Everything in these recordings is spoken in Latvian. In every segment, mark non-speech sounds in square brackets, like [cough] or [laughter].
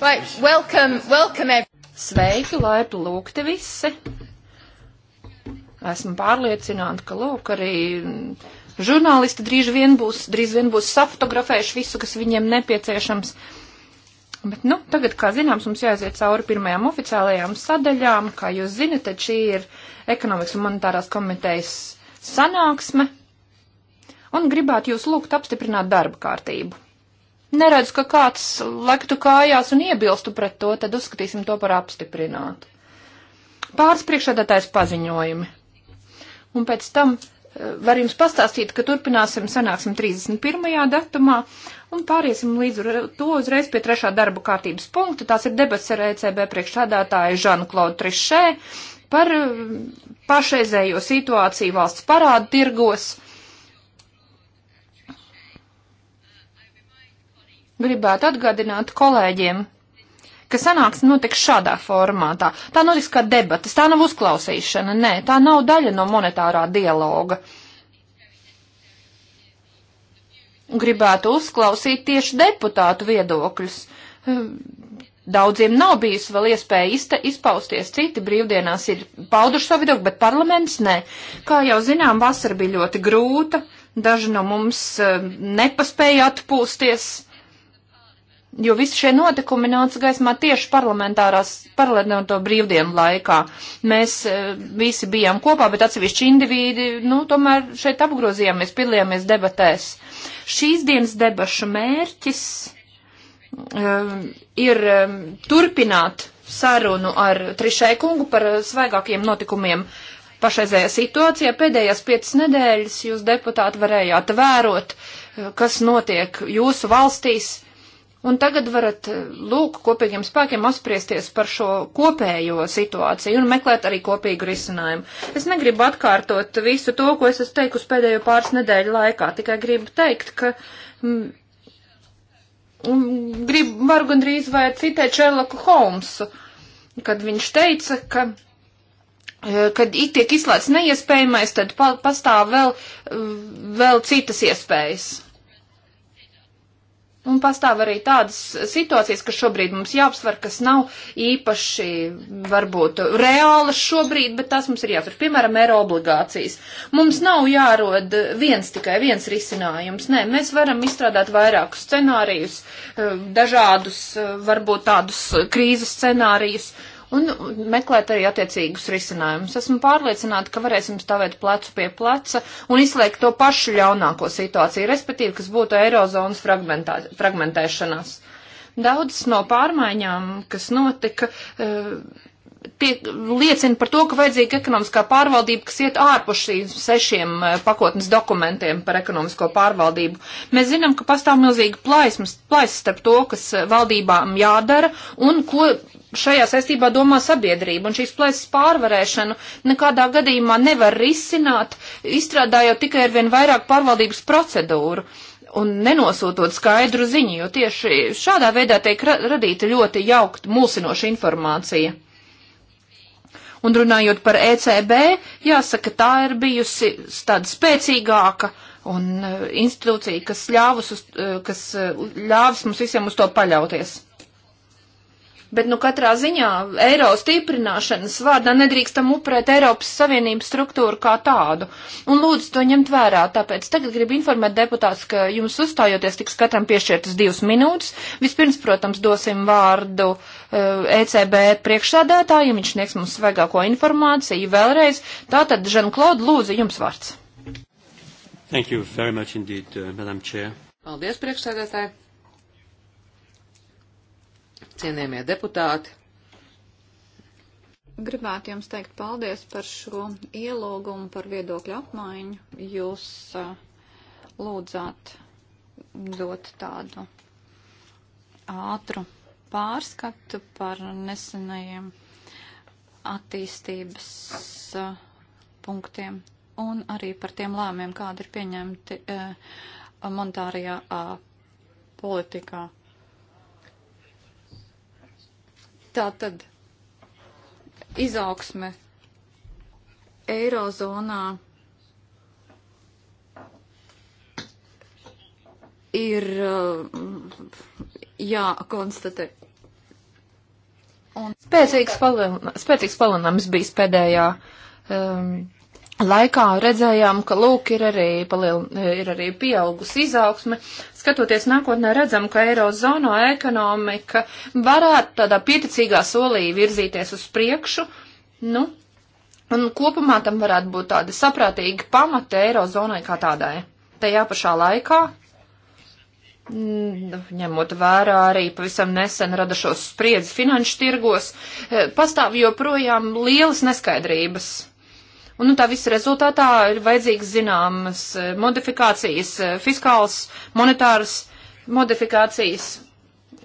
Right, welcome, welcome Sveiki, laipni lūgti visi. Esmu pārliecināta, ka lūk arī žurnālisti drīz vien būs, drīz vien būs safotografējuši visu, kas viņiem nepieciešams. Bet, nu, tagad, kā zināms, mums jāiziet cauri pirmajām oficiālajām sadaļām. Kā jūs zinat, tad šī ir ekonomikas un monetārās komitejas sanāksme. Un gribētu jūs lūgt apstiprināt darba kārtību neredz, ka kāds lektu kājās un iebilstu pret to, tad uzskatīsim to par apstiprinātu. Pāris priekšādātājs paziņojumi. Un pēc tam eh, var jums pastāstīt, ka turpināsim sanāksim 31. datumā un pāriesim līdz to uzreiz pie trešā darbu kārtības punkta. Tās ir debats ar ECB priekšādātāju Žanu Klaudu Trišē par eh, pašreizējo situāciju valsts parādu tirgos gribētu atgādināt kolēģiem, ka sanāksme notiks šādā formātā. Tā notiks kā debatas, tā nav uzklausīšana, nē, tā nav daļa no monetārā dialoga. Gribētu uzklausīt tieši deputātu viedokļus. Daudziem nav bijusi vēl iespēja izta, izpausties, citi brīvdienās ir pauduši savu viedokli, bet parlaments nē. Kā jau zinām, vasara bija ļoti grūta, daži no mums eh, nepaspēja atpūsties jo visi šie notikumi nāca gaismā tieši parlamentārās, parlamentāro brīvdienu laikā. Mēs e, visi bijām kopā, bet atsevišķi indivīdi, nu, tomēr šeit apgrozījāmies, piedalījāmies debatēs. Šīs dienas debašu mērķis um, ir um, turpināt sarunu ar Trišai kungu par svaigākiem notikumiem pašreizējā situācijā. Pēdējās piecas nedēļas jūs deputāti varējāt vērot, kas notiek jūsu valstīs Un tagad varat eh, lūk kopīgiem spēkiem apspriesties par šo kopējo situāciju un meklēt arī kopīgu risinājumu. Es negribu atkārtot visu to, ko es esmu teikusi pēdējo pāris nedēļu laikā, tikai gribu teikt, ka. Mm, Gribu varu gandrīz vai citēt Šerloku Holmsu, kad viņš teica, ka eh, kad tiek izslēgts neiespējamais, tad pastāv vēl, mm, vēl citas iespējas. Un pastāv arī tādas situācijas, kas šobrīd mums jāapsver, kas nav īpaši, varbūt, reālas šobrīd, bet tās mums ir jāatver. Piemēram, eiro obligācijas. Mums nav jārod viens tikai viens risinājums. Nē, mēs varam izstrādāt vairākus scenārijus, eh, dažādus, eh, varbūt tādus eh, krīzes scenārijus. Uh, un meklēt arī attiecīgus risinājumus. Esmu pārliecināta, ka varēsim stāvēt plecu pie pleca un izslēgt to pašu ļaunāko situāciju, respektīvi, kas būtu eirozonas fragmentā, fragmentēšanās. Daudzas no pārmaiņām, kas notika, uh, pie, liecina par to, ka vajadzīga ekonomiskā pārvaldība, kas iet ārpus šīs sešiem eh, pakotnes dokumentiem par ekonomisko pārvaldību. Mēs zinām, ka pastāv milzīga plaismas, plaisas starp to, kas eh, valdībām jādara un ko šajā saistībā domā sabiedrība, un šīs plaisas pārvarēšanu nekādā gadījumā nevar risināt, izstrādājot tikai ar vien vairāk pārvaldības procedūru un nenosūtot skaidru ziņu, jo tieši šādā veidā tiek radīta ļoti jaukta, mulsinoša informācija. Un runājot par ECB, jāsaka, tā ir bijusi tāda spēcīgāka un uh, institūcija, kas ļāvus, uz, uh, kas uh, ļāvis mums visiem uz to paļauties. Bet, nu, katrā ziņā eiro stiprināšanas vārdā nedrīkstam upurēt Eiropas Savienības struktūru kā tādu. Un lūdzu to ņemt vērā, tāpēc tagad gribu informēt deputāts, ka jums uzstājoties tiks katram piešķirtas divas minūtes. Vispirms, protams, dosim vārdu uh, ECB eh, e priekšsādātājiem, viņš sniegs mums svaigāko informāciju vēlreiz. Tātad, Žanklod, lūdzu, jums vārds. Thank you very much indeed, uh, Madam Chair. Paldies, priekšsēdētāji. Cienījamie deputāti. Gribētu jums teikt paldies par šo ielūgumu, par viedokļu apmaiņu. Jūs uh, lūdzāt dot tādu ātru pārskatu par nesenajiem attīstības uh, punktiem un arī par tiem lēmiem, kādi ir pieņemti uh, monetārajā uh, politikā. Tā tad izaugsme Eirozonā ir uh, jākonstatē. Un spēcīgs, palin, spēcīgs palinājums bijis pēdējā um, laikā. Redzējām, ka lūk ir arī, paliel, ir arī pieaugusi izaugsme. Skatoties nākotnē, redzam, ka Eirozonā ekonomika varētu tādā pieticīgā solī virzīties uz priekšu. Nu, un kopumā tam varētu būt tādi saprātīgi pamati Eirozonai kā tādai. Tajā pašā laikā Nu, ņemot vērā arī pavisam nesen radušos spriedzi finanšu tirgos, eh, pastāv joprojām lielas neskaidrības. Un nu, tā visa rezultātā ir vajadzīgas zināmas eh, modifikācijas, eh, fiskāls, monetāras modifikācijas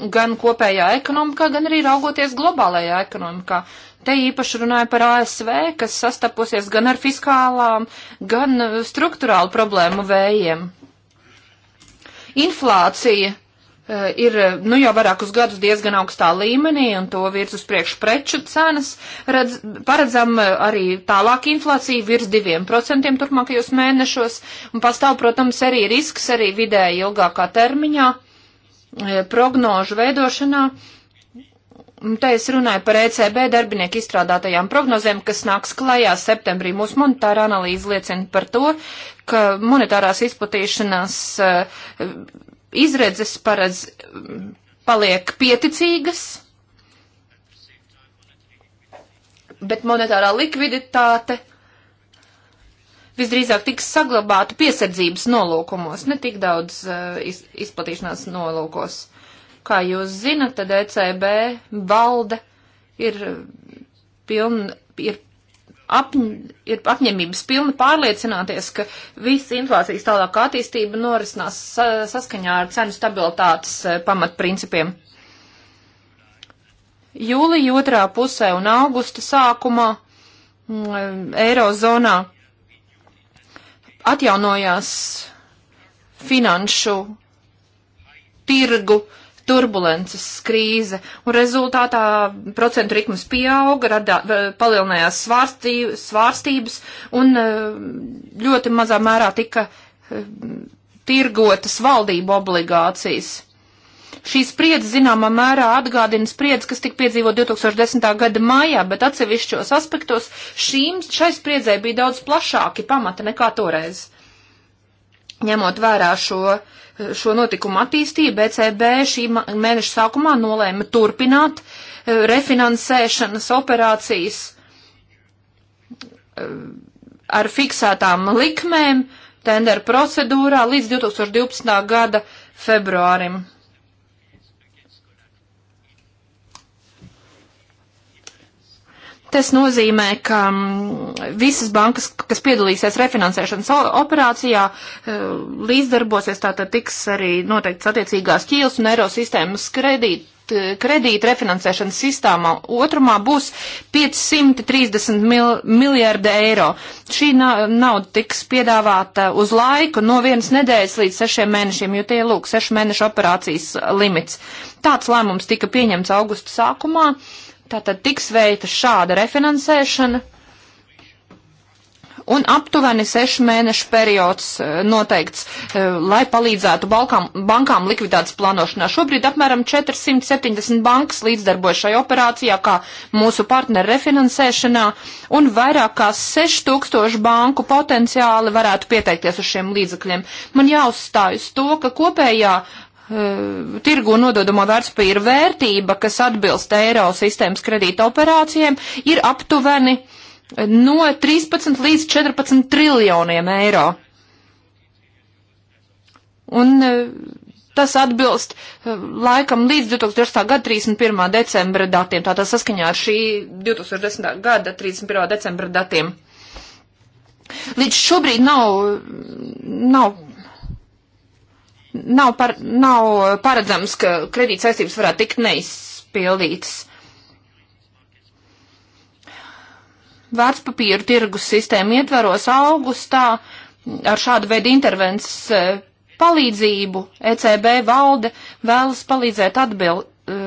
gan kopējā ekonomikā, gan arī raugoties globālajā ekonomikā. Te īpaši runāja par ASV, kas sastapusies gan ar fiskālām, gan struktūrālu problēmu vējiem. Inflācija eh, ir eh, nu, jau vairākus gadus diezgan augstā līmenī, un to virz uz priekšu preču cenas. Redz, paredzam eh, arī tālāk inflāciju virs 2% turpmākajos mēnešos, un pastāv, protams, arī risks arī vidēji ilgākā termiņā prognožu veidošanā Un te es runāju par ECB darbinieku izstrādātajām prognozēm, kas nāks klajā septembrī. Mūsu monetārā analīze liecina par to, ka monetārās izplatīšanās eh, izredzes paredz mm, paliek pieticīgas, bet monetārā likviditāte visdrīzāk tiks saglabāta piesardzības nolūkumos, ne tik daudz eh, izplatīšanās nolūkos. Kā jūs zinat, tad ECB valde ir pilna, ir apņ, ir apņemības pilna pārliecināties, ka viss inflācijas tālākā attīstība norisinās saskaņā ar cenu stabilitātes e, pamatprincipiem. Jūlija otrā pusē un augusta sākumā mm, e, Eirozonā atjaunojās finanšu tirgu uh, turbulences krīze, un rezultātā procentu ritmas pieauga, radā, palielinājās svārstī, svārstības, un e, ļoti mazā mērā tika e, tirgotas valdību obligācijas. Šī spriedze zināmā mērā atgādina spriedzi, kas tika piedzīvot 2010. gada maijā, bet atsevišķos aspektos šīm, šai spriedzei bija daudz plašāki pamati nekā toreiz. Ņemot vērā šo uh, šo notikumu attīstību, ECB šī mēneša sākumā nolēma turpināt e, refinansēšanas operācijas e, ar fiksētām likmēm tender procedūrā līdz 2012. gada februārim. Tas nozīmē, ka mm, visas bankas, kas piedalīsies refinansēšanas operācijā, e, līdzdarbosies, tātad tiks arī noteikts attiecīgās ķīles un eiro sistēmas kredīt e, kredīta refinansēšanas sistēmā otrumā būs 530 mil, miljārdi eiro. Šī nauda tiks piedāvāta uz laiku no vienas nedēļas līdz sešiem mēnešiem, jo tie lūk sešu mēnešu operācijas limits. Tāds lēmums tika pieņemts augusta sākumā. Uh, Tātad tiks veikta šāda refinansēšana un aptuveni sešu mēnešu periods eh, noteikts, eh, lai palīdzētu balkām, bankām likviditātes plānošanā. Šobrīd apmēram 470 bankas līdzdarbojas šai operācijā, kā mūsu partneri refinansēšanā, un vairāk kā 6000 banku potenciāli varētu pieteikties uz šiem līdzekļiem. Man jāuzstāj uz to, ka kopējā Eh, tirgu nododamo vērtspapīra vērtība, kas atbilst eiro sistēmas kredīta operācijiem, ir aptuveni eh, no 13 līdz 14 triljoniem eiro. Un eh, tas atbilst laikam līdz 2010. gada 31. decembra datiem, tātad saskaņā ar šī 2010. gada 31. decembra datiem. Līdz šobrīd nav, nav nav, par, nav paredzams, ka kredīt saistības varētu tikt neizpildītas. Vērtspapīru tirgus sistēma ietveros augustā ar šādu veidu intervences e, palīdzību ECB valde vēlas palīdzēt atbil, e,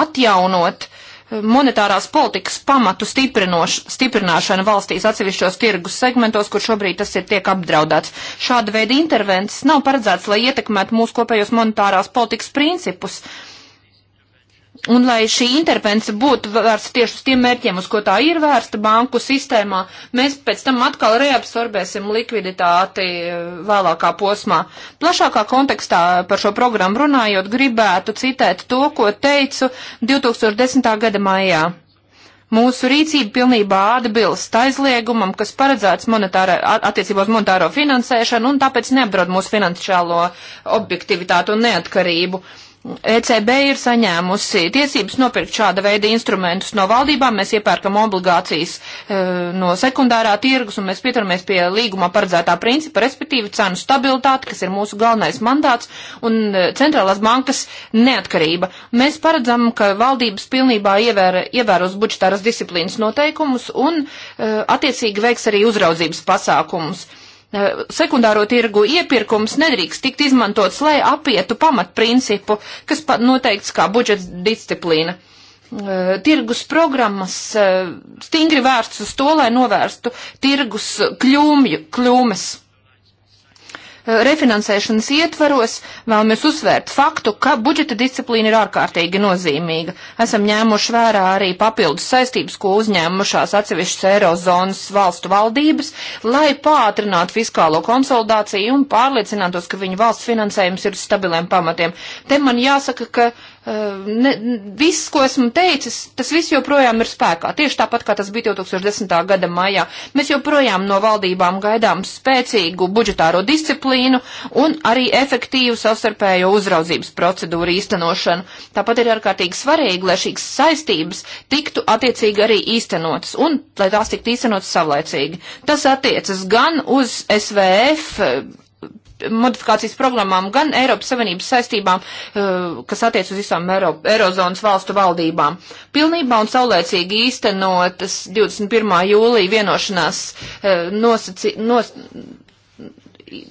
atjaunot uh, monetārās politikas pamatu stiprināšana valstīs atsevišķos tirgus segmentos, kur šobrīd tas ir tiek apdraudēts. Šāda veida intervences nav paredzēts, lai ietekmētu mūsu kopējos monetārās politikas principus. Uh, Un lai šī intervence būtu vērsta tieši uz tiem mērķiem, uz ko tā ir vērsta banku sistēmā, mēs pēc tam atkal reabsorbēsim likviditāti eh, vēlākā posmā. Plašākā kontekstā par šo programmu runājot, gribētu citēt to, ko teicu 2010. gada maijā. Mūsu rīcība pilnībā atbilst aizliegumam, kas paredzēts monetāra, attiecībā uz monetāro finansēšanu, un tāpēc neapdraud mūsu finansiālo objektivitātu un neatkarību. Uh, ECB ir saņēmusi tiesības nopirkt šāda veida instrumentus no valdībām. Mēs iepērkam obligācijas e, no sekundārā tirgus un mēs pieturamies pie līgumā paredzētā principa, respektīvi cenu stabilitāte, kas ir mūsu galvenais mandāts un e, centrālās bankas neatkarība. Mēs paredzam, ka valdības pilnībā ievēra, ievēros budžetāras disciplīnas noteikumus un e, attiecīgi veiks arī uzraudzības pasākumus. Eh, sekundāro tirgu iepirkums nedrīkst tikt izmantots, lai apietu pamatprincipu, kas noteikts kā budžets disciplīna eh, tirgus programmas eh, stingri vērsts uz to, lai novērstu tirgus kļūmju, kļūmes. Eh, refinansēšanas ietvaros vēlamies uzsvērt faktu, ka budžeta disciplīna ir ārkārtīgi nozīmīga. Esam ņēmuši vērā arī papildus saistības, ko uzņēmušās atsevišķas Eirozonas valstu valdības, lai pātrinātu fiskālo konsolidāciju un pārliecinātos, ka viņu valsts finansējums ir uz stabiliem pamatiem. Te man jāsaka, ka ne, viss, ko esmu teicis, tas viss joprojām ir spēkā. Tieši tāpat, kā tas bija 2010. gada maijā. Mēs joprojām no valdībām gaidām spēcīgu budžetāro disciplīnu un arī efektīvu savstarpējo uzraudzības procedūru īstenošanu. Tāpat ir ārkārtīgi svarīgi, lai šīs saistības tiktu attiecīgi arī īstenotas un lai tās tiktu īstenotas savlaicīgi. Tas attiecas gan uz SVF modifikācijas programmām, gan Eiropas Savienības saistībām, eh, kas attiec uz visām Eiro, Eirozonas valstu valdībām. Pilnībā un saulēcīgi īstenotas 21. jūlija vienošanās eh, nosaci, nos,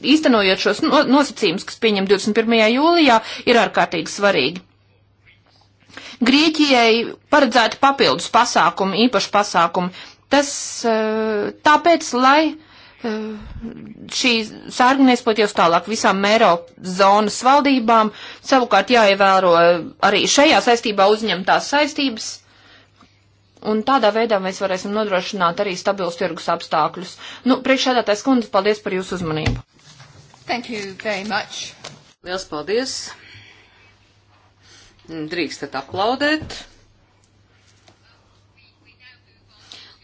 īstenojot šos nosacījumus, kas pieņem 21. jūlijā, ir ārkārtīgi svarīgi. Grieķijai paredzēti papildus pasākumi, īpaši pasākumi. Tas eh, tāpēc, lai Eh, šī saruna iespoties tālāk visām Eiropas zonas valdībām. Savukārt jāievēro eh, arī šajā saistībā uzņemtās saistības. Un tādā veidā mēs varēsim nodrošināt arī stabilus tirgus apstākļus. Nu, priekšādātais kundze, paldies par jūsu uzmanību. Thank you very much. Liels paldies. Drīkstat aplaudēt.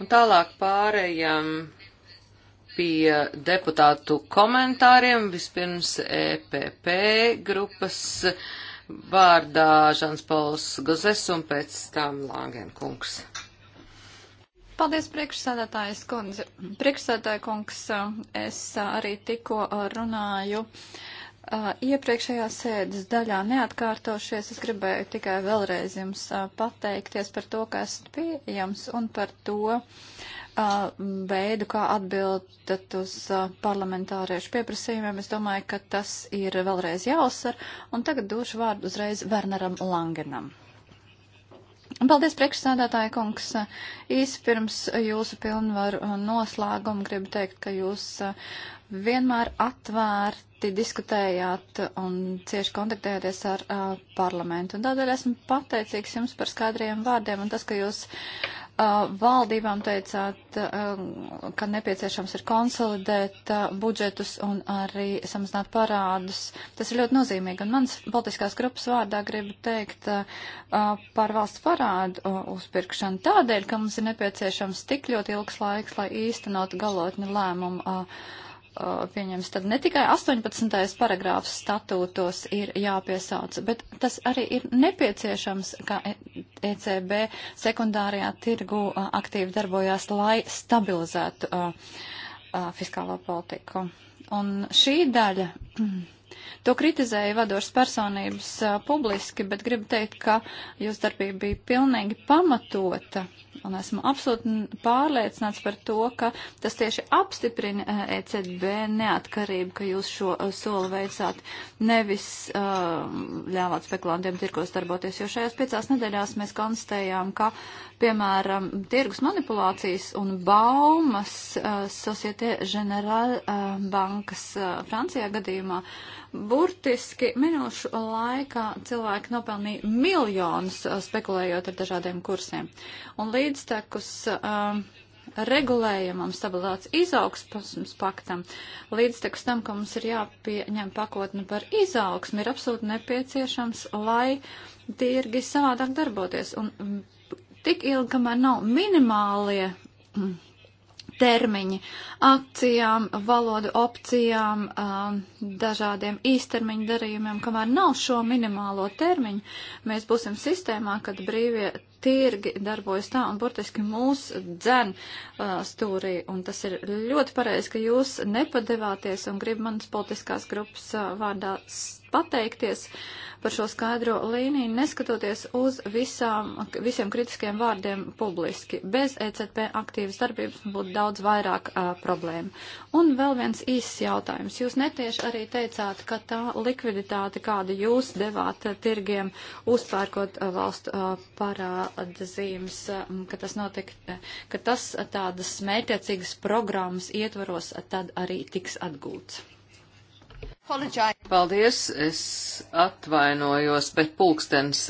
Un tālāk pārējām pie deputātu komentāriem. Vispirms EPP grupas vārdā Žans Pauls Gozes un pēc tam Lāgenkungs. Paldies, priekšsēdētājas kundze. Priekšsēdētāja kungs, es arī tikko runāju iepriekšējā sēdes daļā neatkārtošies. Es gribēju tikai vēlreiz jums pateikties par to, ka esat pieejams un par to, uh, veidu, kā atbildat uz parlamentāriešu pieprasījumiem. Es domāju, ka tas ir vēlreiz jāuzsver. Un tagad došu vārdu uzreiz Werneram Langenam. Paldies, priekšsādātāja kungs. Īsi pirms jūsu pilnvaru noslēguma gribu teikt, ka jūs vienmēr atvērti diskutējāt un cieši kontaktējāties ar uh, parlamentu. Un tādēļ esmu pateicīgs jums par skaidriem vārdiem un tas, ka jūs uh, Uh, valdībām teicāt, uh, ka nepieciešams ir konsolidēt uh, budžetus un arī samazināt parādus. Tas ir ļoti nozīmīgi. Un mans politiskās grupas vārdā gribu teikt par valsts parādu uzpirkšanu tādēļ, ka mums ir nepieciešams tik ļoti ilgs laiks, lai īstenot galotni lēmumu Uh, pieņems, tad ne tikai 18. paragrāfs statūtos ir jāpiesauc, bet tas arī ir nepieciešams, ka ECB e sekundārajā tirgu uh, aktīvi darbojās, lai stabilizētu uh, fiskālo politiku. Un šī daļa, [clears throat] to kritizēja vadošas personības publiski, bet gribu teikt, ka jūs darbība bija pilnīgi pamatota un esmu absolūti pārliecināts par to, ka tas tieši apstiprina ECB eh, e neatkarību, ka jūs šo eh, soli veicāt, nevis uh, ļāvāt spekulantiem tirkos darboties, jo šajās piecās nedēļās mēs konstatējām, ka, piemēram, tirgus manipulācijas un baumas uh, Societe Generāla uh, bankas uh, Francijā gadījumā burtiski minūšu laikā cilvēki nopelnīja miljonus uh, spekulējot ar dažādiem kursiem. Un līdz līdztekus uh, regulējumam, stabilitātes izaugsmas paktam, līdztekus tam, ka mums ir jāpieņem pakotne par izaugsmu, ir absolūti nepieciešams, lai tirgi savādāk darboties. Un um, tik ilgi, kamēr nav minimālie mm, termiņi akcijām, valodu opcijām, um, dažādiem īstermiņu darījumiem, kamēr nav šo minimālo termiņu, mēs būsim sistēmā, kad brīvie tirgi darbojas tā un burtiski mūs dzen uh, stūrī. Un tas ir ļoti pareizi, ka jūs nepadevāties un grib manas politiskās grupas uh, vārdā pateikties. Uh, par šo skaidro līniju, neskatoties uz visām, visiem kritiskiem vārdiem publiski. Bez ECP aktīvas darbības būtu daudz vairāk uh, problēmu. Un vēl viens īsts jautājums. Jūs netieši arī teicāt, ka tā likviditāte, kādu jūs devāt uh, tirgiem, uzpērkot uh, valstu uh, parāda zīmes, uh, ka tas notika, uh, ka tas uh, tādas mērķiecīgas programmas ietvaros uh, tad arī tiks atgūts. Paldies, es atvainojos, bet pulkstens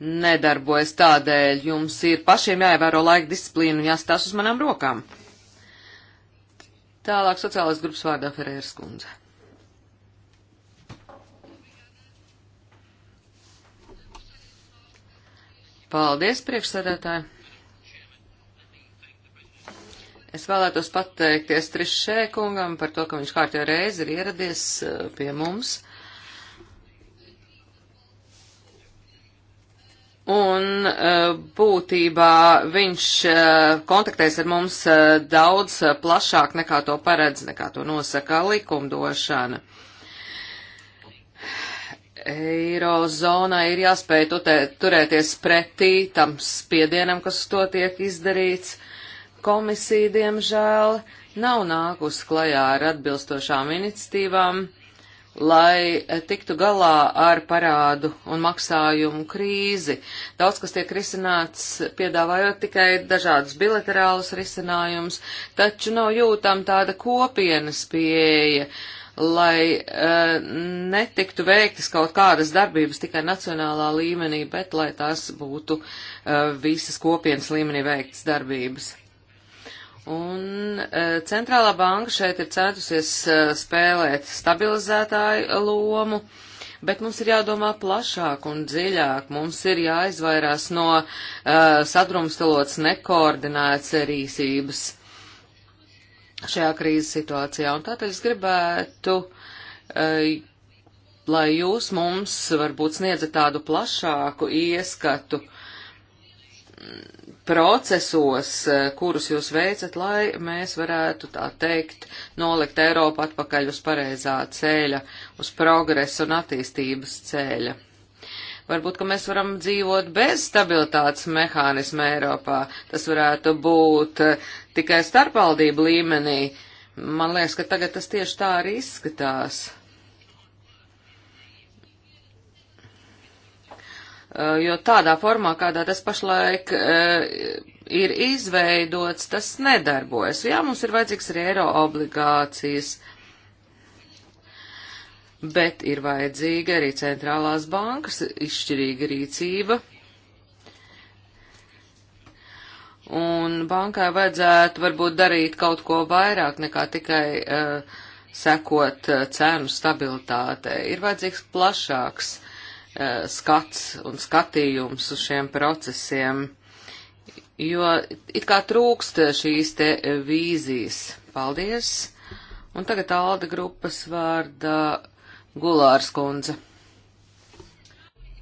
nedarbojas tādēļ. Jums ir pašiem jāievēro laika disciplīnu un jāstās uz manām rokām. Tālāk sociālais grupas vārdā Ferēras kundze. Paldies, priekšsēdētāji! Es vēlētos pateikties Trišē kungam par to, ka viņš kārtējo reizi ir ieradies eh, pie mums. Un eh, būtībā viņš eh, kontaktēs ar mums daudz plašāk nekā to paredz, nekā to nosaka likumdošana. Eirozonā ir jāspēj tutē, turēties pretī tam spiedienam, kas uz to tiek izdarīts. Uh, Komisija, diemžēl, nav nākus klajā ar atbilstošām iniciatīvām, lai eh, tiktu galā ar parādu un maksājumu krīzi. Daudz, kas tiek risināts, piedāvājot tikai dažādus bilaterālus risinājumus, taču nav jūtama tāda kopienas pieeja lai uh, netiktu veiktas kaut kādas darbības tikai nacionālā līmenī, bet lai tās būtu uh, visas kopienas līmenī veiktas darbības. Un e, centrālā banka šeit ir centusies e, spēlēt stabilizētāju lomu, bet mums ir jādomā plašāk un dziļāk. Mums ir jāizvairās no uh, sadrumstalots nekoordinēts rīsības šajā krīzes situācijā. Un tātad es gribētu, uh, lai jūs mums varbūt sniedzat tādu plašāku ieskatu procesos, eh, kurus jūs veicat, lai mēs varētu tā teikt nolikt Eiropu atpakaļ uz pareizā ceļa, uz progresa un attīstības ceļa. Varbūt, ka mēs varam dzīvot bez stabilitātes mehānisma Eiropā. Tas varētu būt eh, tikai starpvaldību līmenī. Man liekas, ka tagad tas tieši tā arī izskatās. Eh, jo tādā formā, kādā tas pašlaik eh, ir izveidots, tas nedarbojas. Jā, mums ir vajadzīgs arī eiro obligācijas, bet ir vajadzīga arī centrālās bankas izšķirīga rīcība. Un bankai vajadzētu varbūt darīt kaut ko vairāk nekā tikai uh, sekot cenu stabilitātei. Ir vajadzīgs plašāks uh, Eh, skats un skatījums uz šiem procesiem, jo it kā trūkst šīs te vīzijas. Paldies! Un tagad Alda grupas vārdā Gulārs kundze.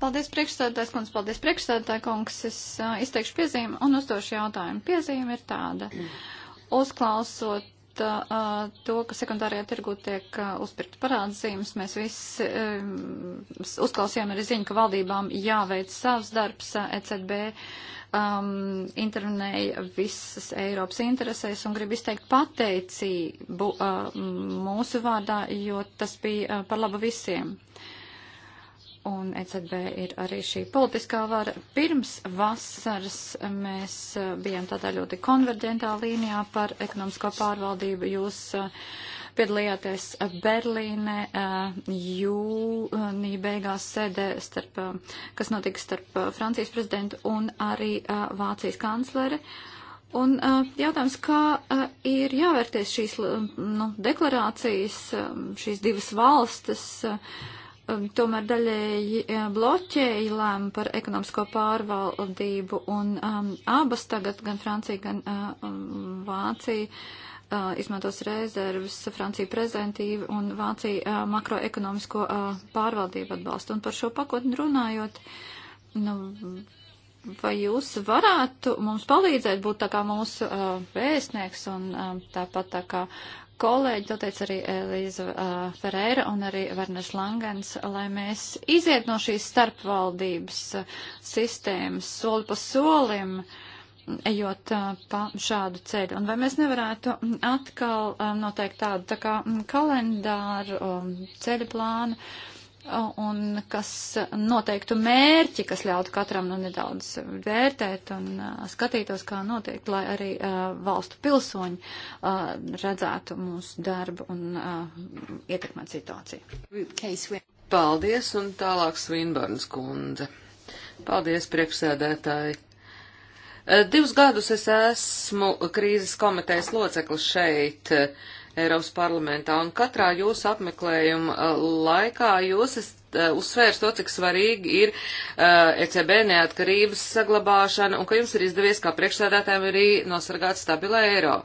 Paldies, priekšstādātājs kundze, paldies, priekšstādātāja kungs. Es uh, izteikšu piezīmi un uzdošu jautājumu. Piezīme ir tāda. Uzklausot izmantot uh, to, ka sekundārajā tirgu tiek uh, uzpirkt parādzīmes. Mēs visi um, uzklausījām arī ziņu, ka valdībām jāveic savs darbs. Uh, e ECB um, intervenēja visas Eiropas interesēs un grib izteikt pateicību uh, mūsu vārdā, jo tas bija uh, par labu visiem. Uh, un ECB ir arī šī politiskā vara. Pirms vasaras mēs eh, bijām tādā ļoti konverģentā līnijā par ekonomisko pārvaldību. Jūs eh, piedalījāties eh, Berlīne jūnī beigās sēdē, starp, kas notika starp Francijas prezidentu un arī Vācijas kancleri. Un jautājums, kā ir jāvērties šīs nu, deklarācijas, šīs divas valstis, Um, tomēr daļēji um, bloķēja lēmu par ekonomisko pārvaldību, un um, abas tagad, gan Francija, gan uh, um, Vācija, uh, izmantos rezerves, Francija prezentīvi un Vācija uh, makroekonomisko uh, pārvaldību atbalsta. Un par šo pakotni runājot, nu, vai jūs varētu mums palīdzēt būt tā kā mūsu uh, vēstnieks un uh, tāpat tā kā uh, kolēģi, to teica arī Elīza uh, Ferēra un arī Vernes Langens, lai mēs iziet no šīs starpvaldības uh, sistēmas soli pa solim, ejot uh, pa šādu ceļu. Un vai mēs nevarētu mm, atkal um, noteikt tādu tā kā mm, kalendāru um, ceļu plānu? Uh, un kas noteiktu mērķi, kas ļautu katram nu, nedaudz vērtēt un uh, skatītos, kā notiek, lai arī uh, valstu pilsoņi uh, redzētu mūsu darbu un uh, ietekmētu situāciju. Paldies, un tālāk Svinbarns kundze. Paldies, priekšsēdētāji. Divus gadus es esmu krīzes komitejas loceklis šeit. Uh, Eiropas parlamentā, un katrā jūsu apmeklējuma uh, laikā jūs esat uh, uzsvērs to, cik svarīgi ir uh, ECB neatkarības saglabāšana, un ka jums ir izdevies kā priekšsēdētājiem arī nosargāt stabilē eiro.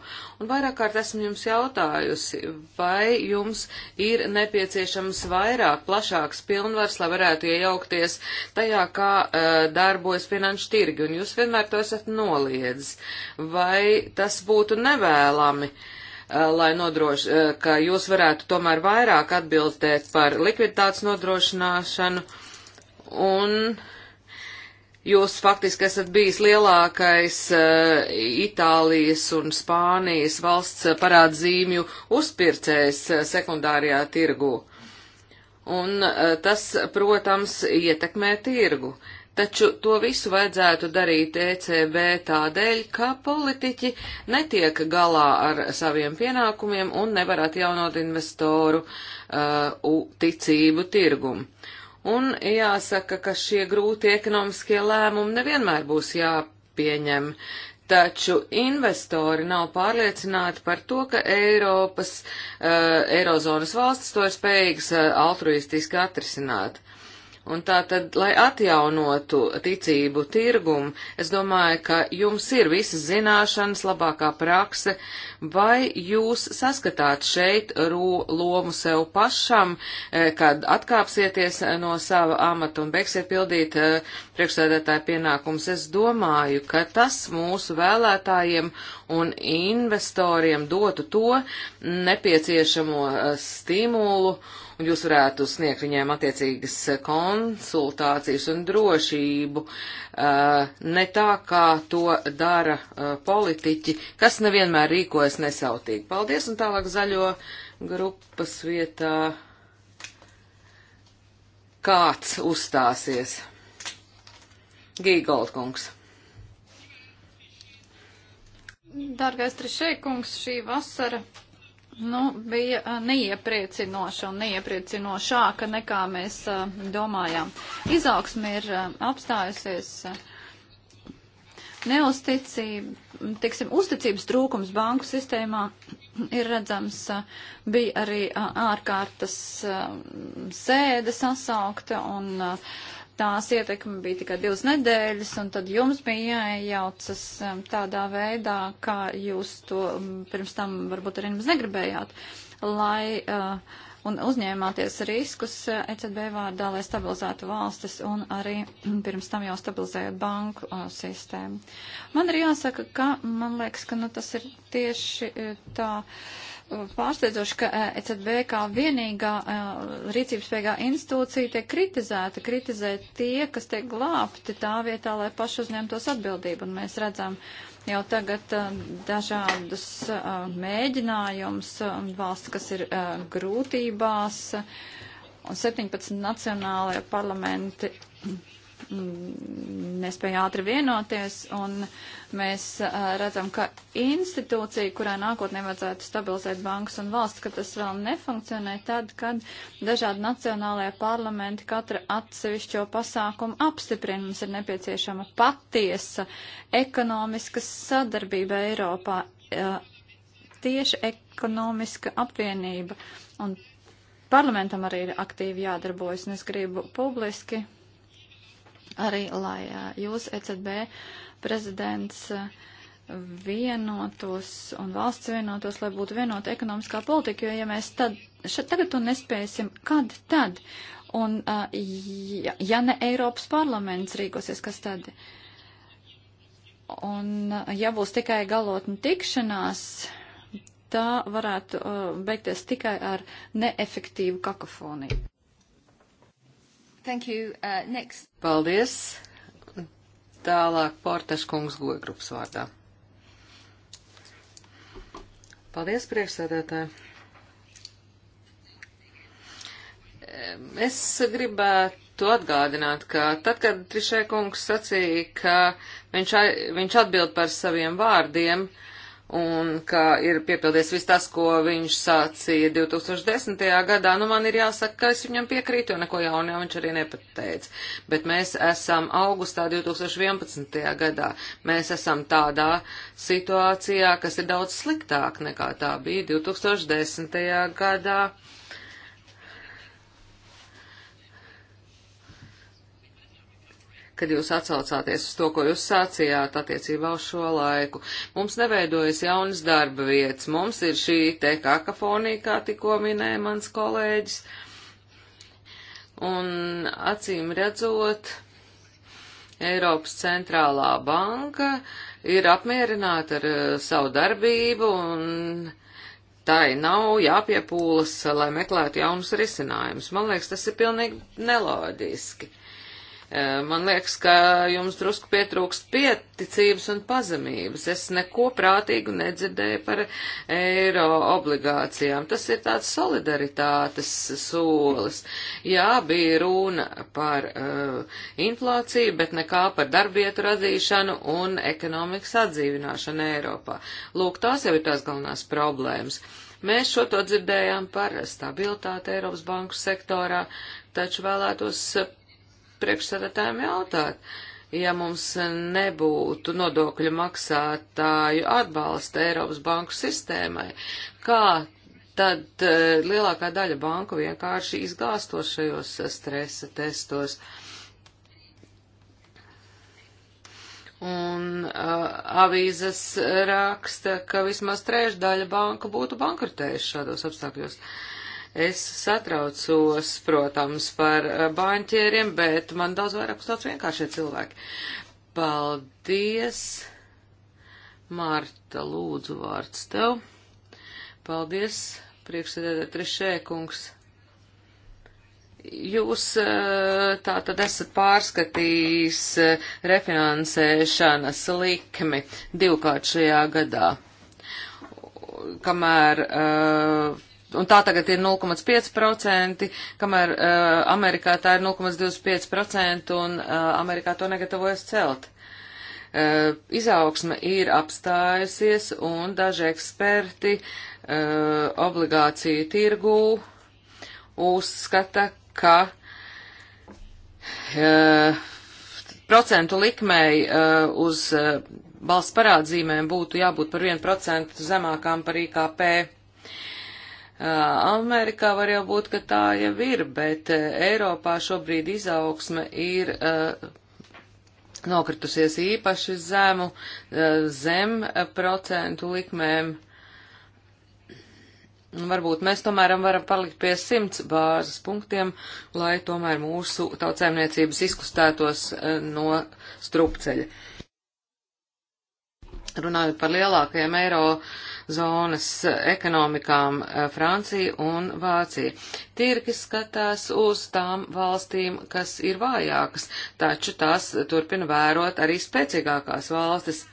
Un vairāk kārt esmu jums jautājusi, vai jums ir nepieciešams vairāk, plašāks pilnvars, lai varētu iejaukties tajā, kā uh, darbojas finanšu tirgi, un jūs vienmēr to esat noliedzis. Vai tas būtu nevēlami? Uh, Eh, lai nodroš, eh, ka jūs varētu tomēr vairāk atbildēt par likviditātes nodrošināšanu, un jūs faktiski esat bijis lielākais eh, Itālijas un Spānijas valsts parādzīmju uzpircējs sekundārajā tirgu. Un tas, protams, ietekmē tirgu. Uh, taču to visu vajadzētu darīt ECB tādēļ, ka politiķi netiek galā ar saviem pienākumiem un nevar atjaunot investoru uh, ticību tirgumu. Un jāsaka, ka šie grūti ekonomiskie lēmumi nevienmēr būs jāpieņem, taču investori nav pārliecināti par to, ka Eiropas, uh, Eirozonas valstis to ir spējīgas uh, altruistiski atrisināt. Uh, Un tā tad, lai atjaunotu ticību tirgumu, es domāju, ka jums ir visas zināšanas, labākā prakse, vai jūs saskatāt šeit ro, lomu sev pašam, e, kad atkāpsieties e, no sava amata un beigsiet pildīt e, priekšsēdētāju pienākumus. Es domāju, ka tas mūsu vēlētājiem un investoriem dotu to nepieciešamo stimulu un jūs varētu sniegt viņiem attiecīgas konsultācijas un drošību, eh, ne tā, kā to dara eh, politiķi, kas nevienmēr rīkojas nesautīgi. Paldies, un tālāk zaļo grupas vietā kāds uzstāsies. Gīgoldkungs. Dārgais Trišēkungs, šī vasara nu, bija neiepriecinoša un neiepriecinošāka nekā mēs domājām. Izaugsme ir apstājusies. Neusticība, tiksim, uzticības trūkums banku sistēmā ir redzams, bija arī ārkārtas sēde sasaukta un uh, tās ietekme bija tikai divas nedēļas, un tad jums bija jāiejaucas um, tādā veidā, kā jūs to um, pirms tam varbūt arī nemaz negribējāt, lai uh, un uzņēmāties riskus uh, ECB vārdā, lai stabilizētu valstis un arī [clears throat] pirms tam jau stabilizējot banku uh, sistēmu. Man ir jāsaka, ka man liekas, ka nu, tas ir tieši uh, tā. Uh, pārsteidzoši, ka ECB eh, e kā vienīgā eh, rīcībspējīgā institūcija tiek kritizēta, kritizē tie, kas tiek glābti tā vietā, lai paši uzņemtos atbildību. Un mēs redzam jau tagad eh, dažādus mēģinājumus valsts, kas ir grūtībās, un 17 nacionālajie parlamenti Mm, nespēja ātri vienoties, un mēs uh, redzam, ka institūcija, kurai nākotnē vajadzētu stabilizēt bankas un valsts, ka tas vēl nefunkcionē tad, kad dažādi nacionālajie parlamenti katra atsevišķo pasākumu apstiprina. Mums ir nepieciešama patiesa ekonomiska sadarbība Eiropā, uh, tieši ekonomiska apvienība, un parlamentam arī ir aktīvi jādarbojas, un es gribu publiski arī, lai jūs, ECB prezidents, vienotos un valsts vienotos, lai būtu vienota ekonomiskā politika, jo ja mēs tad, šeit tagad to nespēsim, kad tad? Un ja, ja ne Eiropas parlaments rīkosies, kas tad? Un ja būs tikai galotni tikšanās, tā varētu uh, beigties tikai ar neefektīvu kakofoniju. Thank you. Uh, next. Paldies. Tālāk Portaš kungs goja grupas vārdā. Paldies, priekšsēdētāji. Es gribētu to atgādināt, ka tad, kad Trišē kungs sacīja, ka viņš, viņš atbild par saviem vārdiem, uh, un ka ir piepildies viss tas, ko viņš sācīja 2010. gadā, nu man ir jāsaka, ka es viņam piekrītu, jo neko jaunu jau viņš arī nepateica. Bet mēs esam augustā 2011. gadā, mēs esam tādā situācijā, kas ir daudz sliktāk nekā tā bija 2010. gadā. kad jūs atsaucāties uz to, ko jūs sācījāt attiecībā uz šo laiku. Mums neveidojas jaunas darba vietas, mums ir šī te kakafonija, kā tikko minēja mans kolēģis. Un acīm redzot, Eiropas centrālā banka ir apmierināta ar uh, savu darbību un tai nav jāpiepūlas, eh, lai meklētu jaunus risinājumus. Man liekas, tas ir pilnīgi neloģiski. Uh, Man liekas, ka jums drusku pietrūkst pieticības un pazemības. Es neko prātīgu nedzirdēju par eiro obligācijām. Tas ir tāds solidaritātes solis. Jā, bija runa par uh, inflāciju, bet nekā par darbietu radīšanu un ekonomikas atdzīvināšanu Eiropā. Lūk, tās jau ir tās galvenās problēmas. Mēs šo to dzirdējām par stabilitāti Eiropas banku sektorā, taču vēlētos priekšsēdētājiem jautāt, ja mums nebūtu nodokļu maksātāju atbalsta Eiropas banku sistēmai, kā tad uh, lielākā daļa banku vienkārši izgāstos šajos stresa testos. Un uh, avīzes raksta, ka vismaz trešdaļa banka būtu bankrotējuši šādos apstākļos. Uh, Es satraucos, protams, par eh, bāņķieriem, bet man daudz vairāk uztrauc vienkāršie cilvēki. Paldies, Marta, lūdzu vārds tev. Paldies, priekšsēdētāji Trešēkungs. Jūs eh, tā tad esat pārskatījis eh, refinansēšanas likmi divkārt šajā gadā, kamēr uh, un tā tagad ir 0,5%, kamēr uh, Amerikā tā ir 0,25% un uh, Amerikā to negatavojas celt. Uh, izaugsme ir apstājusies un daži eksperti uh, obligāciju tirgū uzskata, ka uh, procentu likmei uh, uz uh, valsts parādzīmēm būtu jābūt par 1% zemākām par IKP. Amerikā var jau būt, ka tā jau ir, bet Eiropā šobrīd izaugsme ir uh, nokritusies īpaši zemu, uh, zem procentu likmēm. Varbūt mēs tomēr varam palikt pie simts bāzes punktiem, lai tomēr mūsu tautsēmniecības izkustētos uh, no strupceļa. Runājot par lielākajiem eiro uh, zonas ekonomikām eh, Francija un Vācija. Tirgi skatās uz tām valstīm, kas ir vājākas, taču tās turpina vērot arī spēcīgākās valstis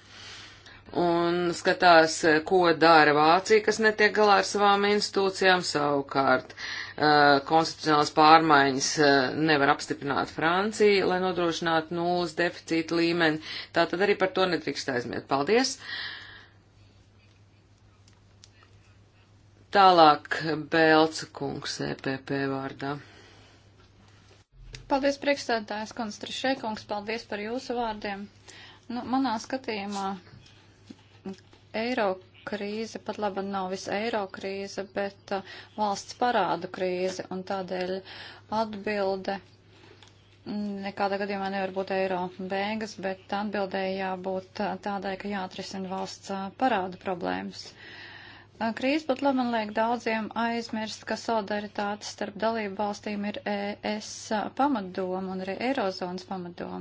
un skatās, eh, ko dara Vācija, kas netiek galā ar savām institūcijām savukārt. Uh, konstitucionālas pārmaiņas uh, nevar apstiprināt Francija, lai nodrošinātu nulles deficīta līmeni. Tātad arī par to nedrīkst aizmiet. Paldies! Uh, Tālāk Bēlca kungs EPP vārdā. Paldies, priekšstādātājs Konstrišē kungs, paldies par jūsu vārdiem. Nu, manā skatījumā eiro krīze pat laba nav visa eiro krīze, bet uh, valsts parādu krīze, un tādēļ atbilde mm, nekādā gadījumā nevar būt eiro beigas, bet atbildēji jābūt uh, tādai, ka jāatrisina valsts uh, parādu problēmas. Uh, Krīze pat labi liek daudziem aizmirst, ka solidaritāte starp dalību valstīm ir ES pamatdoma un arī Eirozonas pamatdoma.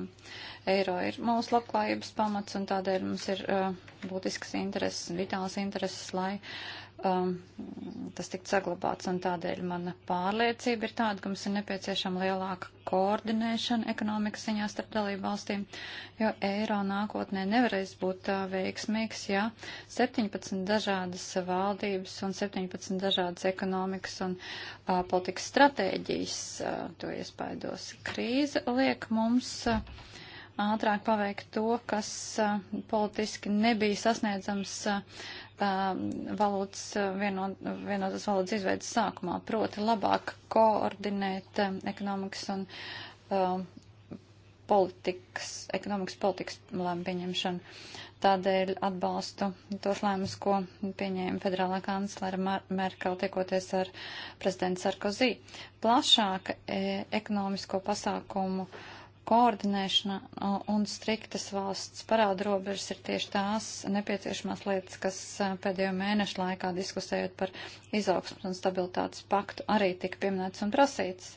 Eiro ir mūsu labklājības pamats un tādēļ mums ir uh, būtisks intereses, vitāls intereses, lai uh, um, tas tiktu saglabāts. Un tādēļ mana pārliecība ir tāda, ka mums ir nepieciešama lielāka koordinēšana ekonomikas ziņā starp dalību valstīm, jo eiro nākotnē nevarēs būt tā uh, veiksmīgs, ja 17 dažādas valdības un 17 dažādas ekonomikas un uh, politikas stratēģijas uh, to iespaidos. Krīze liek mums. Uh, ātrāk paveikt to, kas a, uh, politiski nebija sasniedzams a, uh, Um, valūtas, uh, vienot, vienotas valodas izveidas sākumā, proti labāk koordinēt um, ekonomikas un uh, politikas, ekonomikas politikas lēmu pieņemšanu. Tādēļ atbalstu tos lēmumus, ko pieņēma federālā kanclera Merkel tiekoties ar prezidentu Sarkozī. Plašāka e, ekonomisko pasākumu uh, koordinēšana un striktas valsts parāda robežas ir tieši tās nepieciešamās lietas, kas pēdējo mēnešu laikā diskusējot par izaugsmas un stabilitātes paktu arī tika pieminēts un prasīts.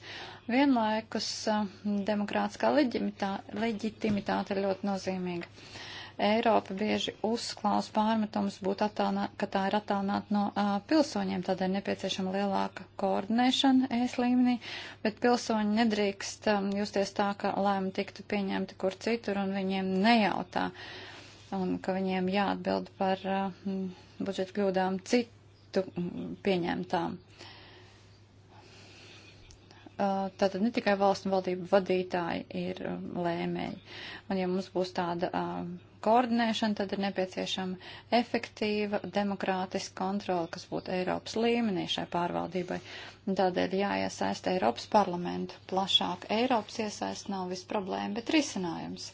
Vienlaikus demokrātiskā leģitimitāte ir ļoti nozīmīga. Eiropa bieži uzklaus pārmetums, būt attālinā, ka tā ir attālināta no uh, pilsoņiem, tādēļ nepieciešama lielāka koordinēšana ES līmenī, bet pilsoņi nedrīkst um, justies tā, ka lēma tiktu pieņemti kur citur un viņiem nejautā un ka viņiem jāatbild par uh, budžeta kļūdām citu pieņemtām. Uh, tātad ne tikai valsts un valdību vadītāji ir lēmēji. Un ja mums būs tāda koordinēšana, tad ir nepieciešama efektīva demokrātiska kontrola, kas būtu Eiropas līmenī šai pārvaldībai. Tādēļ jāiesaista Eiropas parlamentu. Plašāk Eiropas iesaist nav viss problēma, bet risinājums.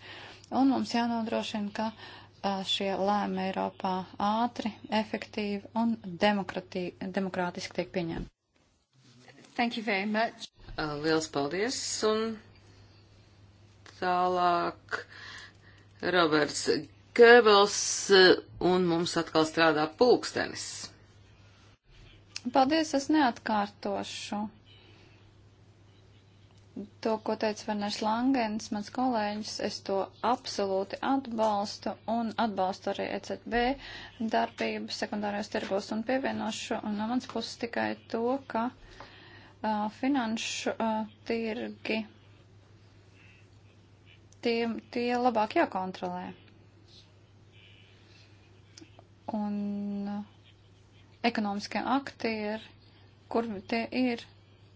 Un mums jānodrošina, ka uh, šie lēmumi Eiropā ātri, efektīvi un demokrātiski tiek pieņemti. Thank you very much. Liels paldies, un tālāk Roberts Goebbels, un mums atkal strādā pulkstenis. Paldies, es neatkārtošu to, ko teica Verners Langens, mans kolēģis, es to absolūti atbalstu un atbalstu arī ECB darbību sekundārajos tirgos un pievienošu no mans puses tikai to, ka Uh, finanšu uh, tirgi, tie, tie labāk jākontrolē. Un uh, ekonomiskie aktieri, kur tie ir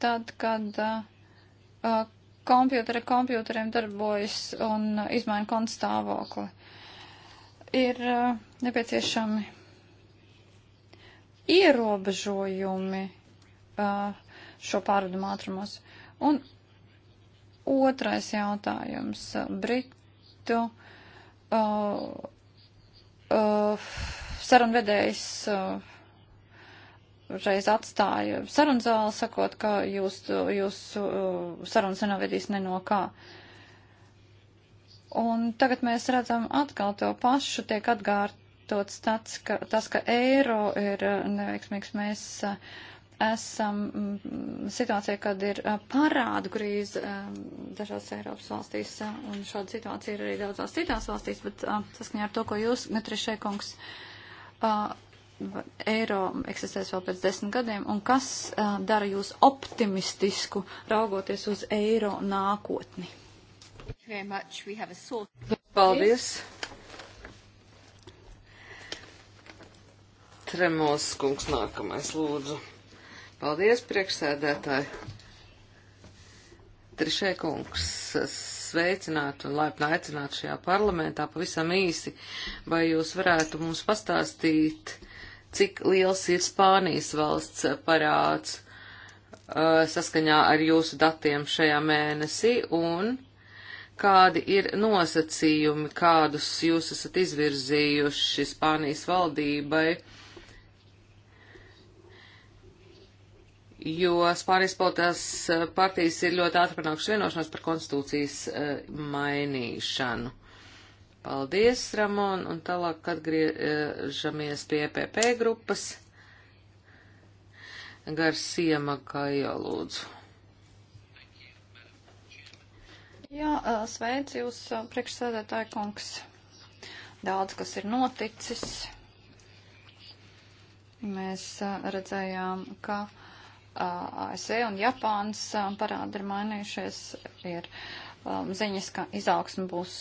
tad, kad uh, kompjūteri kompjūteriem darbojas un uh, izmaina konta stāvokli. Ir uh, nepieciešami ierobežojumi uh, šo pārvedumu ātrumos. Un otrais jautājums. Britu uh, uh, sarunvedējs. Uh, reiz atstāja sarunu zāli, sakot, ka jūs, jūs uh, sarunas nenovedīs neno kā. Un tagad mēs redzam atkal to pašu, tiek atgārtots tāds, ka, tas, ka eiro ir neveiksmīgs. Mēs uh, esam mm, situācijā, kad ir parādu krīze dažās Eiropas valstīs, un šāda situācija ir arī daudzās citās valstīs, bet saskaņā ar to, ko jūs, Metrišē kungs, eiro eksistēs vēl pēc desmit gadiem, un kas dara jūs optimistisku raugoties uz eiro nākotni? Paldies! Tremols kungs nākamais lūdzu. Paldies, priekšsēdētāji! Trišē kungs, sveicināt un laipni aicināt šajā parlamentā pavisam īsi, vai jūs varētu mums pastāstīt, cik liels ir Spānijas valsts parāds eh, saskaņā ar jūsu datiem šajā mēnesī un kādi ir nosacījumi, kādus jūs esat izvirzījuši Spānijas valdībai? jo Spānijas politiskās eh, partijas ir ļoti ātri panākuši vienošanos par konstitūcijas eh, mainīšanu. Paldies, Ramon, un tālāk atgriežamies pie PP e grupas. Garcia Magajo, lūdzu. Jā, eh, sveic jūs, priekšsēdētāji kungs. Daudz, kas ir noticis. Mēs redzējām, ka. Uh, ASV e un Japānas parādi ir mainījušies, ir um, ziņas, ka izaugsme būs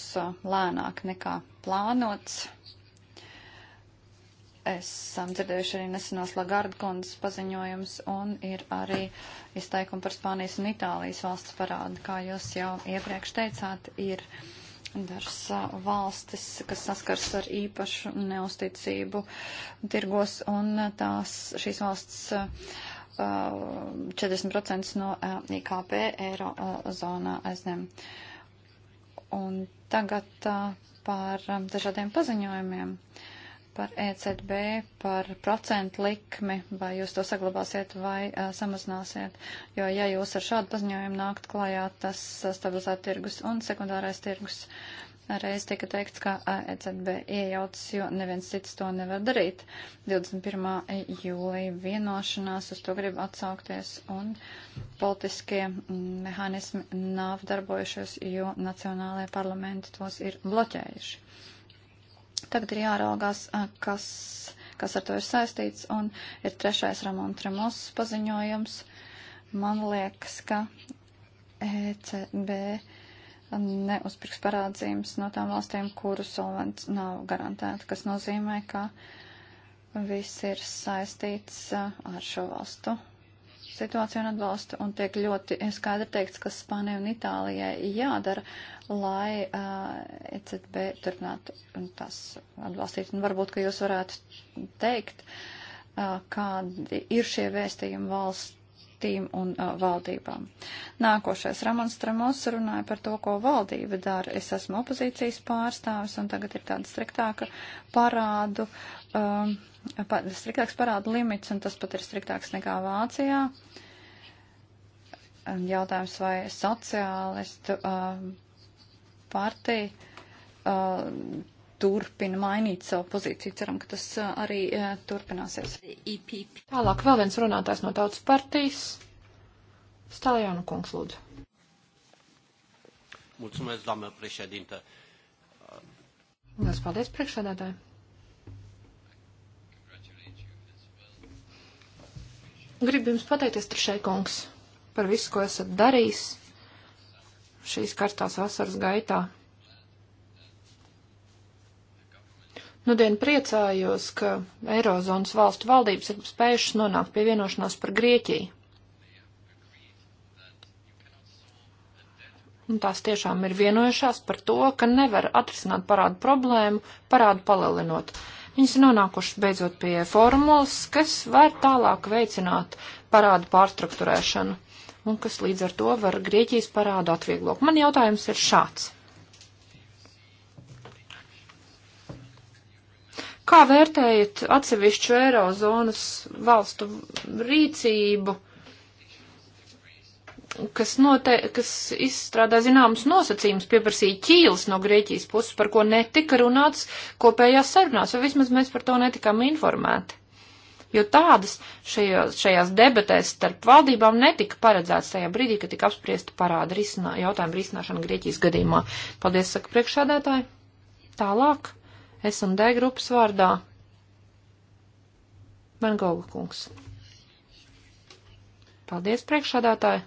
lēnāk nekā plānots. Esam dzirdējuši arī nesenos Lagarda kundzes paziņojums un ir arī izteikumi par Spānijas un Itālijas valsts parādu. Kā jūs jau iepriekš teicāt, ir dažas valstis, kas saskars ar īpašu neusticību tirgos un tās šīs valsts 40% uh, no uh, IKP eiro uh, zonā aizņem. Un tagad par um, dažādiem paziņojumiem par ECB, par procentu likmi, vai jūs to saglabāsiet vai uh, samazināsiet. Jo, ja jūs ar šādu paziņojumu nākt klajā, tas stabilizētu tirgus un sekundārais tirgus. Uh, reiz tika teikts, ka ECB eh, e iejaucas, jo neviens cits to nevar darīt. 21. jūlija vienošanās uz to grib atsaukties un politiskie mm, mehānismi nav darbojušies, jo nacionālajie parlamenti tos ir bloķējuši. Tagad ir jāraugās, eh, kas, kas ar to ir saistīts, un ir trešais Ramon Tremos paziņojums. Man liekas, ka ECB neuzpirks parādzīmes no tām valstīm, kuru solvents nav garantēta, kas nozīmē, ka viss ir saistīts uh, ar šo valstu situāciju un atbalstu, un tiek ļoti skaidri teikts, kas Spānijai un Itālijai jādara, lai uh, ECB turpinātu tās atbalstīt. Un varbūt, ka jūs varētu teikt, uh, kādi ir šie vēstījumi valsts valstīm un uh, valdībām. Nākošais Ramons Tramos runāja par to, ko valdība dara. Es esmu opozīcijas pārstāvis un tagad ir tāda striktāka parādu, um, pa, striktāks parādu limits un tas pat ir striktāks nekā Vācijā. Jautājums vai sociālistu uh, partija. Uh, turpina mainīt savu pozīciju. Ceram, ka tas uh, arī uh, turpināsies. E Tālāk vēl viens runātājs no tautas partijas. Staljānu kungs lūdzu. Mulțumesc, doamnă președintă. Lielas paldies, priekšsēdētāji. Gribu jums pateikties, Trišai kungs, par visu, ko esat darījis šīs karstās vasaras gaitā. Nudien priecājos, ka Eirozonas valstu valdības ir spējušas nonākt pie vienošanās par Grieķiju. Un tās tiešām ir vienojušās par to, ka nevar atrisināt parādu problēmu, parādu palielinot. Viņas ir nonākušas beidzot pie formulas, kas var tālāk veicināt parādu pārstruktūrēšanu un kas līdz ar to var Grieķijas parādu atvieglot. Man jautājums ir šāds. Kā vērtējat atsevišķu eirozonas valstu rīcību, kas, note, kas izstrādā zināmas nosacījumus, pieprasīja ķīles no Grieķijas puses, par ko netika runāts kopējās sarunās, vai vismaz mēs par to netikām informēti? Jo tādas šajos, šajās debatēs starp valdībām netika paredzēts tajā brīdī, kad tika apspriesta parāda risinā, jautājuma risināšana Grieķijas gadījumā. Paldies, saka priekšādētāji. Tālāk. S&D grupas vārdā. Man Goga kungs. Paldies, priekšādātāji!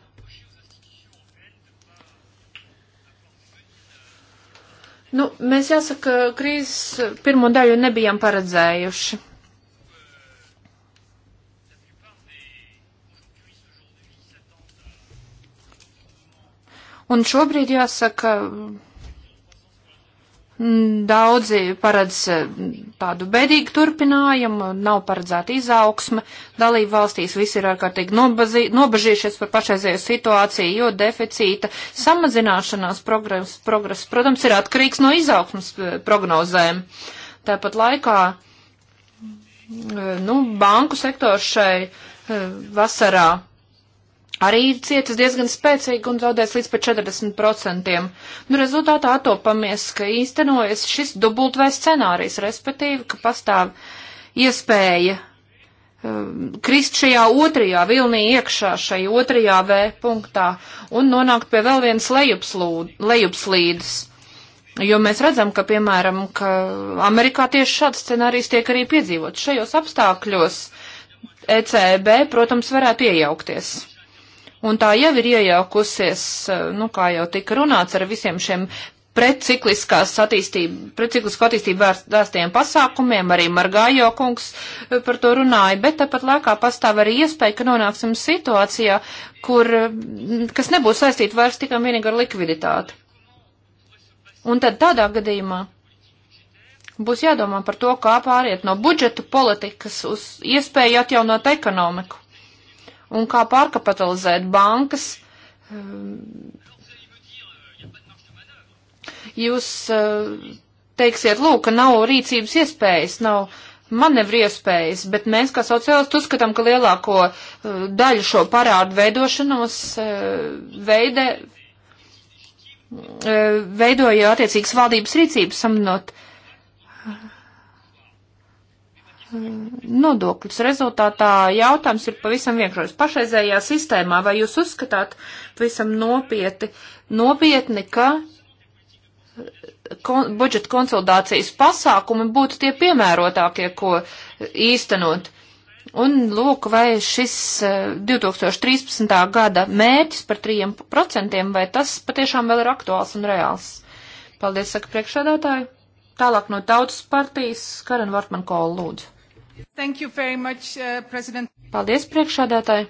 Nu, mēs jāsaka, krīzes pirmo daļu nebijām paredzējuši. Un šobrīd jāsaka, Daudzi paredz eh, tādu bedīgu turpinājumu, nav paredzēta izaugsme. Dalība valstīs visi ir ārkārtīgi nobazī, nobažījušies par pašreizējo situāciju, jo deficīta samazināšanās progress, progress, protams, ir atkarīgs no izaugsmas eh, prognozēm. Tāpat laikā, eh, nu, banku sektors šai vasarā arī cietas diezgan spēcīgi un zaudēs līdz pat 40%. Nu, rezultātā atopamies, ka īstenojas šis dubultvai scenārijs, respektīvi, ka pastāv iespēja um, krist šajā otrajā vilnī iekšā, šai otrajā V punktā un nonākt pie vēl vienas lejupslīdes. Jo mēs redzam, ka, piemēram, ka Amerikā tieši šāds scenārijs tiek arī piedzīvots. Šajos apstākļos ECB, protams, varētu iejaukties Un tā jau ir iejaukusies, eh, nu, kā jau tika runāts, ar visiem šiem pretcikliskās attīstību, pretciklisku attīstību vērstiem pasākumiem, arī Margājo kungs eh, par to runāja, bet tāpat laikā pastāv arī iespēja, ka nonāksim situācijā, kur, mm, kas nebūs saistīta vairs tikai vienīgi ar likviditāti. Un tad tādā gadījumā būs jādomā par to, kā pāriet no budžeta politikas uz iespēju atjaunot ekonomiku un kā pārkapitalizēt bankas. Jūs eh, teiksiet, lūk, ka nav rīcības iespējas, nav manevri iespējas, bet mēs kā sociālisti uzskatām, ka lielāko eh, daļu šo parādu veidošanos eh, veide, veidoja attiecīgas valdības rīcības, samanot nodokļus. Rezultātā jautājums ir pavisam vienkāršs. Pašreizējā sistēmā vai jūs uzskatāt pavisam nopieti, nopietni, ka eh, kon budžeta konsolidācijas pasākumi būtu tie piemērotākie, ko īstenot? Un lūk, vai šis 2013. Eh, gada mērķis par 3% vai tas patiešām vēl ir aktuāls un reāls? Paldies, saka priekšsēdētāji. Tālāk no tautas partijas Karen Vortman Kola lūdzu. Much, uh, Paldies, priekšādātāji!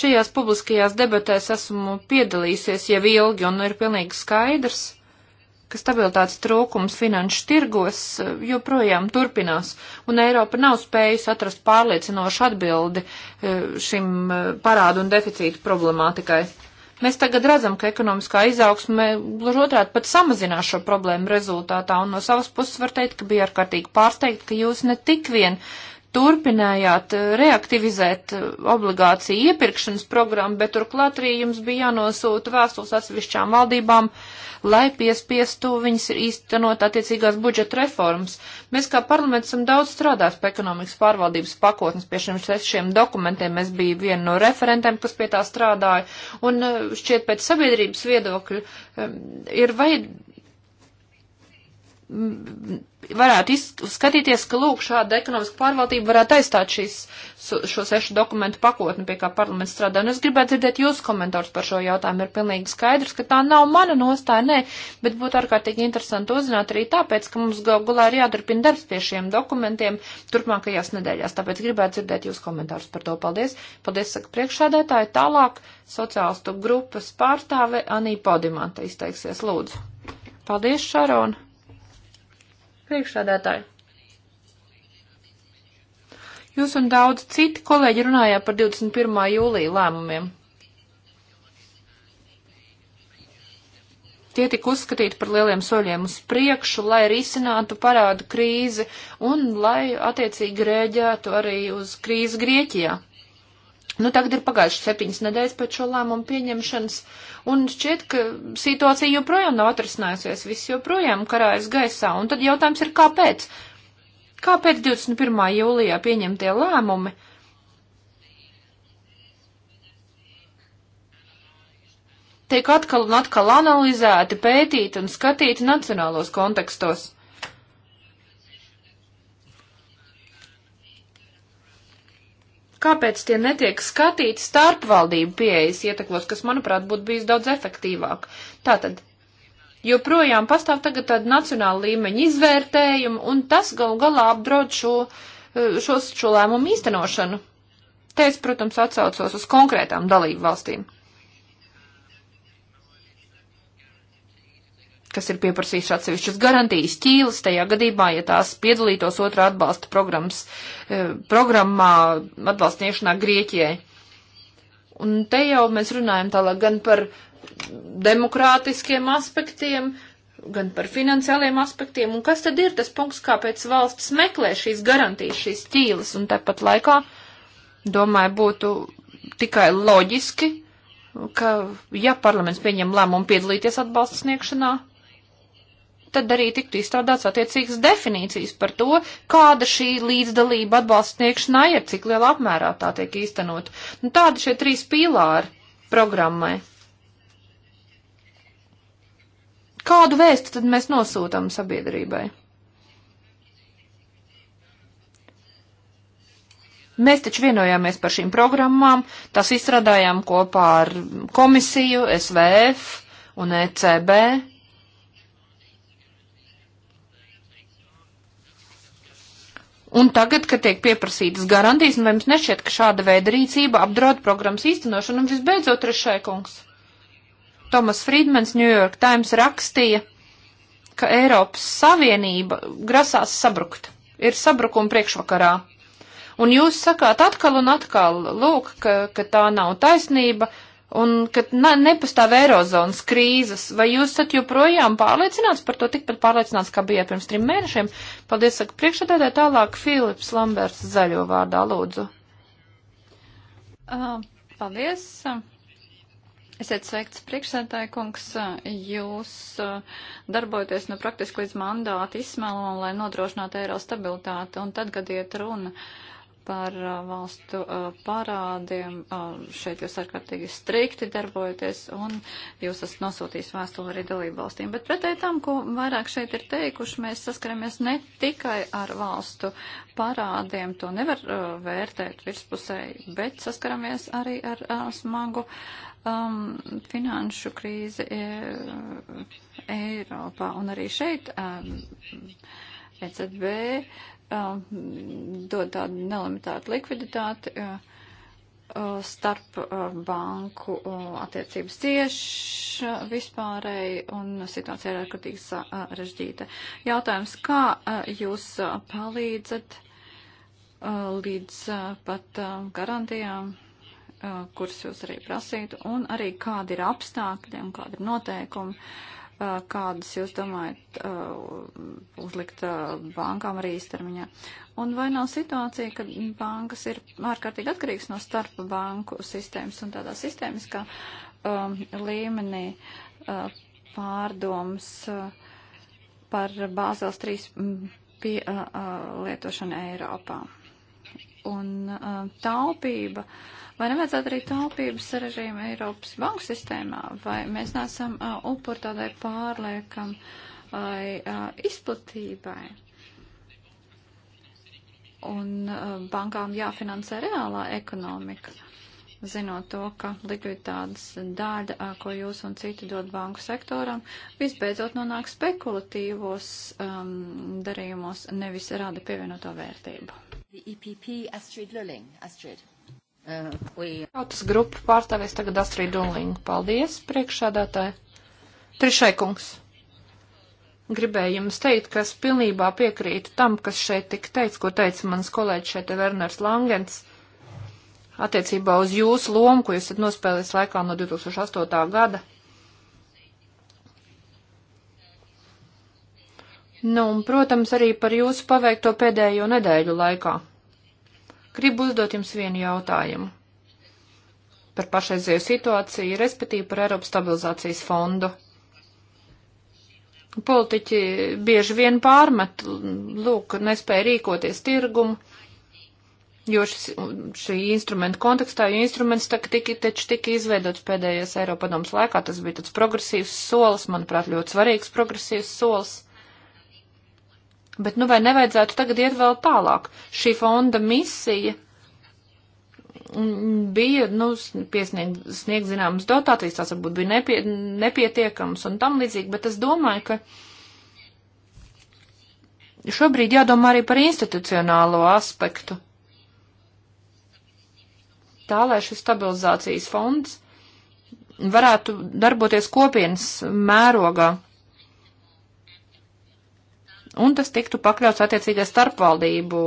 Šajās publiskajās debatēs esmu piedalīsies jau ilgi un ir pilnīgi skaidrs, ka stabilitātes trūkums finanšu tirgos uh, joprojām turpinās, un Eiropa nav spējusi atrast pārliecinošu atbildi uh, šim uh, parādu un deficītu problemātikai. Mēs tagad redzam, ka ekonomiskā izaugsme, gluži otrādi, pat samazinās šo problēmu rezultātā, un no savas puses var teikt, ka bija ārkārtīgi pārsteigta, ka jūs ne tik vien turpinājāt eh, reaktivizēt eh, obligāciju iepirkšanas programmu, bet turklāt arī jums bija jānosūta vēstules atsevišķām valdībām, lai piespiestu viņas īstenot attiecīgās budžeta reformas. Mēs kā parlaments esam daudz strādājis pie ekonomikas pārvaldības pakotnes, pie šiem sešiem dokumentiem. Mēs bija viena no referentiem, kas pie tā strādāja, un eh, šķiet pēc sabiedrības viedokļu ir vajad varētu skatīties, ka lūk, šāda ekonomiska pārvaldība varētu aizstāt šīs, šo sešu dokumentu pakotni, pie kā parlaments strādā. Un es gribētu dzirdēt jūsu komentārus par šo jautājumu. Ir pilnīgi skaidrs, ka tā nav mana nostāja, nē, bet būtu ārkārtīgi interesanti uzzināt arī tāpēc, ka mums gal galā ir jāturpina darbs pie šiem dokumentiem turpmākajās nedēļās. Tāpēc gribētu dzirdēt jūsu komentārus par to. Paldies. Paldies, saka priekšādētāji. Tālāk sociālistu grupas pārstāve Anī Podimanta izteiksies. Lūdzu. Paldies, Šarona. Priekšsādātāji. Jūs un daudz citi kolēģi runājāt par 21. jūlija lēmumiem. Tie tika uzskatīti par lieliem soļiem uz priekšu, lai risinātu parādu krīzi un lai attiecīgi rēģētu arī uz krīzi Grieķijā. Nu, tagad ir pagājuši septiņas nedēļas pēc šo lēmumu pieņemšanas, un šķiet, ka situācija joprojām nav atrisinājusies, viss joprojām karājas gaisā, un tad jautājums ir, kāpēc? Kāpēc 21. jūlijā pieņemtie lēmumi? Tiek atkal un atkal analizēti, pētīti un skatīti nacionālos kontekstos. Kāpēc tie netiek skatīti starpvaldību pieejas ieteklos, kas, manuprāt, būtu bijis daudz efektīvāk? Tātad, joprojām pastāv tagad tāda nacionāla līmeņa izvērtējuma, un tas gal galā apdraud šo, eh, šo, šo lēmumu īstenošanu. Te es, protams, atsaucos uz konkrētām dalību valstīm. kas ir pieprasījuši atsevišķas garantijas ķīles tajā gadījumā, ja tās piedalītos otrā atbalsta programmas, e, programmā atbalstniešanā Grieķijai. Un te jau mēs runājam tālāk gan par demokrātiskiem aspektiem, gan par finansiāliem aspektiem, un kas tad ir tas punkts, kāpēc valsts meklē šīs garantijas, šīs ķīles, un tāpat laikā, domāju, būtu tikai loģiski, ka, ja parlaments pieņem lēmumu piedalīties atbalsta sniegšanā, tad arī tiktu izstrādāts attiecīgas definīcijas par to, kāda šī līdzdalība atbalsta sniegšanai ir, cik lielā apmērā tā tiek īstenot. Nu, tādi šie trīs pīlāri programmai. Kādu vēstu tad mēs nosūtām sabiedrībai? Mēs taču vienojāmies par šīm programmām, tās izstrādājām kopā ar komisiju, SVF un ECB. Un tagad, kad tiek pieprasītas garantijas, nu, vai jums nešķiet, ka šāda veida rīcība apdraud programmas īstenošanu? Un visbeidzot, trešai kungs. Tomas Friedmans New York Times rakstīja, ka Eiropas Savienība grasās sabrukt. Ir sabrukuma priekšvakarā. Un jūs sakāt atkal un atkal, lūk, ka, ka tā nav taisnība, un kad na, nepastāv eirozonas krīzes, vai jūs esat joprojām pārliecināts par to, tikpat pārliecināts, kā bija pirms trim mēnešiem? Paldies, saka priekšsēdētāji, tālāk Filips Lamberts zaļo vārdā, lūdzu. Uh, paldies. Esiet sveikts priekšsēdētāji, kungs. Jūs darbojaties nu praktiski līdz mandāta izsmēlumam, lai nodrošinātu eiro stabilitāti, un tad, kad iet runa. Uh, par uh, valstu uh, parādiem. Uh, šeit jūs ārkārtīgi strikti darbojaties un jūs esat nosūtījis vēstuli arī dalību valstīm. Bet pretēji tam, ko vairāk šeit ir teikuši, mēs saskaramies ne tikai ar valstu parādiem, to nevar vērtēt virspusēji, bet saskaramies arī ar smagu um, finanšu krīzi e, Eiropā. Un arī šeit um, ECB uh, dod tādu nelimitētu likviditāti. Uh, uh starp uh, banku uh, attiecības cieši vispārēji un situācija ir ārkārtīgi sarežģīta. Jautājums, kā jūs palīdzat līdz pat garantijām, kuras jūs arī prasītu, un arī kādi ir apstākļi un kādi ir noteikumi Uh, kādas jūs domājat uh, uzlikt uh, bankām arī īstermiņā. Un vai nav situācija, ka bankas ir ārkārtīgi atkarīgas no starpa banku sistēmas un tādā sistēmiskā um, līmenī uh, pārdoms uh, par Bāzels 3 mm, pie, uh, lietošanu Eiropā? un uh, taupība. Vai nevajadzētu arī taupības sarežģījumu Eiropas banku sistēmā, vai mēs nesam uh, upur tādai pārliekam vai uh, izplatībai? Un uh, bankām jāfinansē reālā ekonomika. Uh, zinot to, ka likviditātes daļa, ko jūs un citi dod banku sektoram, visbeidzot nonāk spekulatīvos um, darījumos, nevis rada pievienoto vērtību. E Tautas grupa pārstāvēs tagad Astrid Dunling. Paldies, priekšādātāji. Trešai kungs. Gribēju jums teikt, ka es pilnībā piekrītu tam, kas šeit tika teikts, ko teica mans kolēģis šeit Werners Langens attiecībā uz jūsu lomu, ko jūs esat nospēlējis laikā no 2008. gada. Nu, un, protams, arī par jūsu paveikto pēdējo nedēļu laikā. Gribu uzdot jums vienu jautājumu par pašreizēju situāciju, respektīvi par Eiropas stabilizācijas fondu. Politiķi bieži vien pārmet, lūk, nespēja rīkoties tirgumu Jo šis, šī instrumenta kontekstā, jo instruments tā, tika, taču tika izveidots pēdējais Eiropadoms laikā, tas bija tāds progresīvs solis, manuprāt, ļoti svarīgs progresīvs solis. Bet nu vai nevajadzētu tagad iet vēl tālāk? Šī fonda misija bija, nu, piesniegt, sniegt zināmas dotācijas, tās varbūt bija nepie, nepietiekams un tam līdzīgi, bet es domāju, ka šobrīd jādomā arī par institucionālo aspektu tā, lai šis stabilizācijas fonds varētu darboties kopienas mērogā. Un tas tiktu pakļauts attiecīgai starpvaldību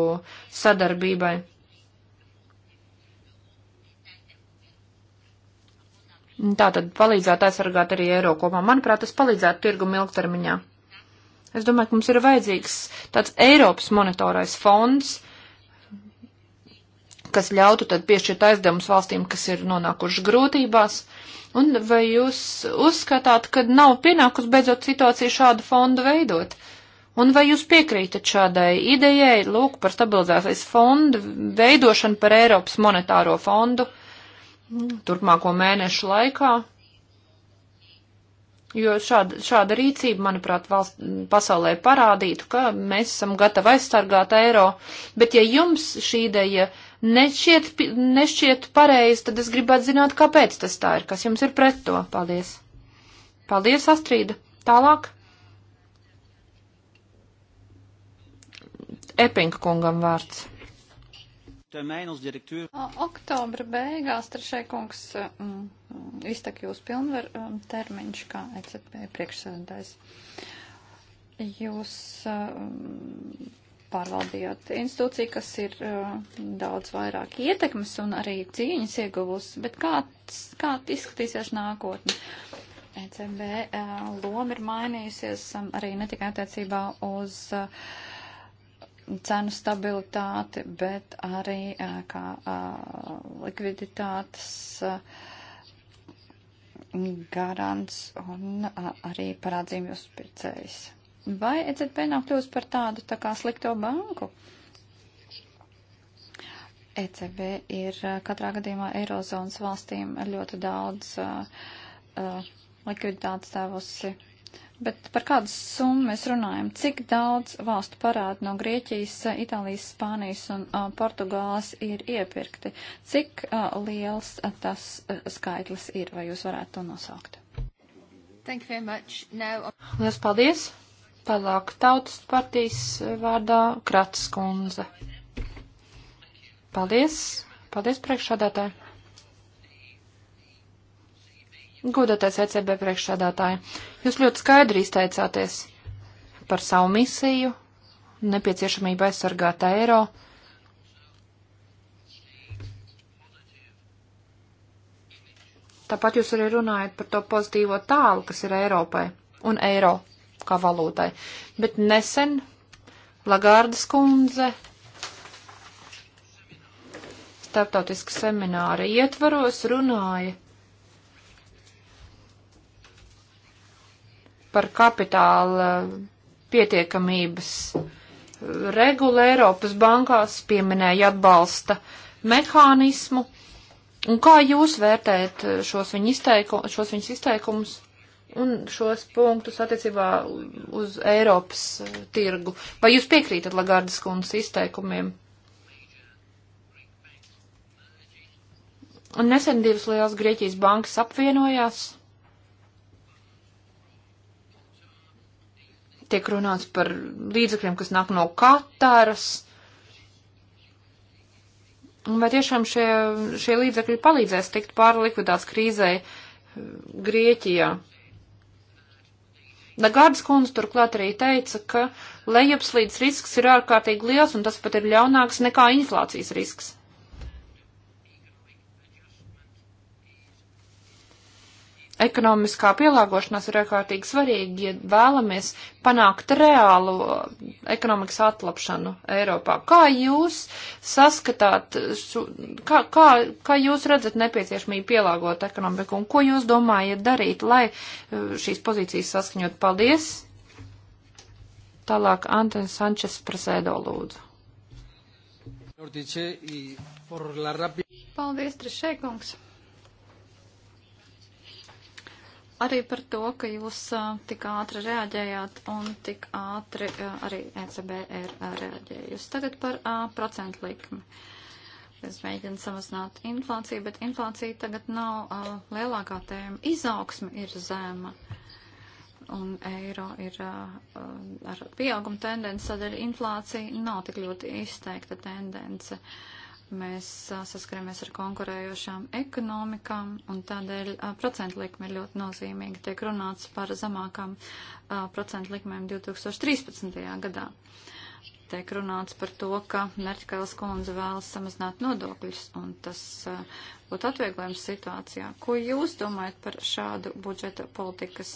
sadarbībai. Tā tad palīdzētu aizsargāt arī eiro kopā. Manuprāt, tas palīdzētu tirgumu ilgtermiņā. Es domāju, ka mums ir vajadzīgs tāds Eiropas monitorais fonds, kas ļautu tad piešķirt aizdevumus valstīm, kas ir nonākuši grūtībās. Un vai jūs uzskatāt, ka nav pienākus beidzot situāciju šādu fondu veidot? Un vai jūs piekrītat šādai idejai, lūk, par stabilizācijas fondu veidošanu par Eiropas monetāro fondu turpmāko mēnešu laikā? Jo šāda, šāda rīcība, manuprāt, valsts, pasaulē parādītu, ka mēs esam gatavi aizsargāt eiro, bet ja jums šī ideja nešķiet, nešķiet pareizi, tad es gribētu zināt, kāpēc tas tā ir, kas jums ir pret to. Paldies. Paldies, Astrīda. Tālāk. Epinga kungam vārds. Oktobra beigās trešai kungs mm, mm, iztek jūs pilnvar mm, termiņš kā ECP priekšsēdētājs. Jūs mm, pārvaldījot institūciju, kas ir uh, daudz vairāk ietekmes un arī cīņas ieguvusi, bet kā, kā izskatīsies nākotne? ECB uh, loma ir mainījusies um, arī ne tikai attiecībā uz uh, cenu stabilitāti, bet arī uh, kā uh, likviditātes. Uh, garants un a, uh, arī parādzījumus pircējs. Vai ECB nav kļūst par tādu tā kā slikto banku? ECB ir katrā gadījumā Eirozonas valstīm ļoti daudz uh, uh, likviditātes devusi. Bet par kādu summu mēs runājam? Cik daudz valstu parādu no Grieķijas, Itālijas, Spānijas un uh, Portugāles ir iepirkti? Cik uh, liels uh, tas uh, skaitlis ir? Vai jūs varētu to nosaukt? Now... Lielas paldies! Tālāk tautas partijas vārdā Kratas kundze. Paldies, paldies priekšsādātāji. Godātais ECB priekšsādātāji, jūs ļoti skaidri izteicāties par savu misiju, nepieciešamību aizsargāt eiro. Tāpat jūs arī runājat par to pozitīvo tālu, kas ir Eiropai un Eiropai kā valūtai. Bet nesen Lagārdas kundze starptautiska semināra ietvaros runāja par kapitāla pietiekamības regulu Eiropas bankās, pieminēja atbalsta mehānismu. Un kā jūs vērtējat šos, viņu izteiku, šos viņas izteikumus? un šos punktus attiecībā uz Eiropas uh, tirgu. Vai jūs piekrītat Lagardas kundas izteikumiem? Un nesen divas lielas Grieķijas bankas apvienojās. Tiek runāts par līdzekļiem, kas nāk no Kataras. Un vai tiešām šie, šie līdzekļi palīdzēs tikt pārlikvidēts krīzē uh, Grieķijā? Lagardas kundze turklāt arī teica, ka lejupslīdes risks ir ārkārtīgi liels, un tas pat ir ļaunāks nekā inflācijas risks. Ekonomiskā pielāgošanās ir ārkārtīgi svarīga, ja vēlamies panākt reālu uh, ekonomikas atlapšanu Eiropā. Kā jūs saskatāt, kā, kā, kā jūs redzat nepieciešamību pielāgot ekonomiku un ko jūs domājat darīt, lai uh, šīs pozīcijas saskaņot? Paldies! Tālāk Antoni Sančes prasēdo lūdzu. Paldies, Trešēkungs! arī par to, ka jūs tik ātri reaģējāt un tik ātri arī ECB ir reaģējusi. Tagad par procentu likmi. Es mēģinu samazināt inflāciju, bet inflācija tagad nav lielākā tēma. Izaugsme ir zema un eiro ir ar pieauguma tendenci, tad arī inflācija nav tik ļoti izteikta tendence. Uh, Mēs saskaramies ar konkurējošām ekonomikām, un tādēļ procentu likme ir ļoti nozīmīga. Tiek runāts par zemākām procentu likmēm 2013. gadā. Tiek runāts par to, ka Merķkēls kundze vēlas samazināt nodokļus, un tas būtu atvieglojums situācijā. Ko jūs domājat par šādu budžeta politikas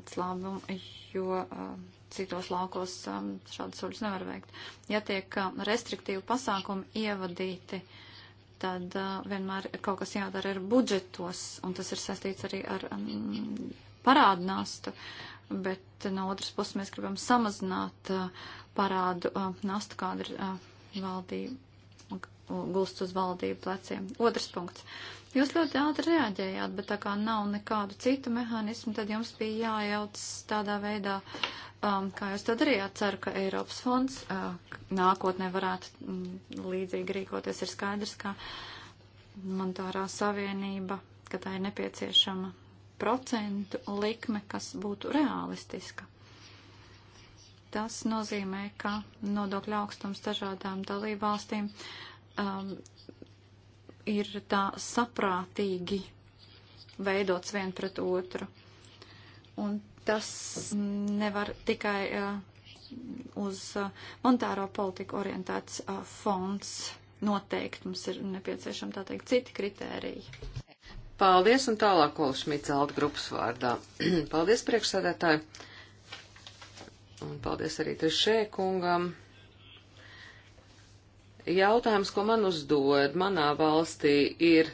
atslābumu, jo uh, citos laukos um, šādus soļus nevar veikt. Ja tiek um, restriktīvi pasākumi ievadīti, tad uh, vienmēr kaut kas jādara ar budžetos, un tas ir saistīts arī ar um, parādu nastu, bet uh, no otras puses mēs gribam samazināt uh, parādu nastu, kāda ir valdība, gulst uz valdību pleciem. Otrs punkts Jūs ļoti ātri reaģējāt, bet tā kā nav nekādu citu mehānismu, tad jums bija jājauc tādā veidā, um, kā jūs to darījāt. Ceru, ka Eiropas fonds uh, nākotnē varētu um, līdzīgi rīkoties. Ir skaidrs, ka monetārā savienība, ka tā ir nepieciešama procentu likme, kas būtu realistiska. Tas nozīmē, ka nodokļu augstums dažādām dalībvalstīm um, ir tā saprātīgi veidots vien pret otru. Un tas nevar tikai uh, uz uh, monetāro politiku orientēts uh, fonds noteikt. Mums ir nepieciešama tā teikt citi kritēriji. Paldies un tālāk Olšmīts Alta grupas vārdā. [clears throat] paldies priekšsēdētāji. Un paldies arī Trišē kungam. Jautājums, ko man uzdod manā valstī, ir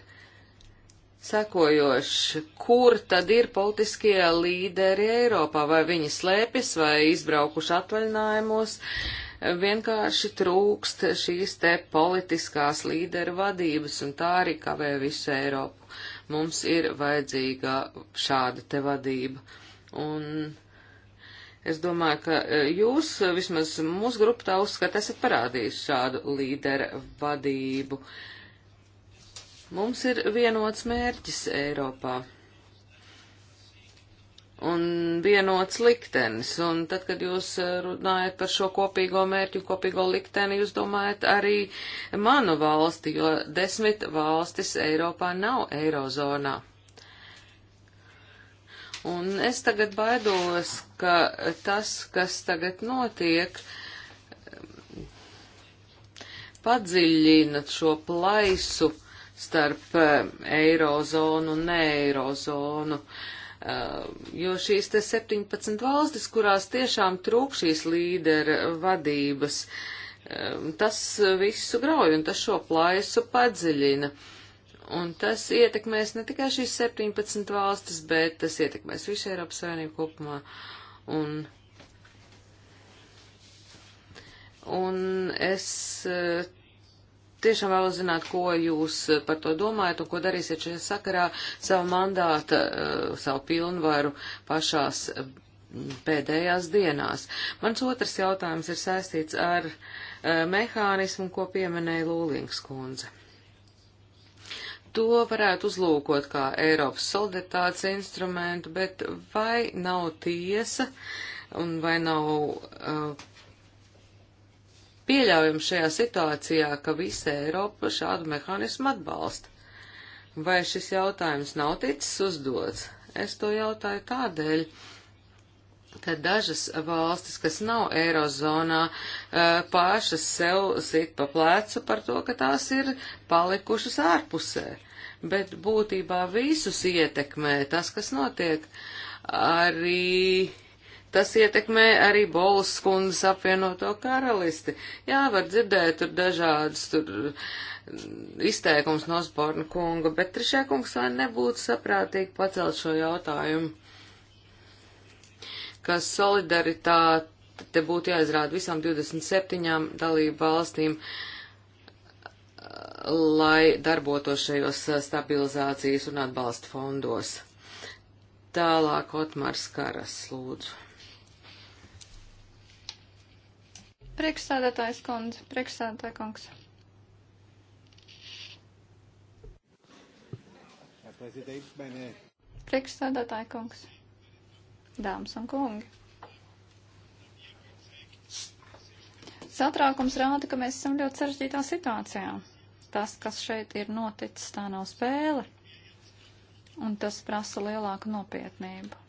sekojoši, kur tad ir politiskie līderi Eiropā, vai viņi slēpjas, vai izbraukuši atvaļinājumos, vienkārši trūkst šīs te politiskās līderu vadības, un tā arī kavē visu Eiropu. Mums ir vajadzīga šāda te vadība. Un Es domāju, ka e, jūs, e, vismaz mūsu grupa tā uzskata, esat parādījis šādu līderu vadību. Mums ir vienots mērķis Eiropā un vienots liktenis. Un tad, kad jūs e, runājat par šo kopīgo mērķu, kopīgo likteni, jūs domājat arī manu valsti, jo desmit valstis Eiropā nav eirozonā. Un es tagad baidos, ka tas, kas tagad notiek, padziļina šo plaisu starp eh, eirozonu un neeirozonu. Eh, jo šīs te 17 valstis, kurās tiešām trūk šīs līdera vadības, eh, tas visu grauj un tas šo plaisu padziļina. Uh, Un tas ietekmēs ne tikai šīs 17 valstis, bet tas ietekmēs visu Eiropas Savienību kopumā. Un, un es eh, tiešām vēlos zināt, ko jūs eh, par to domājat un ko darīsiet šajā sakarā savu mandātu, eh, savu pilnvaru pašās mm, pēdējās dienās. Mans otrs jautājums ir saistīts ar mehānismu, ko pieminēja Lūlīngas kundze to varētu uzlūkot kā Eiropas solidaritātes instrumentu, bet vai nav tiesa un vai nav uh, pieļaujami šajā situācijā, ka visa Eiropa šādu mehānismu atbalsta? Vai šis jautājums nav ticis uzdots? Es to jautāju tādēļ, ka dažas valstis, kas nav eirozonā, uh, pašas sev sit pa plecu par to, ka tās ir palikušas ārpusē bet būtībā visus ietekmē tas, kas notiek. Arī tas ietekmē arī Bolas kundzes apvienoto karalisti. Jā, var dzirdēt tur dažādas tur mm, izteikums no Osborna kunga, bet trešā kungs vai nebūtu saprātīgi pacelt šo jautājumu, ka solidaritāte te būtu jāizrāda visām 27 dalību valstīm. Uh, lai darbotos šajos stabilizācijas un atbalsta fondos. Tālāk Otmars Karas lūdzu. Priekšsādātājs kundze, priekšsādātāja kungs. Priekšsādātāja kungs, dāmas un kungi. Satrākums rāda, ka mēs esam ļoti sarežģītā situācijā tas, kas šeit ir noticis, tā nav spēle, un tas prasa lielāku nopietnību.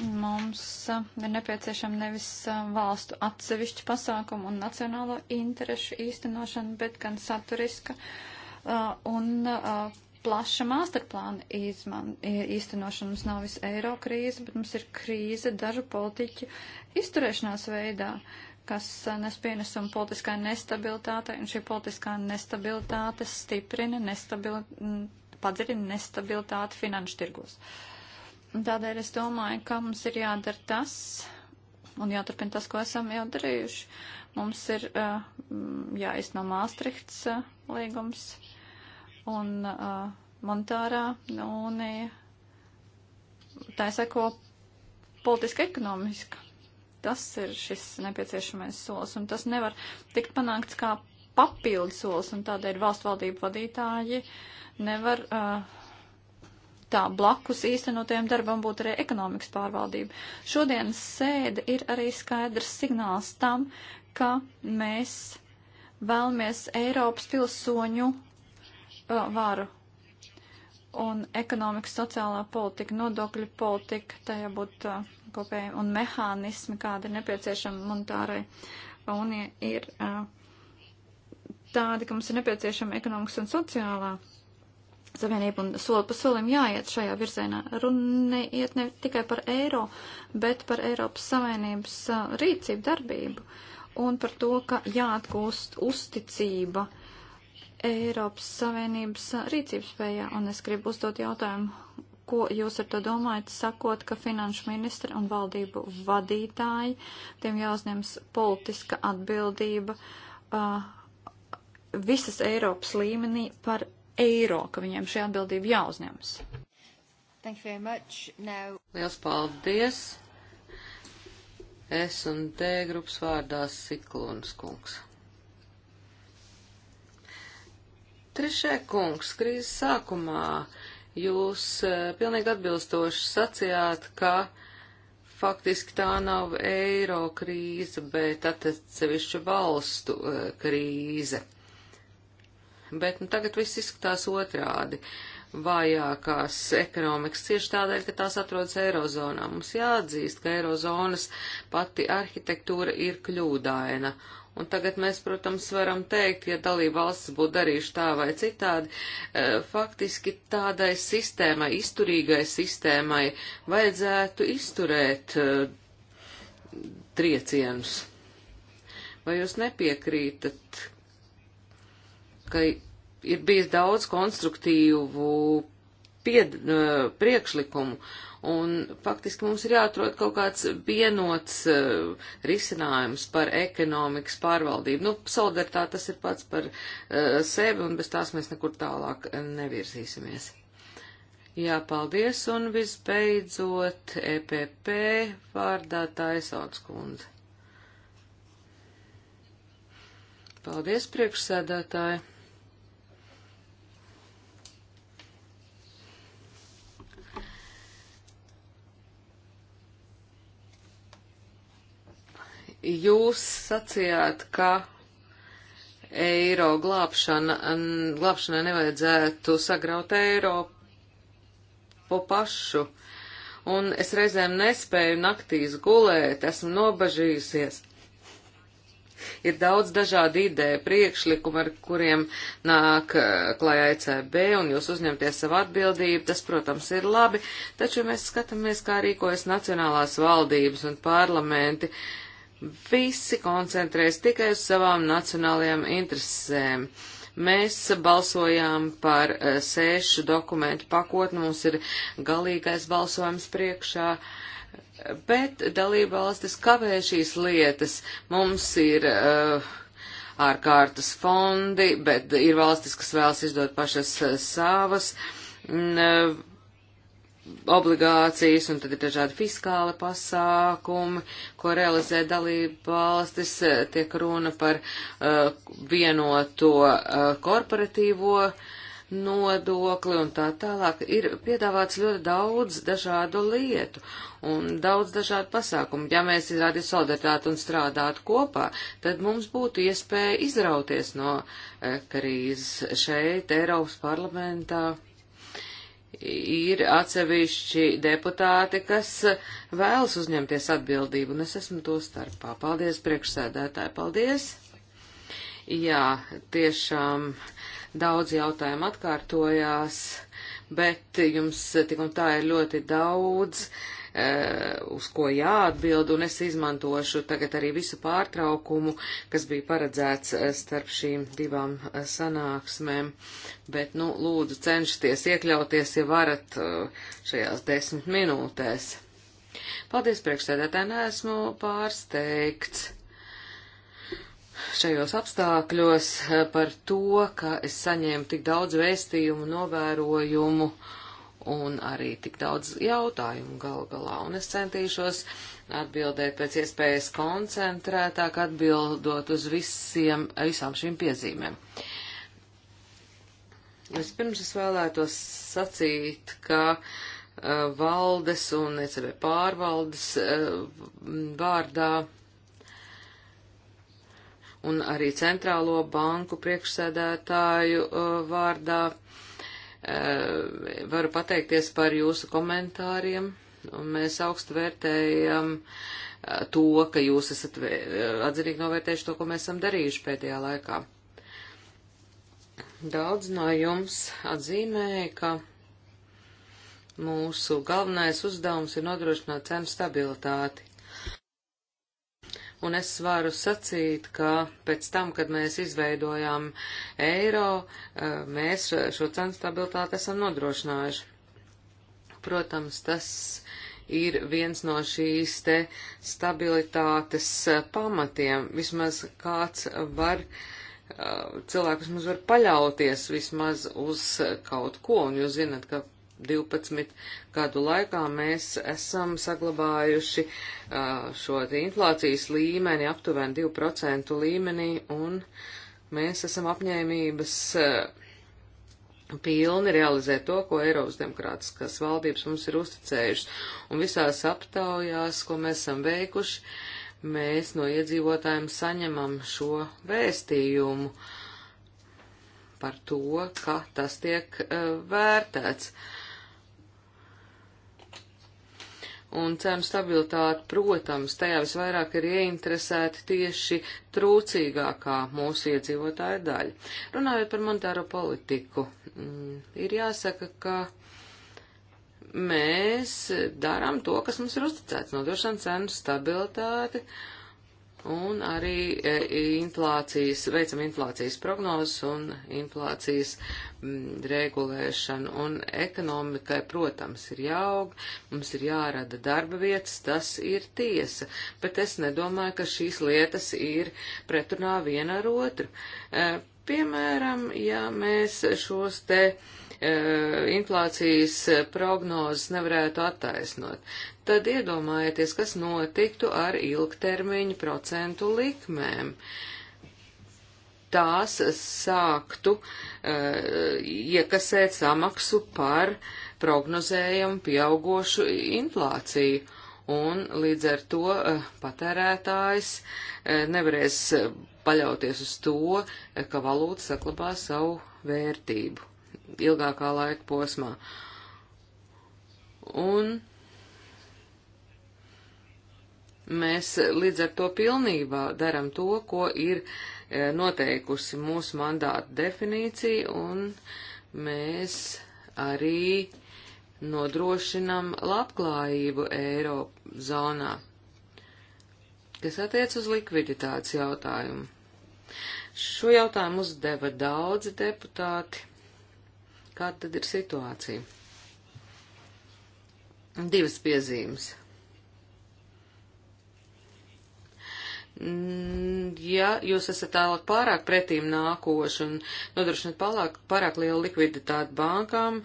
Mums ir nepieciešama nevis valstu atsevišķu pasākumu un nacionālo interešu īstenošana, bet gan saturiska un plaša masterplāna izman, īstenošana. Mums nav viss eiro krīze, bet mums ir krīze dažu politiķu izturēšanās veidā. Uh, kas nes pienesumu politiskai nestabilitātei, un šī politiskā nestabilitāte stiprina, nestabil, padziļina nestabilitāti finanšu tirgos. Tādēļ es domāju, ka mums ir jādara tas, un jāturpina tas, ko esam jau darījuši. Mums ir uh, jāizno Māstrihts uh, līgums un uh, monetārā unija. Tā seko politiska ekonomiska Tas ir šis nepieciešamais solis, un tas nevar tikt panākts kā papildu solis, un tādēļ valstu valdību vadītāji nevar uh, tā blakus īstenotajam darbam būtu arī ekonomikas pārvaldība. Šodienas sēde ir arī skaidrs signāls tam, ka mēs vēlamies Eiropas pilsoņu uh, varu. Un ekonomikas, sociālā politika, nodokļu politika, tajā būtu uh, kopējiem un mehānismi, kāda ir nepieciešama monetārai unija, ir uh, tādi, ka mums ir nepieciešama ekonomikas un sociālā savienība un soli pa solim jāiet šajā virzienā. Runa neiet ne tikai par eiro, bet par Eiropas Savienības uh, rīcību darbību un par to, ka jāatgūst uzticība Eiropas Savienības rīcības spējā. Un es gribu uzdot jautājumu ko jūs ar to domājat, sakot, ka finanšu ministri un valdību vadītāji, tiem jāuzņems politiska atbildība uh, visas Eiropas līmenī par eiro, ka viņiem šī atbildība jāuzņemas. Thank you very much. Now... Liels paldies! S un D grupas vārdā Siklunas kungs. Trišē kungs krīzes sākumā Jūs eh, pilnīgi atbilstoši sacījāt, ka faktiski tā nav eiro krīze, bet atsevišķu valstu eh, krīze. Bet nu, tagad viss izskatās otrādi. Vājākās ekonomikas cieši tādēļ, ka tās atrodas Eirozonā. Mums jāatzīst, ka Eirozonas pati arhitektūra ir kļūdaina. Uh, Un tagad mēs, protams, varam teikt, ja dalība valsts būtu darījuši tā vai citādi, e, faktiski tādai sistēmai, izturīgai sistēmai vajadzētu izturēt e, triecienus. Vai jūs nepiekrītat, ka ir bijis daudz konstruktīvu pied, e, priekšlikumu Un faktiski mums ir jāatrod kaut kāds vienots uh, risinājums par ekonomikas pārvaldību. Nu, solidaritāte tas ir pats par uh, sevi, un bez tās mēs nekur tālāk nevirzīsimies. Jā, paldies, un visbeidzot EPP vārdā Taisauts kundze. Paldies, priekšsēdētāji! Jūs sacījāt, ka eiro glābšana, glābšanai nevajadzētu sagraut Eiropu pašu. Un es reizēm nespēju naktīs gulēt, esmu nobažījusies. Ir daudz dažādu ideju, priekšlikumu, ar kuriem nāk eh, klajā ECB, un jūs uzņemties savu atbildību, tas, protams, ir labi, taču mēs skatāmies, kā rīkojas nacionālās valdības un parlamenti, uh, Visi koncentrēs tikai uz savām nacionālajām interesēm. Mēs balsojām par eh, sēšu dokumentu pakotni, mums ir galīgais balsojums priekšā, bet dalībvalstis kavē šīs lietas. Mums ir uh, ārkārtas fondi, bet ir valstis, kas vēlas izdot pašas eh, savas. Uh, obligācijas, un tad ir dažādi fiskāli pasākumi, ko realizē dalība valstis, eh, tiek runa par uh, vienoto uh, korporatīvo nodokli un tā tālāk. Ir piedāvāts ļoti daudz dažādu lietu un daudz dažādu pasākumu. Ja mēs izrādītu solidaritāti un strādātu kopā, tad mums būtu iespēja izrauties no uh, krīzes šeit, Eiropas parlamentā ir atsevišķi deputāti, kas vēlas uzņemties atbildību, un es esmu to starpā. Paldies, priekšsēdētāji, paldies! Jā, tiešām daudz jautājumu atkārtojās, bet jums tik un tā ir ļoti daudz. Uh, Eh, uz ko jāatbild, un es izmantošu tagad arī visu pārtraukumu, kas bija paredzēts eh, starp šīm divām eh, sanāksmēm. Bet, nu, lūdzu, cenšaties iekļauties, ja varat, šajās desmit minūtēs. Paldies, priekšsēdētāji, neesmu pārsteigts šajos apstākļos par to, ka es saņēmu tik daudz vēstījumu, novērojumu. Uh, un arī tik daudz jautājumu gal galā, un es centīšos atbildēt pēc iespējas koncentrētāk, atbildot uz visiem, visām šīm piezīmēm. Vispirms es vēlētos sacīt, ka uh, valdes un ECB pārvaldes uh, vārdā un arī centrālo banku priekšsēdētāju uh, vārdā uh, Eh, varu pateikties par jūsu komentāriem, un mēs augstu vērtējam eh, to, ka jūs esat eh, atzinīgi novērtējuši to, ko mēs esam darījuši pēdējā laikā. Daudz no jums atzīmēja, ka mūsu galvenais uzdevums ir nodrošināt cenu stabilitāti un es varu sacīt, ka pēc tam, kad mēs izveidojām eiro, eh, mēs šo cenu stabilitāti esam nodrošinājuši. Protams, tas ir viens no šīs te stabilitātes eh, pamatiem, vismaz kāds var eh, cilvēkus mums var paļauties vismaz uz kaut ko, un jūs zinat, ka 12 gadu laikā mēs esam saglabājuši šo inflācijas līmeni aptuveni 2% līmenī, un mēs esam apņēmības pilni realizēt to, ko Eiropas demokrātiskās valdības mums ir uzticējušas. Un visās aptaujās, ko mēs esam veikuši, mēs no iedzīvotājiem saņemam šo vēstījumu par to, ka tas tiek uh, vērtēts. Uh, un cenu stabilitāte, protams, tajā visvairāk ir ieinteresēti tieši trūcīgākā mūsu iedzīvotāja daļa. Runājot par monetāro politiku, mm, ir jāsaka, ka mēs darām to, kas mums ir uzticēts, nodrošinām cenu stabilitāti un arī e, inflācijas, veicam inflācijas prognozes un inflācijas m, regulēšanu. Un ekonomikai, protams, ir jāaug, mums ir jārada darba vietas, tas ir tiesa, bet es nedomāju, ka šīs lietas ir pretrunā viena ar otru. E, piemēram, ja mēs šos te e, inflācijas prognozes nevarētu attaisnot, tad iedomājieties, kas notiktu ar ilgtermiņu procentu likmēm. Tās sāktu uh, iekasēt samaksu par prognozējumu pieaugošu inflāciju un līdz ar to eh, patērētājs eh, nevarēs paļauties uz to, ka valūta saklabā savu vērtību ilgākā laika posmā. Un Mēs līdz ar to pilnībā daram to, ko ir e, noteikusi mūsu mandāta definīcija, un mēs arī nodrošinam labklājību Eiropa zonā, kas attiec uz likviditātes jautājumu. Šo jautājumu uzdeva daudzi deputāti. Kāda tad ir situācija? Divas piezīmes. Mm, ja jūs esat tālāk pārāk pretīm nākoši un nodrošinat pārāk, pārāk lielu likviditāti bankām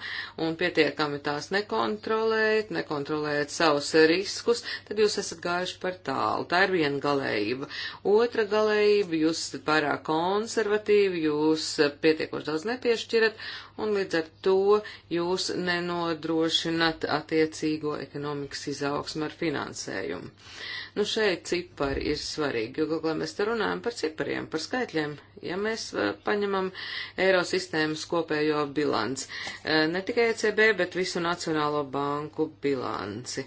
un pietiekami tās nekontrolējat, nekontrolējat savus riskus, tad jūs esat gājuši par tālu. Tā ir viena galējība. Otra galējība, jūs esat pārāk konservatīvi, jūs pietiekoši daudz nepiešķirat, un līdz ar to jūs nenodrošinat attiecīgo ekonomikas izaugsmu ar finansējumu. Nu, šeit cipari ir svarīgi, jo, galvā, mēs te runājam par cipariem, par skaitļiem. Ja mēs paņemam Eirosistēmas kopējo bilanci, ne tikai ECB, bet visu Nacionālo banku bilanci.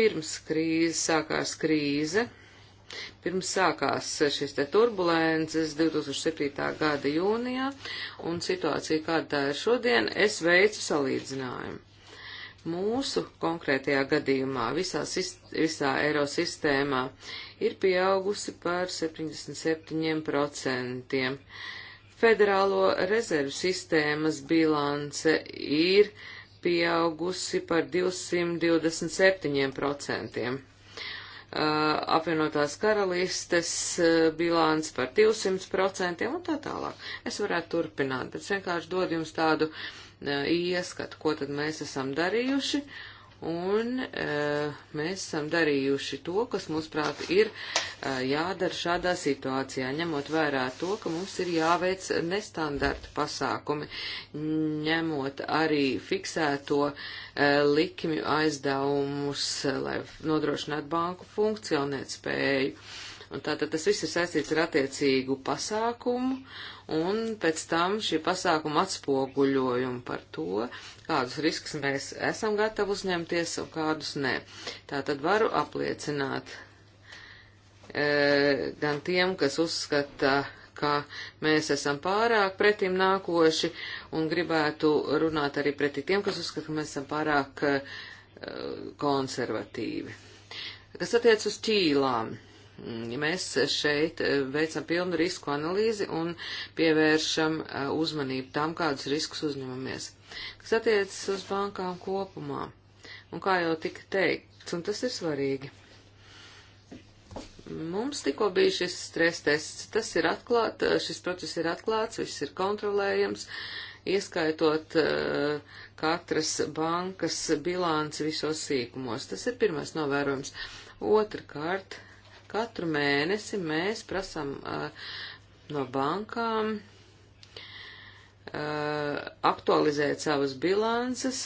Pirms krīzes sākās krīze, Pirms sākās šis te turbulences 2007. gada jūnijā un situācija, kāda tā ir šodien, es veicu salīdzinājumu. Mūsu konkrētajā gadījumā visā, visā eiro sistēmā ir pieaugusi par 77%. Federālo rezervu sistēmas bilance ir pieaugusi par 227%. Uh, apvienotās karalistes uh, bilants par 200% un tā tālāk. Es varētu turpināt, bet vienkārši dod jums tādu uh, ieskatu, ko tad mēs esam darījuši. Uh, un e, mēs esam darījuši to, kas mūsuprāt ir e, jādara šādā situācijā, ņemot vērā to, ka mums ir jāveic nestandarta pasākumi, ņemot arī fiksēto e, likmju aizdevumus, lai nodrošinātu banku funkcionēt spēju. Un tātad tas viss ir saistīts ar attiecīgu pasākumu un pēc tam šī pasākuma atspoguļojumu par to, kādus riskus mēs esam gatavi uzņemties un kādus nē. Tā tad varu apliecināt e, gan tiem, kas uzskata, ka mēs esam pārāk pretim nākoši un gribētu runāt arī pretī tiem, kas uzskata, ka mēs esam pārāk e, konservatīvi. Kas attiec uz ķīlām? Mm, mēs šeit eh, veicam pilnu risku analīzi un pievēršam eh, uzmanību tam, kādus riskus uzņemamies. Kas attiecas uz bankām kopumā, un kā jau tika teikts, un tas ir svarīgi. Mums tikko bija šis stres tests, tas ir atklāt, eh, šis process ir atklāts, viss ir kontrolējams, ieskaitot uh, katras bankas bilanci visos sīkumos. Tas ir pirmais novērojums. Otrakārt, Katru mēnesi mēs prasam uh, no bankām uh, aktualizēt savas bilances,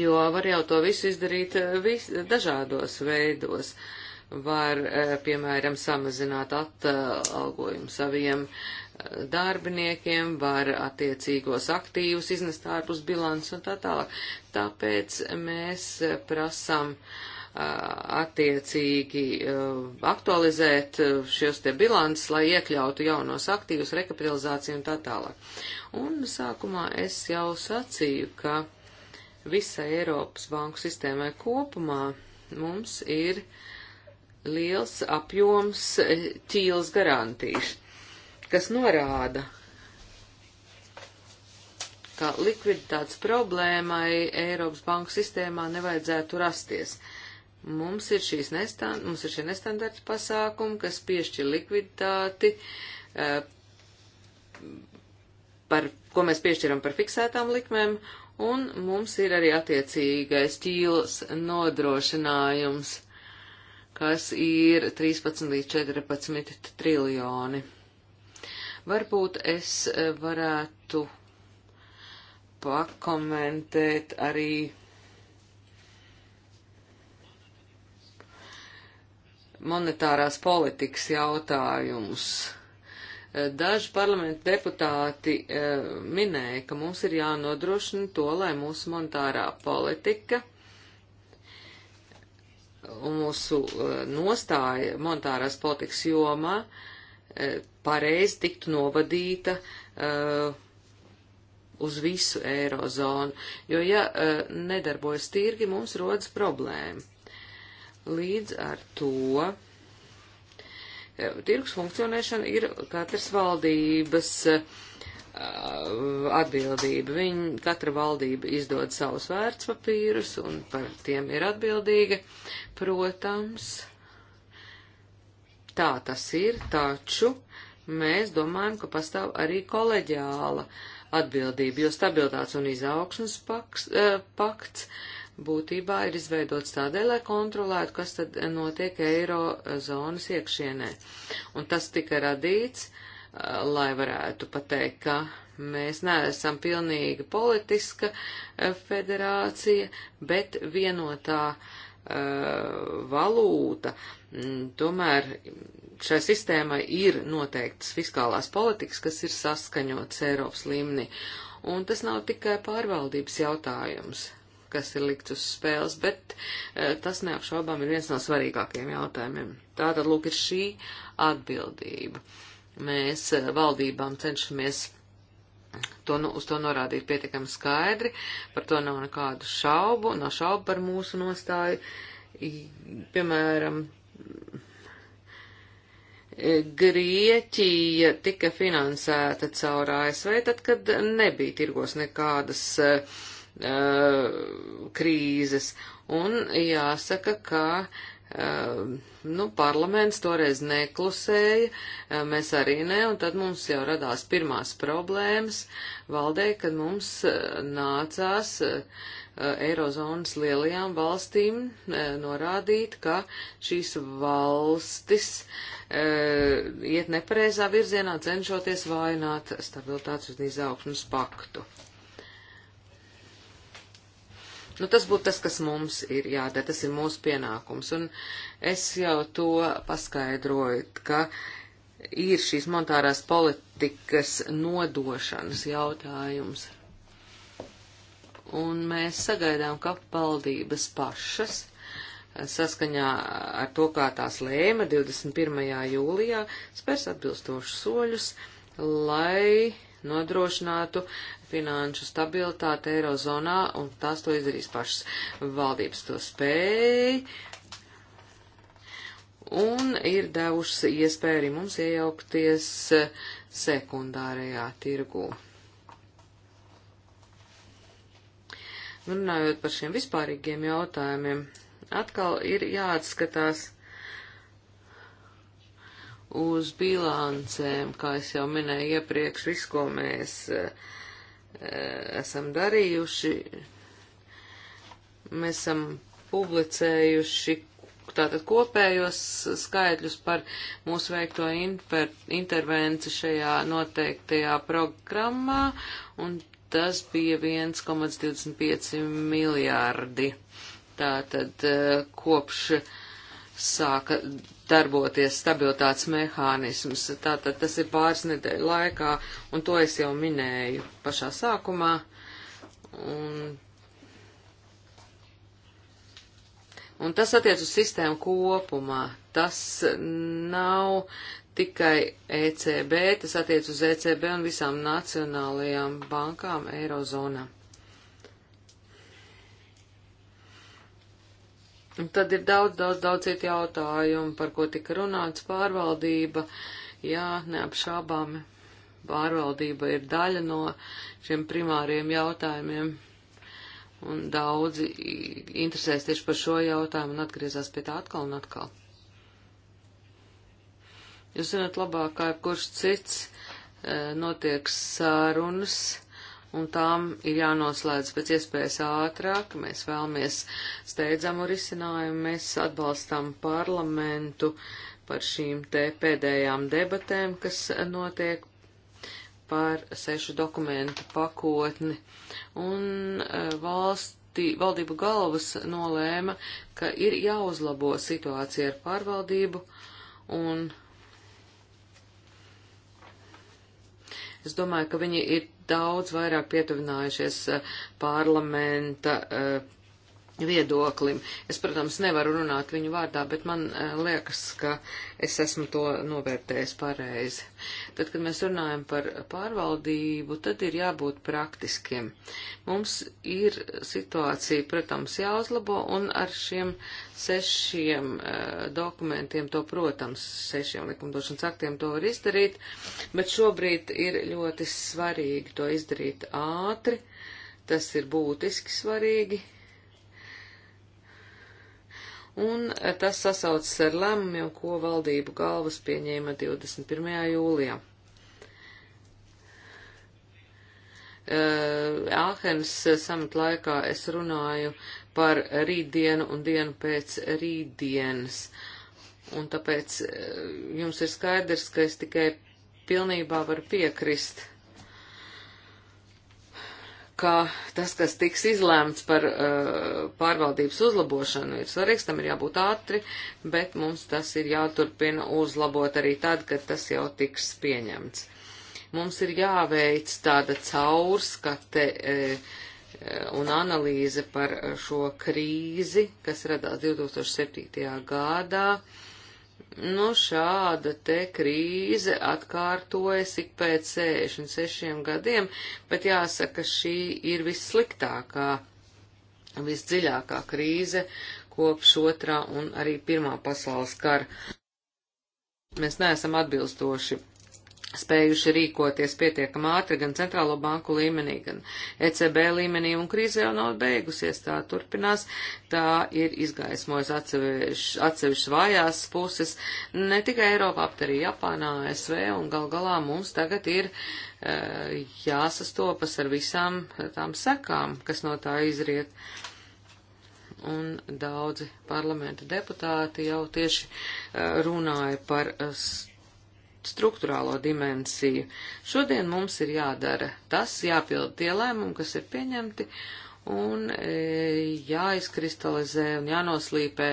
jo var jau to visu izdarīt eh, vis, dažādos veidos. Var, uh, piemēram, samazināt atalgojumu saviem darbiniekiem, var attiecīgos aktīvus iznest ārpus bilants un tā tālāk. Tāpēc mēs prasam uh, attiecīgi aktualizēt šos te bilants, lai iekļautu jaunos aktīvus, rekapitalizāciju un tā tālāk. Un sākumā es jau sacīju, ka visai Eiropas banku sistēmai kopumā mums ir liels apjoms e, ķīles garantijas, kas norāda, ka likviditātes problēmai Eiropas banku sistēmā nevajadzētu rasties. Uh, Mums ir, nestand, mums ir šie nestandarta pasākumi, kas piešķir likviditāti, eh, par, ko mēs piešķiram par fiksētām likmēm, un mums ir arī attiecīgais ķīls nodrošinājums, kas ir 13 līdz 14 triljoni. Varbūt es eh, varētu pakomentēt arī monetārās politikas jautājumus. Eh, daži parlamenta deputāti eh, minēja, ka mums ir jānodrošina to, lai mūsu monetārā politika un mūsu eh, nostāja monetārās politikas jomā pareizi tiktu novadīta uz visu eirozonu, jo ja nedarbojas tirgi, mums rodas problēma. Līdz ar to e, tirgus funkcionēšana ir katras valdības e, atbildība. Viņa katra valdība izdod savus vērtspapīrus un par tiem ir atbildīga. Protams, tā tas ir, taču mēs domājam, ka pastāv arī koleģiāla atbildība, jo stabilitātes un izaugsmas e, pakts, pakts būtībā ir izveidots tādēļ, lai kontrolētu, kas tad notiek eiro zonas iekšienē. Un tas tika radīts, eh, lai varētu pateikt, ka mēs neesam pilnīgi politiska eh, federācija, bet vienotā eh, valūta. Mm, tomēr šai sistēmai ir noteiktas fiskālās politikas, kas ir saskaņotas Eiropas līmenī. Un tas nav tikai pārvaldības jautājums kas ir likts uz spēles, bet e, tas neapšaubām ir viens no svarīgākajiem jautājumiem. Tātad, lūk, ir šī atbildība. Mēs e, valdībām cenšamies to, nu, uz to norādīt pietiekami skaidri, par to nav nekādu šaubu, nav šaubu par mūsu nostāju. Piemēram, Grieķija tika finansēta caur ASV, tad, kad nebija tirgos nekādas uh, Uh, krīzes. Un jāsaka, ka uh, nu, parlaments toreiz neklusēja, uh, mēs arī ne, un tad mums jau radās pirmās problēmas valdē, kad mums nācās Eirozonas lielajām valstīm norādīt, ka šīs valstis iet nepareizā virzienā, cenšoties vainot stabilitātes un izaugsmas paktu. Nu, tas būtu tas, kas mums ir jādara, tas ir mūsu pienākums. Un es jau to paskaidroju, ka ir šīs monetārās politikas nodošanas jautājums. Un mēs sagaidām, ka valdības pašas saskaņā ar to, kā tās lēma 21. jūlijā, spērs atbilstošus soļus, lai nodrošinātu finanšu stabilitāte Eirozonā, un tās to izdarīs pašas valdības to spēj, un ir devušas iespēju arī mums iejaukties sekundārajā tirgū. Runājot par šiem vispārīgiem jautājumiem, atkal ir jāatskatās uz bilancēm, kā es jau minēju iepriekš, visu, ko mēs uh, E, esam darījuši. Mēs esam publicējuši tātad kopējos skaitļus par mūsu veikto inter, intervenci šajā noteiktajā programmā, un tas bija 1,25 miljārdi. Tātad e, kopš sāka darboties stabilitātes mehānisms. Tātad tas ir pāris nedēļu laikā, un to es jau minēju pašā sākumā. Un, un tas attiec uz sistēmu kopumā. Tas nav tikai ECB, tas attiec uz ECB un visām nacionālajām bankām Eirozonā. Un tad ir daudz, daudz, daudz citu jautājumu, par ko tika runāts pārvaldība. Jā, neapšābāmi pārvaldība ir daļa no šiem primāriem jautājumiem. Un daudzi interesēs tieši par šo jautājumu un atgriezās pie tā atkal un atkal. Jūs zināt labāk, kā jebkurš cits eh, notiek sārunas un tām ir jānoslēdz pēc iespējas ātrāk. Mēs vēlamies steidzamu risinājumu, mēs atbalstam parlamentu par šīm te pēdējām debatēm, kas notiek par sešu dokumentu pakotni. Un e, valsti, valdību galvas nolēma, ka ir jāuzlabo situācija ar pārvaldību un es domāju, ka viņi ir daudz vairāk pietuvinājušies eh, parlamenta eh, viedoklim. Es, protams, nevaru runāt viņu vārdā, bet man eh, liekas, ka es esmu to novērtējis pareizi. Tad, kad mēs runājam par pārvaldību, tad ir jābūt praktiskiem. Mums ir situācija, protams, jāuzlabo, un ar šiem sešiem eh, dokumentiem to, protams, sešiem likumdošanas aktiem to var izdarīt, bet šobrīd ir ļoti svarīgi to izdarīt ātri. Tas ir būtiski svarīgi un eh, tas sasaucas ar lēmumiem, ko valdību galvas pieņēma 21. jūlijā. Eh, Āhenas samita laikā es runāju par rītdienu un dienu pēc rītdienas, un tāpēc eh, jums ir skaidrs, ka es tikai pilnībā varu piekrist ka tas, kas tiks izlēmts par uh, pārvaldības uzlabošanu, ir svarīgs, tam ir jābūt ātri, bet mums tas ir jāturpina uzlabot arī tad, kad tas jau tiks pieņemts. Mums ir jāveic tāda caurskate uh, un analīze par šo krīzi, kas radās 2007. gadā. Uh, Nu, šāda te krīze atkārtojas ik pēc 66 gadiem, bet jāsaka, šī ir vissliktākā, visdziļākā krīze kopš otrā un arī pirmā pasaules kara. Mēs neesam atbilstoši spējuši rīkoties pietiekam ātri gan centrālo banku līmenī, gan ECB līmenī, un krīze jau nav beigusies, tā turpinās, tā ir izgaismojas atsevišķas atsevišķ vājās puses, ne tikai Eiropā, bet arī Japānā, ASV, un gal galā mums tagad ir e, jāsastopas ar visām tām sekām, kas no tā izriet. Un daudzi parlamenta deputāti jau tieši eh, runāja par. E, struktūrālo dimensiju. Šodien mums ir jādara tas, jāpild tie lēmumi, kas ir pieņemti, un e, jāizkristalizē un jānoslīpē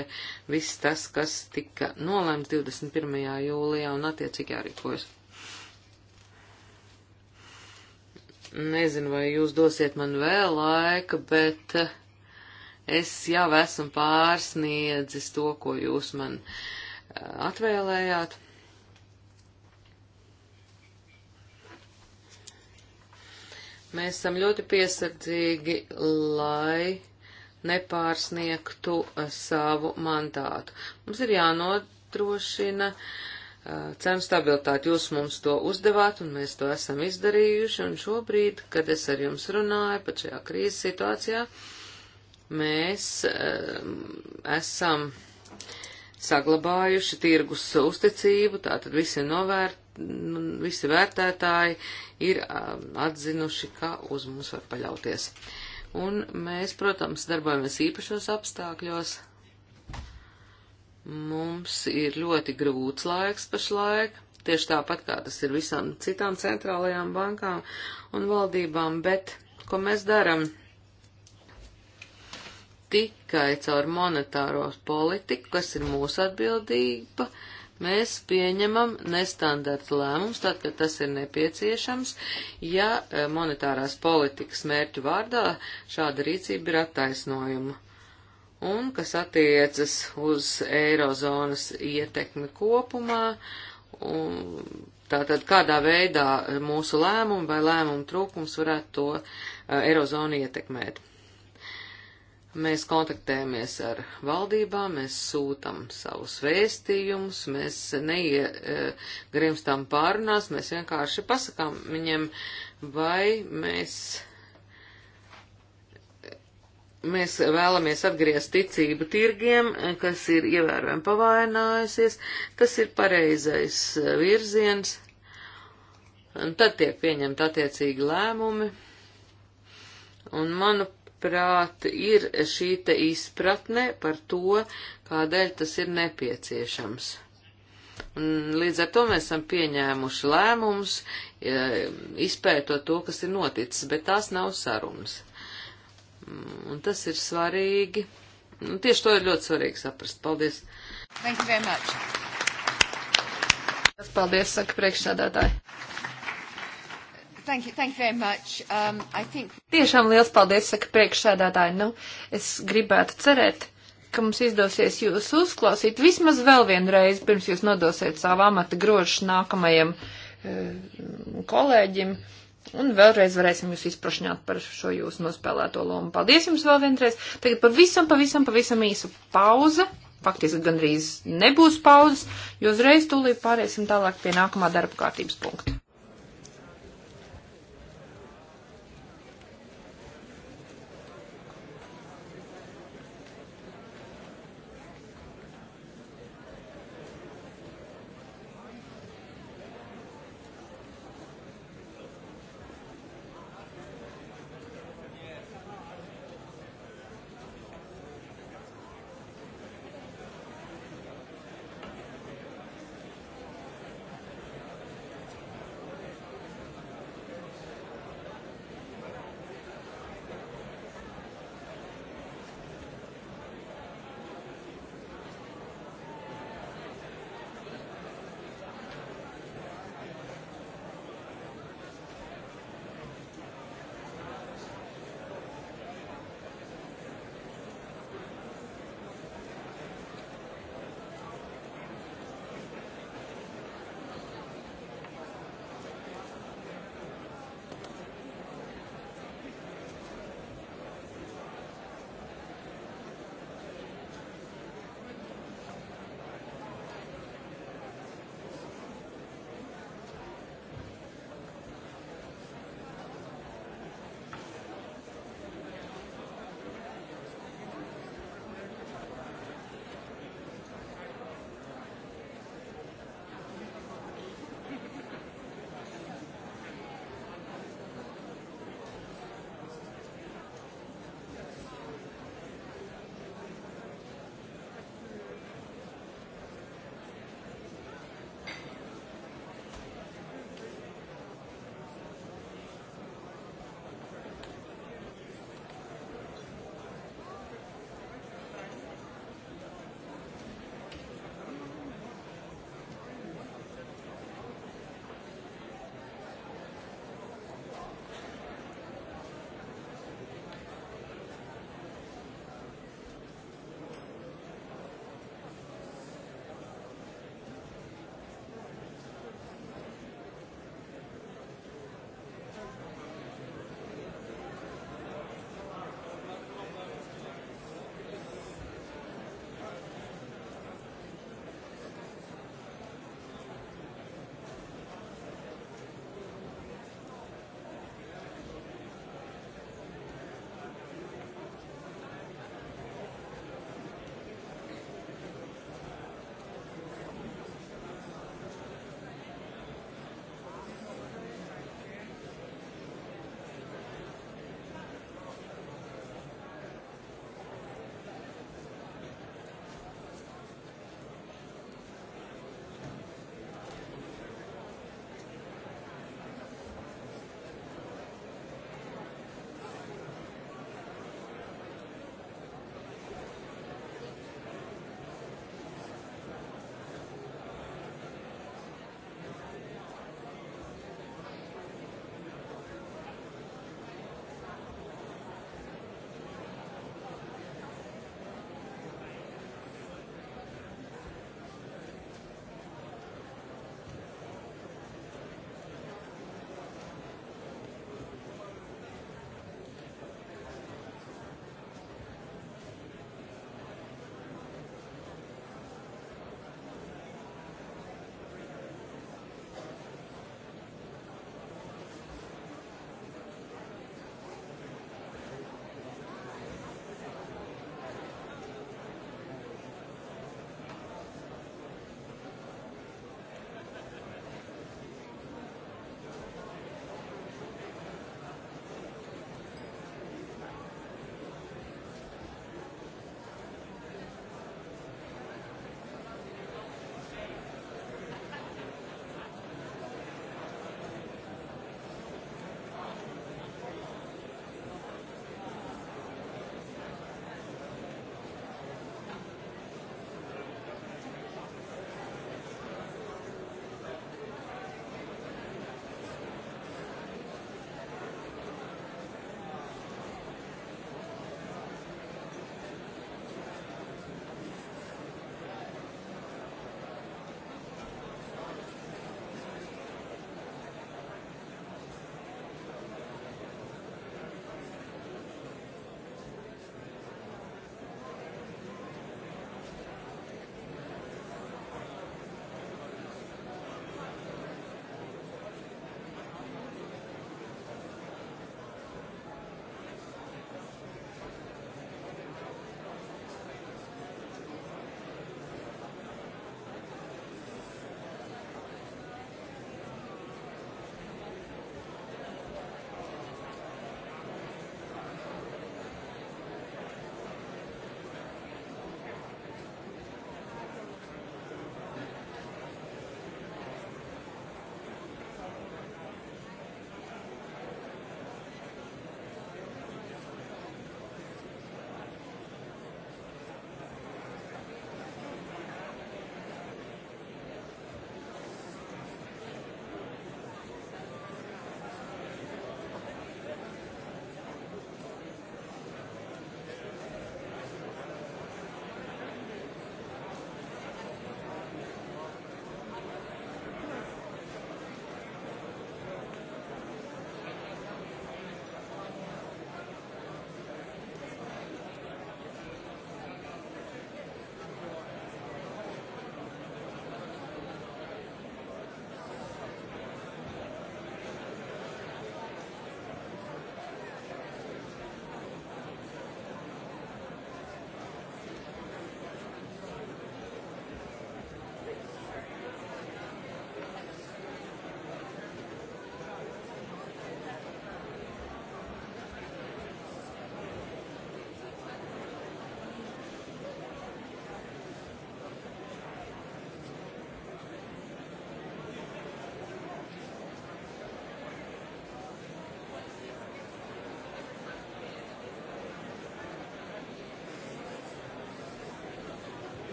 viss tas, kas tika nolēmts 21. jūlijā un attiecīgi jārīkojas. Nezinu, vai jūs dosiet man vēl laika, bet e, es jau esmu pārsniedzis to, ko jūs man e, atvēlējāt. Mēs esam ļoti piesardzīgi, lai nepārsniegtu eh, savu mandātu. Mums ir jānodrošina eh, cenu stabilitāti. Jūs mums to uzdevāt, un mēs to esam izdarījuši, un šobrīd, kad es ar jums runāju pat šajā krīzes situācijā, mēs eh, esam saglabājuši tirgus uzticību, tātad visi novērt, Nu, visi vērtētāji ir um, atzinuši, ka uz mums var paļauties. Un mēs, protams, darbojamies īpašos apstākļos. Mums ir ļoti grūts laiks pašlaik, tieši tāpat kā tas ir visām citām centrālajām bankām un valdībām, bet ko mēs darām? Tikai caur monetāro politiku, kas ir mūsu atbildība. Uh, Mēs pieņemam nestandarta lēmums, tad, kad tas ir nepieciešams, ja e, monetārās politikas mērķu vārdā šāda rīcība ir attaisnojuma. Un, kas attiecas uz eirozonas ietekmi kopumā, un, tātad kādā veidā mūsu lēmumi vai lēmumu trūkums varētu to e, eirozonu ietekmēt. Mēs kontaktējamies ar valdībām, mēs sūtam savus vēstījumus, mēs neiegrimstam e, pārunās, mēs vienkārši pasakām viņiem, vai mēs, mēs vēlamies atgriezt ticību tirgiem, kas ir ievērojami pavainājusies, tas ir pareizais virziens, un tad tiek pieņemta attiecīgi lēmumi. Un, manuprāt, manuprāt, ir šī te izpratne par to, kādēļ tas ir nepieciešams. Un līdz ar to mēs esam pieņēmuši lēmumus, izpētot to, kas ir noticis, bet tās nav sarunas. Un tas ir svarīgi. Un tieši to ir ļoti svarīgi saprast. Paldies! Thank you very much! Paldies, saka priekšsādātāji! Thank you, thank you very much. Um, I think... Tiešām liels paldies, saka priekšsēdētāji. Nu, es gribētu cerēt, ka mums izdosies jūs uzklausīt vismaz vēl vienu reizi, pirms jūs nodosiet savu amata grožu nākamajam e, kolēģim. Un vēlreiz varēsim jūs izprašņāt par šo jūsu nospēlēto lomu. Paldies jums vēl vienreiz. Tagad pavisam, pavisam, pavisam īsa pauze. Faktiski gandrīz nebūs pauzes, jo uzreiz tūlīt pāriesim tālāk pie nākamā darba kārtības punkta.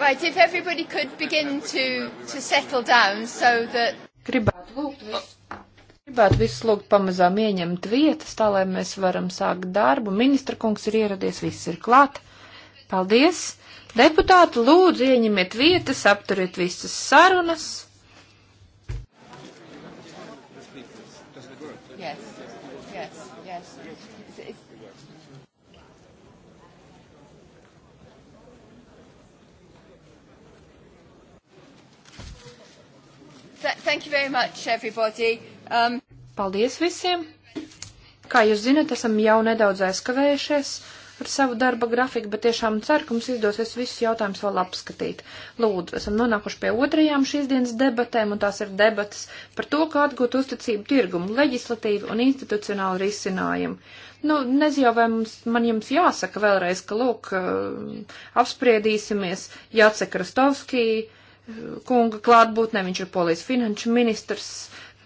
Right, if everybody could begin to, to settle down so that... Gribētu lūgt visus. Gribētu visus lūgt pamazām ieņemt vietas, tā lai mēs varam sākt darbu. Ministra kungs ir ieradies, viss ir klāt. Paldies! Deputāti, lūdzu, ieņemiet vietas, apturiet visas sarunas. much, everybody. Um... Paldies visiem! Kā jūs zinat, esam jau nedaudz aizkavējušies ar savu darba grafiku, bet tiešām ceru, ka mums izdosies visus jautājumus vēl apskatīt. Lūdzu, esam nonākuši pie otrajām šīs dienas debatēm, un tās ir debatas par to, kā atgūt uzticību tirgumu, leģislatīvu un institucionālu risinājumu. Nu, nezinu, vai mums, man jums jāsaka vēlreiz, ka, lūk, uh, apspriedīsimies Jāce Krastovskiju kunga klātbūtnē. Viņš ir polijas finanšu ministrs.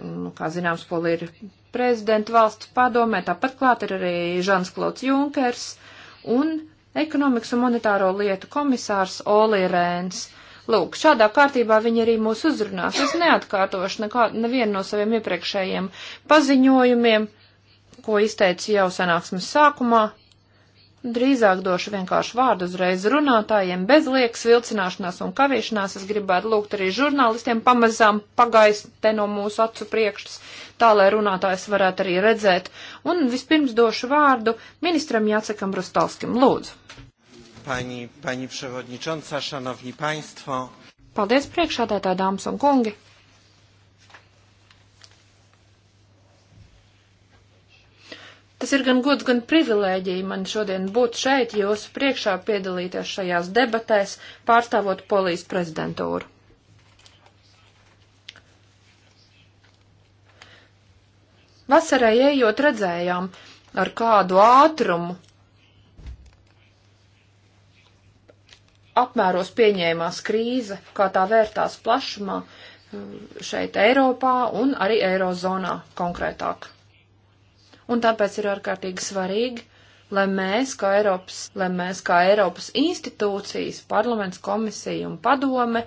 Nu, kā zināms, Polija ir prezidenta valsts padomē. Tāpat klāt ir arī Žans Klauds Junkers un ekonomikas un monetāro lietu komisārs Oli Rēns. Lūk, šādā kārtībā viņi arī mūs uzrunās. Es neatkārtošu nekā, nevienu no saviem iepriekšējiem paziņojumiem, ko izteicu jau sanāksmes sākumā. Drīzāk došu vienkārši vārdu uzreiz runātājiem, bez liekas vilcināšanās un kavēšanās. Es gribētu lūgt arī žurnālistiem pamazām pagaist te no mūsu acu priekšas, tā lai runātājs varētu arī redzēt. Un vispirms došu vārdu ministram Jācekam Brustalskim. Lūdzu. Pani, pani Paldies priekšādātā, dāmas un kungi! Tas ir gan gods, gan privilēģija man šodien būt šeit, jūsu priekšā piedalīties šajās debatēs, pārstāvot polijas prezidentūru. Vasarai ejot redzējām, ar kādu ātrumu apmēros pieņēmās krīze, kā tā vērtās plašumā šeit Eiropā un arī Eirozonā konkrētāk. Un tāpēc ir ārkārtīgi svarīgi, lai mēs, kā Eiropas, lai mēs, kā Eiropas institūcijas, parlaments, komisija un padome,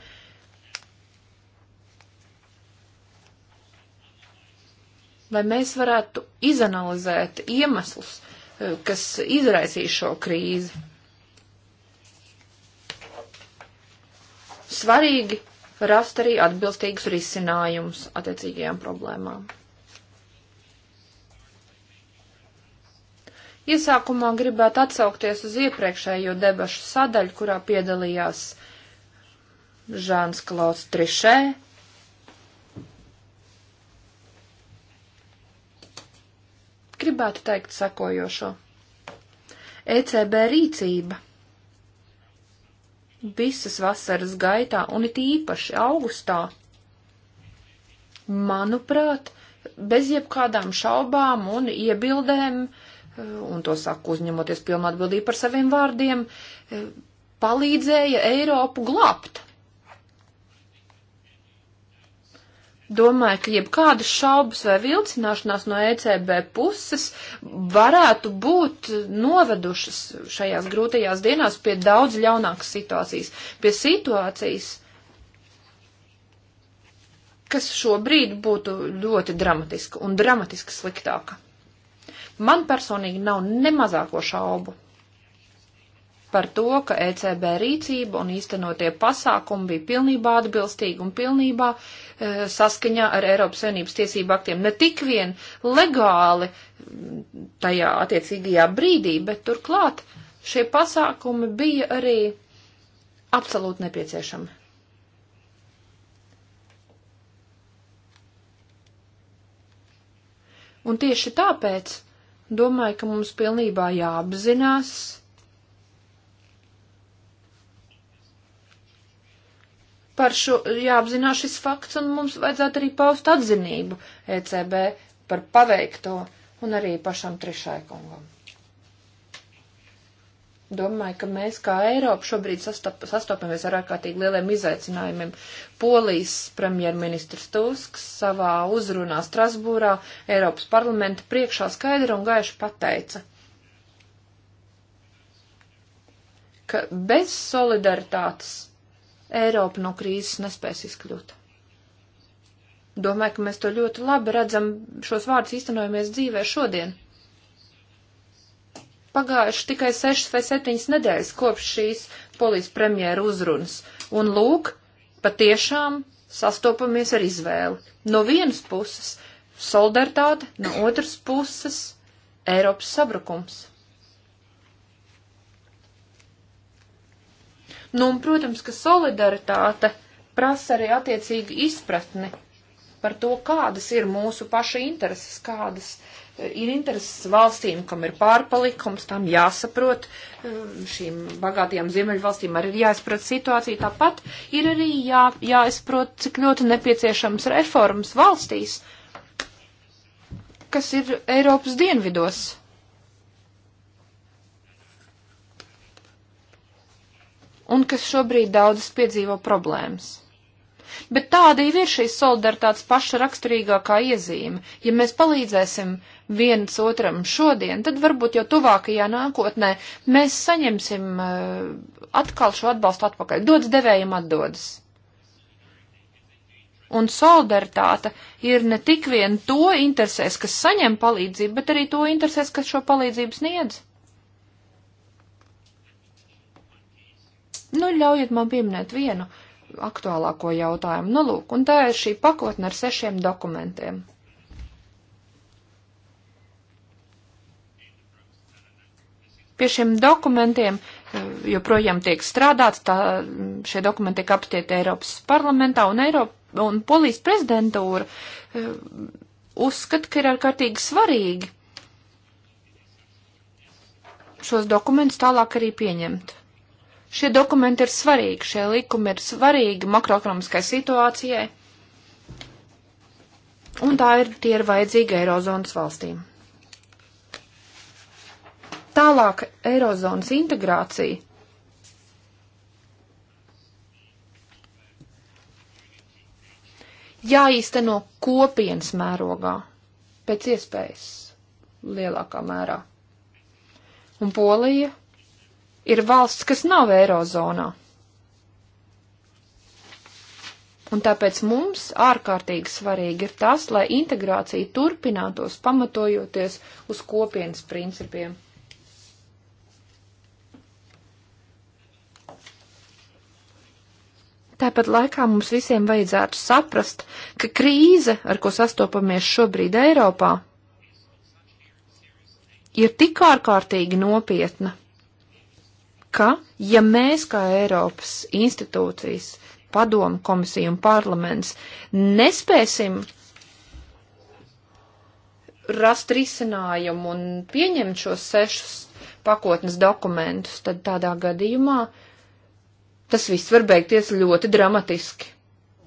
lai mēs varētu izanalizēt iemeslus, eh, kas izraisīja šo krīzi. Svarīgi rast arī atbilstīgus risinājumus attiecīgajām problēmām. Iesākumā gribētu atsaukties uz iepriekšējo debašu sadaļu, kurā piedalījās Žāns Klauds Trišē. Gribētu teikt sakojošo. ECB rīcība visas vasaras gaitā un it īpaši augustā, manuprāt, bez jebkādām šaubām un iebildēm uh, un to saku uzņemoties pilnu atbildību par saviem vārdiem, e, palīdzēja Eiropu glābt. Domāju, ka jebkādas šaubas vai vilcināšanās no ECB puses varētu būt novedušas šajās grūtajās dienās pie daudz ļaunākas situācijas, pie situācijas, kas šobrīd būtu ļoti dramatiska un dramatiski sliktāka. Man personīgi nav nemazāko šaubu par to, ka ECB rīcība un īstenotie pasākumi bija pilnībā atbilstīgi un pilnībā e, saskaņā ar Eiropas Savienības tiesību aktiem. Ne tik vien legāli mm, tajā attiecīgajā brīdī, bet turklāt šie pasākumi bija arī absolūti nepieciešami. Un tieši tāpēc Domāju, ka mums pilnībā jāapzinās, par šo jāapzinās šis fakts, un mums vajadzētu arī paust atzinību ECB par paveikto un arī pašam trešai kungam. Domāju, ka mēs kā Eiropa šobrīd sastop, sastopamies ar ārkārtīgi lieliem izaicinājumiem. Polijas premjerministrs Tusks savā uzrunā Strasbūrā Eiropas parlamenta priekšā skaidri un gaiši pateica, ka bez solidaritātes Eiropa no krīzes nespēs izkļūt. Domāju, ka mēs to ļoti labi redzam šos vārdus īstenojamies dzīvē šodien pagājuši tikai 6 vai 7 nedēļas kopš šīs polijas premjera uzrunas. Un lūk, patiešām sastopamies ar izvēli. No vienas puses solidaritāte, no otras puses Eiropas sabrukums. Nu, un, protams, ka solidaritāte prasa arī attiecīgu izpratni par to, kādas ir mūsu paša intereses, kādas eh, ir intereses valstīm, kam ir pārpalikums, tam jāsaprot, eh, šīm bagātajām ziemeļvalstīm arī ir jāizprot situācija, tāpat ir arī jā, jāizprot, cik ļoti nepieciešams reformas valstīs, kas ir Eiropas dienvidos. un kas šobrīd daudzas piedzīvo problēmas. Bet tāda jau ir šī solidaritātes paša raksturīgākā iezīme. Ja mēs palīdzēsim viens otram šodien, tad varbūt jau tuvākajā nākotnē mēs saņemsim uh, atkal šo atbalstu atpakaļ. Dodas devējiem atdodas. Un solidaritāte ir ne tik vien to interesēs, kas saņem palīdzību, bet arī to interesēs, kas šo palīdzību sniedz. Nu, ļaujiet man pieminēt vienu aktuālāko jautājumu. Nu, lūk, un tā ir šī pakotne ar sešiem dokumentiem. Pie šiem dokumentiem eh, joprojām tiek strādāts, tā, šie dokumenti tiek apstiet Eiropas parlamentā un, Eiropa, un Polijas prezidentūra eh, uzskata, ka ir ārkārtīgi svarīgi šos dokumentus tālāk arī pieņemt. Šie dokumenti ir svarīgi, šie likumi ir svarīgi makroekonomiskai situācijai, un tā ir, tie ir vajadzīgi Eirozonas valstīm. Tālāk Eirozonas integrācija jāīsteno kopienas mērogā, pēc iespējas lielākā mērā. Un Polija ir valsts, kas nav eirozonā. Un tāpēc mums ārkārtīgi svarīgi ir tas, lai integrācija turpinātos pamatojoties uz kopienas principiem. Tāpat laikā mums visiem vajadzētu saprast, ka krīze, ar ko sastopamies šobrīd Eiropā, ir tik ārkārtīgi nopietna, ka, ja mēs kā Eiropas institūcijas, padomu komisija un parlaments nespēsim rast risinājumu un pieņemt šos sešus pakotnes dokumentus, tad tādā gadījumā tas viss var beigties ļoti dramatiski.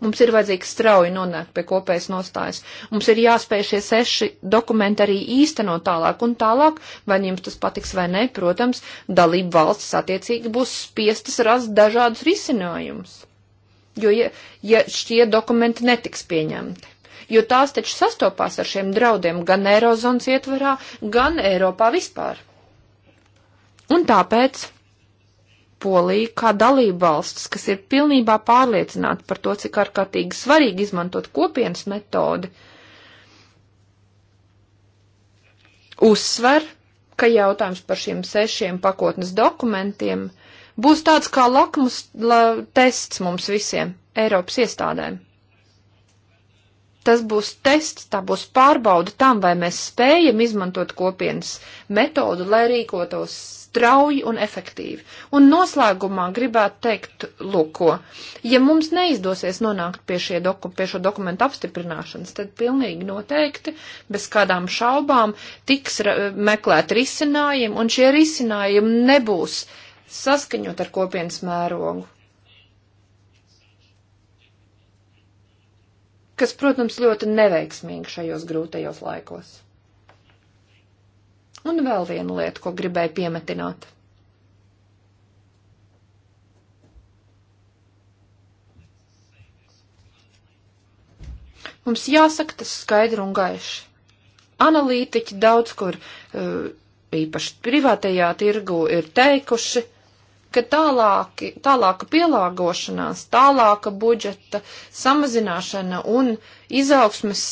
Mums ir vajadzīgs strauji nonākt pie kopējas nostājas. Mums ir jāspēj šie seši dokumenti arī īstenot tālāk un tālāk, vai nu jums tas patiks vai nē, protams, dalību valstis attiecīgi būs spiestas rast dažādus risinājumus. Jo, ja, ja šie dokumenti netiks pieņemti jo tās taču sastopās ar šiem draudiem gan Eirozonas ietvarā, gan Eiropā vispār. Un tāpēc Polija kā dalībvalsts, kas ir pilnībā pārliecināta par to, cik ārkārtīgi svarīgi izmantot kopienas metodi, uzsver, ka jautājums par šiem sešiem pakotnes dokumentiem būs tāds kā lakmus la, tests mums visiem, Eiropas iestādēm. Tas būs tests, tā būs pārbauda tam, vai mēs spējam izmantot kopienas metodu, lai rīkotos strauji un efektīvi. Un noslēgumā gribētu teikt, lūko, ja mums neizdosies nonākt pie, doku, pie šo dokumentu apstiprināšanas, tad pilnīgi noteikti, bez kādām šaubām, tiks meklēt risinājumi, un šie risinājumi nebūs saskaņot ar kopienas mērogu. kas, protams, ļoti neveiksmīgi šajos grūtajos laikos. Un vēl viena lieta, ko gribēju piemetināt. Mums jāsaka tas skaidri un gaiši. Analītiķi daudz kur, uh, īpaši privātajā tirgu, ir teikuši, ka tālāki, tālāka pielāgošanās, tālāka budžeta samazināšana un izaugsmes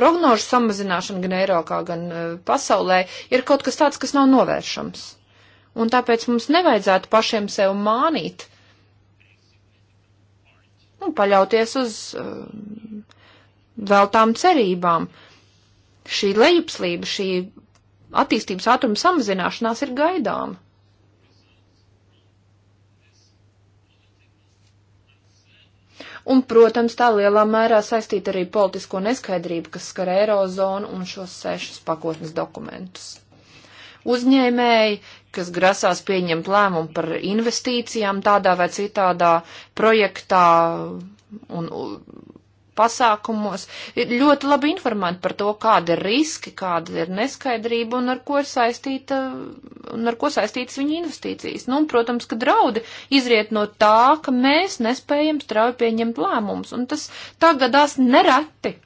prognožu samazināšana gan Eiropā, gan eh, pasaulē ir kaut kas tāds, kas nav novēršams. Un tāpēc mums nevajadzētu pašiem sev mānīt un paļauties uz uh, eh, veltām cerībām. Šī lejupslība, šī attīstības ātruma samazināšanās ir gaidāma. un, protams, tā lielā mērā saistīta arī politisko neskaidrību, kas skar Eirozonu un šos sešus pakotnes dokumentus. Uzņēmēji, kas grasās pieņemt lēmumu par investīcijām tādā vai citādā projektā un pasākumos, ir ļoti labi informēti par to, kāda ir riski, kāda ir neskaidrība un ar ko ir saistīta, un ar ko saistītas viņa investīcijas. Nu, un, protams, ka draudi izriet no tā, ka mēs nespējam strauji pieņemt lēmumus, un tas tā gadās nereti.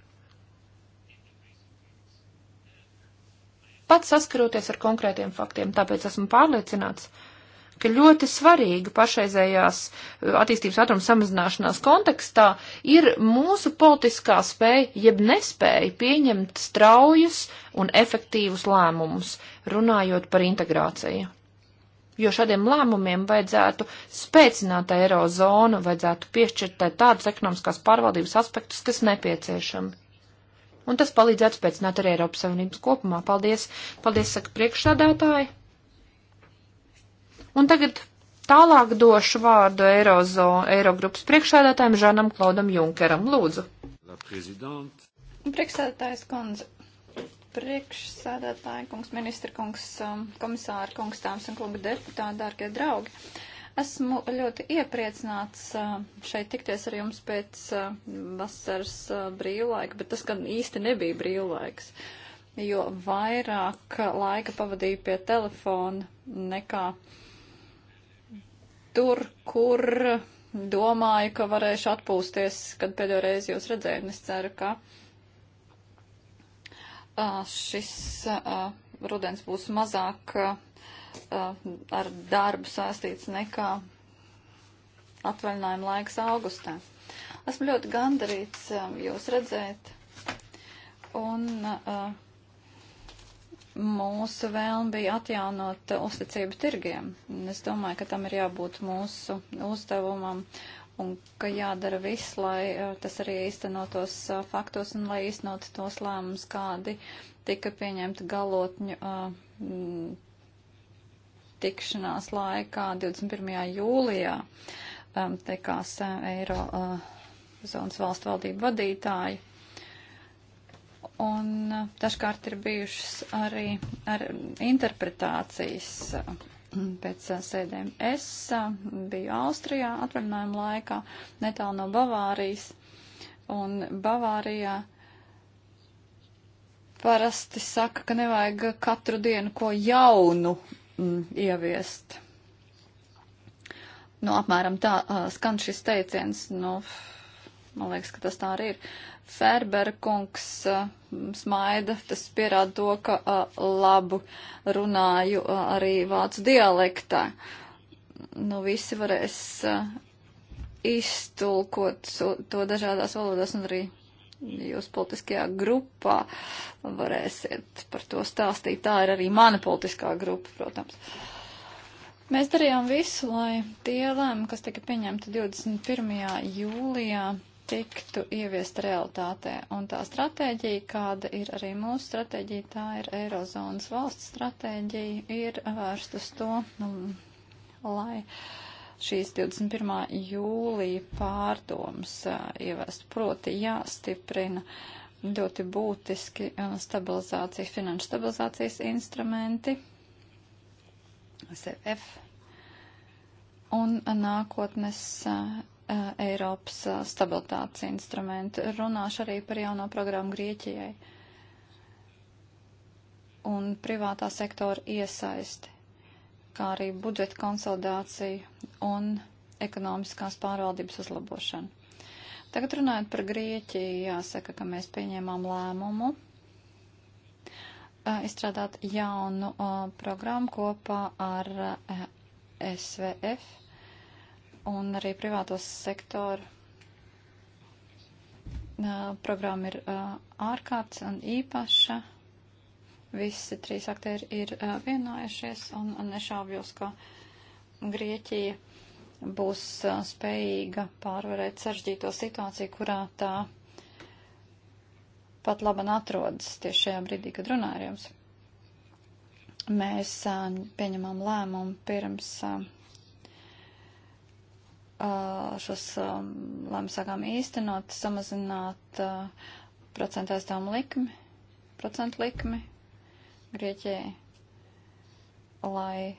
Pats saskaroties ar konkrētiem faktiem, tāpēc esmu pārliecināts, ka ļoti svarīgi pašreizējās eh, attīstības ātruma samazināšanās kontekstā ir mūsu politiskā spēja, jeb nespēja pieņemt straujus un efektīvus lēmumus, runājot par integrāciju. Jo šādiem lēmumiem vajadzētu spēcināt eirozonu, vajadzētu piešķirt tādus ekonomiskās pārvaldības aspektus, kas nepieciešami un tas palīdzētu spēcināt arī Eiropas Savienības kopumā. Paldies, paldies, saka priekšsādātāji. Un tagad tālāk došu vārdu Eirozo, Eirogrupas priekšsēdētājiem Žanam Klaudam Junkeram. Lūdzu. Priekšsēdētājs kundze, priekšsēdētāja kungs, ministra kungs, um, komisāra kungs, tāms un kluba deputāti, dārgie draugi. Esmu ļoti iepriecināts uh, šeit tikties ar jums pēc uh, vasaras uh, brīvlaika, bet tas gan īsti nebija brīvlaiks, jo vairāk laika pavadīju pie telefona nekā uh, tur, kur domāju, ka varēšu atpūsties, kad pēdējo reizi jūs redzēju. Es ceru, ka uh, šis uh, rudens būs mazāk uh, ar darbu sāstīts nekā atvaļinājuma laiks augustā. Esmu ļoti gandarīts uh, jūs redzēt. Un, uh, mūsu vēlme bija atjaunot uzticību tirgiem. Es domāju, ka tam ir jābūt mūsu uzdevumam un ka jādara viss, lai eh, tas arī īstenotos eh, faktos un lai īstenot tos lēmumus, kādi tika pieņemti galotņu eh, tikšanās laikā 21. jūlijā. Tikās Eiro zonas valstu valdību vadītāji Un uh, dažkārt ir bijušas arī ar interpretācijas uh, pēc uh, sēdēm. Es biju Austrijā atvaļinājuma laikā, netālu no Bavārijas, un Bavārijā parasti saka, ka nevajag katru dienu ko jaunu mm, ieviest. Nu, apmēram tā uh, skan šis teiciens, nu, man liekas, ka tas tā arī ir. Uh, Ferbera kungs uh, smaida, tas pierāda to, ka uh, labu runāju uh, arī vācu dialektā. Nu, visi varēs iztulkot to dažādās valodās un arī jūs politiskajā grupā varēsiet par to stāstīt. Tā ir arī mana politiskā grupa, protams. Mēs darījām visu, lai tie lēmumi, kas tika pieņemti 21. jūlijā, tiktu ieviest realitātē. Un tā stratēģija, kāda ir arī mūsu stratēģija, tā ir Eirozonas valsts stratēģija, ir vērst uz to, nu, lai šīs 21. jūlija pārdomas ievest. Proti jāstiprina ļoti būtiski stabilizācijas, finanšu stabilizācijas instrumenti, SFF e un nākotnes Eiropas stabilitātes instrumentu. Runāšu arī par jauno programmu Grieķijai un privātā sektora iesaisti, kā arī budžeta konsolidāciju un ekonomiskās pārvaldības uzlabošanu. Tagad runājot par Grieķiju, jāsaka, ka mēs pieņēmām lēmumu izstrādāt jaunu programmu kopā ar SVF un arī privātos sektoru uh, programma ir uh, ārkārtas un īpaša. Visi trīs aktieri ir uh, vienojušies un, un nešaubjos, ka Grieķija būs uh, spējīga pārvarēt saržģīto situāciju, kurā tā pat laban atrodas tieši šajā brīdī, kad runājam. Mēs uh, pieņemam lēmumu pirms. Uh, Uh, šos um, lēmumus sākām īstenot, samazināt uh, procentu aizdevumu likmi, procentu likmi Grieķijai, lai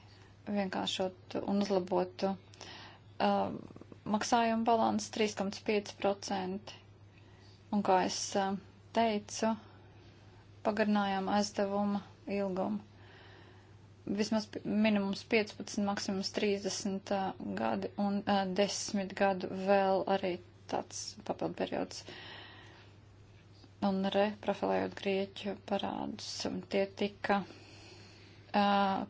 vienkāršotu un uzlabotu uh, maksājumu balansu 3,5%. Un kā es teicu, pagarinājām aizdevuma ilgumu vismaz minimums 15, maksimums 30 gadi un 10 gadu vēl arī tāds papildu periods. Un reprofilējot grieķu parādus, tie tika uh,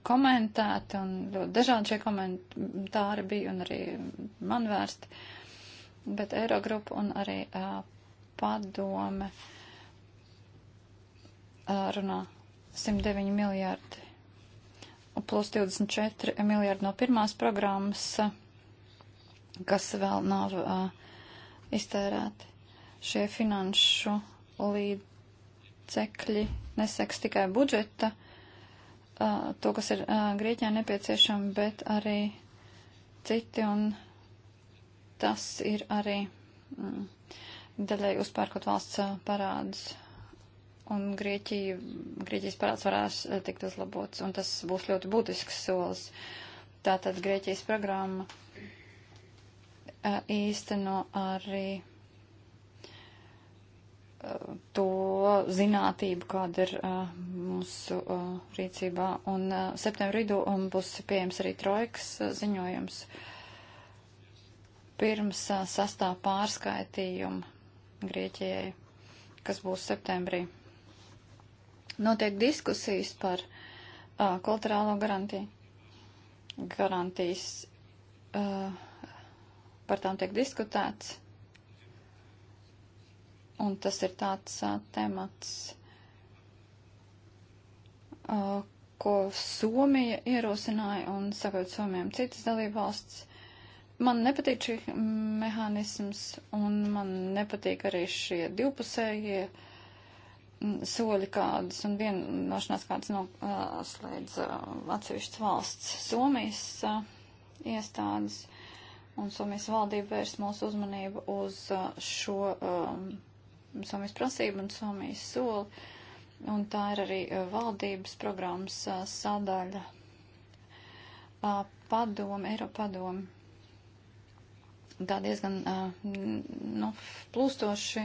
komentēti un ļoti dažādi šie komentāri bija un arī man vērsti. Bet Eirogrupa un arī uh, padome uh, runā 109 miljārdi plus 24 miljārdi no pirmās programmas, kas vēl nav uh, iztērēti. Šie finanšu līdzekļi neseks tikai budžeta, uh, to, kas ir uh, Grieķijai nepieciešama, bet arī citi, un tas ir arī mm, daļai uzpērkot valsts parādus un Grieķija, Grieķijas parāds varēs eh, tikt uzlabots, un tas būs ļoti būtisks solis. Tātad Grieķijas programma eh, īsteno arī eh, to zinātību, kāda ir mūsu rīcībā, un septembrīdu um, būs pieejams arī trojkas ziņojums pirms sastāv pārskaitījuma Grieķijai, kas būs septembrī notiek diskusijas par uh, kulturālo garantiju. Garantijas uh, par tām tiek diskutēts. Un tas ir tāds uh, temats, uh, ko Somija ierosināja un sakot Somijam citas dalībvalsts. Man nepatīk šī mehānisms un man nepatīk arī šie divpusējie. Uh, Mm, soļi kādas un vienošanās kādas noslēdz uh, uh, atsevišķas valsts Somijas uh, iestādes, un Somijas valdība vērs mūsu uzmanību uz uh, šo um, Somijas prasību un Somijas soli, un tā ir arī uh, valdības programmas uh, sadaļa padome, Eiropadome. Tā diezgan, nu, plūstoši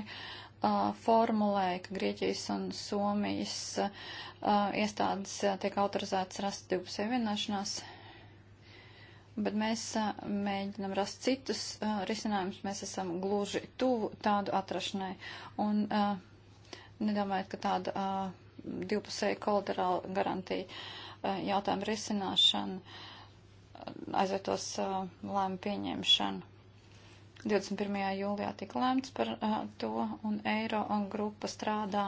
formulēja, ka Grieķijas un Somijas iestādes tiek autorizētas rast divpusēju vienošanās, bet mēs mēģinam rast citus risinājumus, mēs esam gluži tuvu tādu atrašanai. Un nedomājiet, ka tāda divpusēja kolaterāla garantija jautājuma risināšana aizvietos lēmu pieņemšanu 21. jūlijā tika lēmts par uh, to, un Eiro un grupa strādā,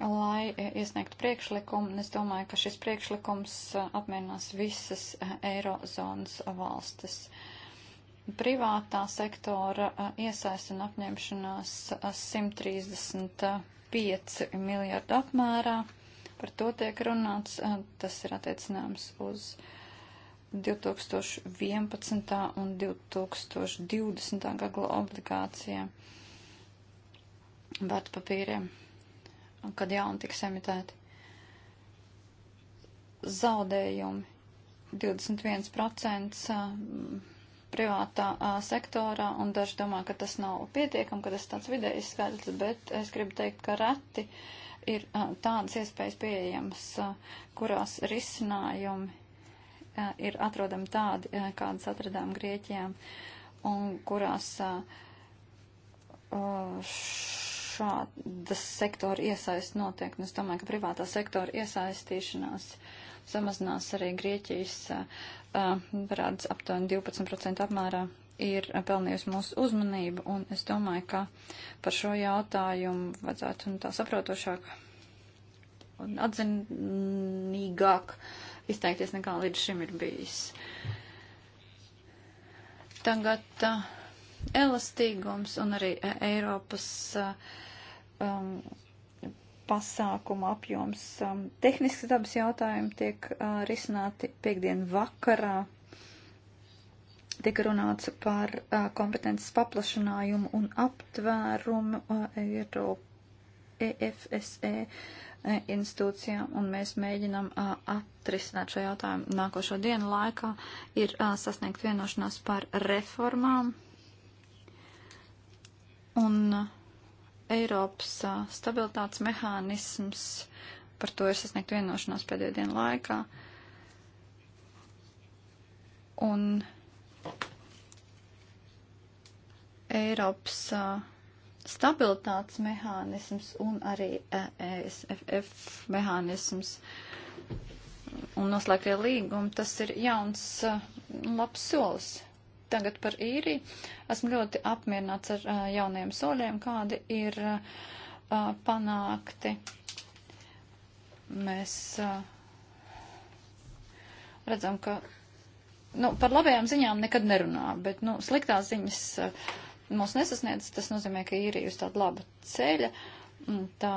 lai iesniegtu priekšlikumu. Es domāju, ka šis priekšlikums uh, apmierinās visas uh, Eirozonas valstis. Privātā sektora uh, iesaist un apņemšanās uh, 135 miljardu apmērā. Par to tiek runāts, uh, tas ir attiecināms uz. Uh, 2011. un 2020. gada obligācijām, vērtpapīriem, kad jauni tiks emitēti. Zaudējumi 21% privātā a, sektorā, un daži domā, ka tas nav pietiekami, ka tas tāds vidējs skaidrs, bet es gribu teikt, ka reti ir a, tādas iespējas pieejamas, a, kurās risinājumi ir atrodami tādi, kādas atradām Grieķijām, un kurās šādas sektora iesaist notiek. Un es domāju, ka privātā sektora iesaistīšanās samazinās arī Grieķijas parāds aptuveni 12% apmērā ir pelnījusi mūsu uzmanību, un es domāju, ka par šo jautājumu vajadzētu un tā saprotošāk un atzinīgāk uh, izteikties, nekā līdz šim ir bijis. Tagad uh, elastīgums un arī uh, Eiropas uh, um, pasākuma apjoms. Um, tehnisks dabas jautājumi tiek uh, risināti piekdien vakarā. Tika runāts par uh, kompetences paplašinājumu un aptvērumu uh, Eiropas e EFSE institūcijām, un mēs mēģinam atrisināt šo jautājumu nākošo dienu laikā, ir sasniegt vienošanās par reformām. Un Eiropas stabilitātes mehānisms, par to ir sasniegt vienošanās pēdējo dienu laikā. Un Eiropas uh, stabilitātes mehānisms un arī ESFF e mehānisms un noslēgtie līgumi, tas ir jauns uh, labs solis. Tagad par īriju. Esmu ļoti apmierināts ar uh, jauniem soļiem, kādi ir uh, panākti. Mēs redzam, ka nu, par labajām ziņām nekad nerunā, bet nu, sliktās ziņas. Uh, mūs nesasniedz, tas nozīmē, ka īrija uz tādu labu ceļa. Tā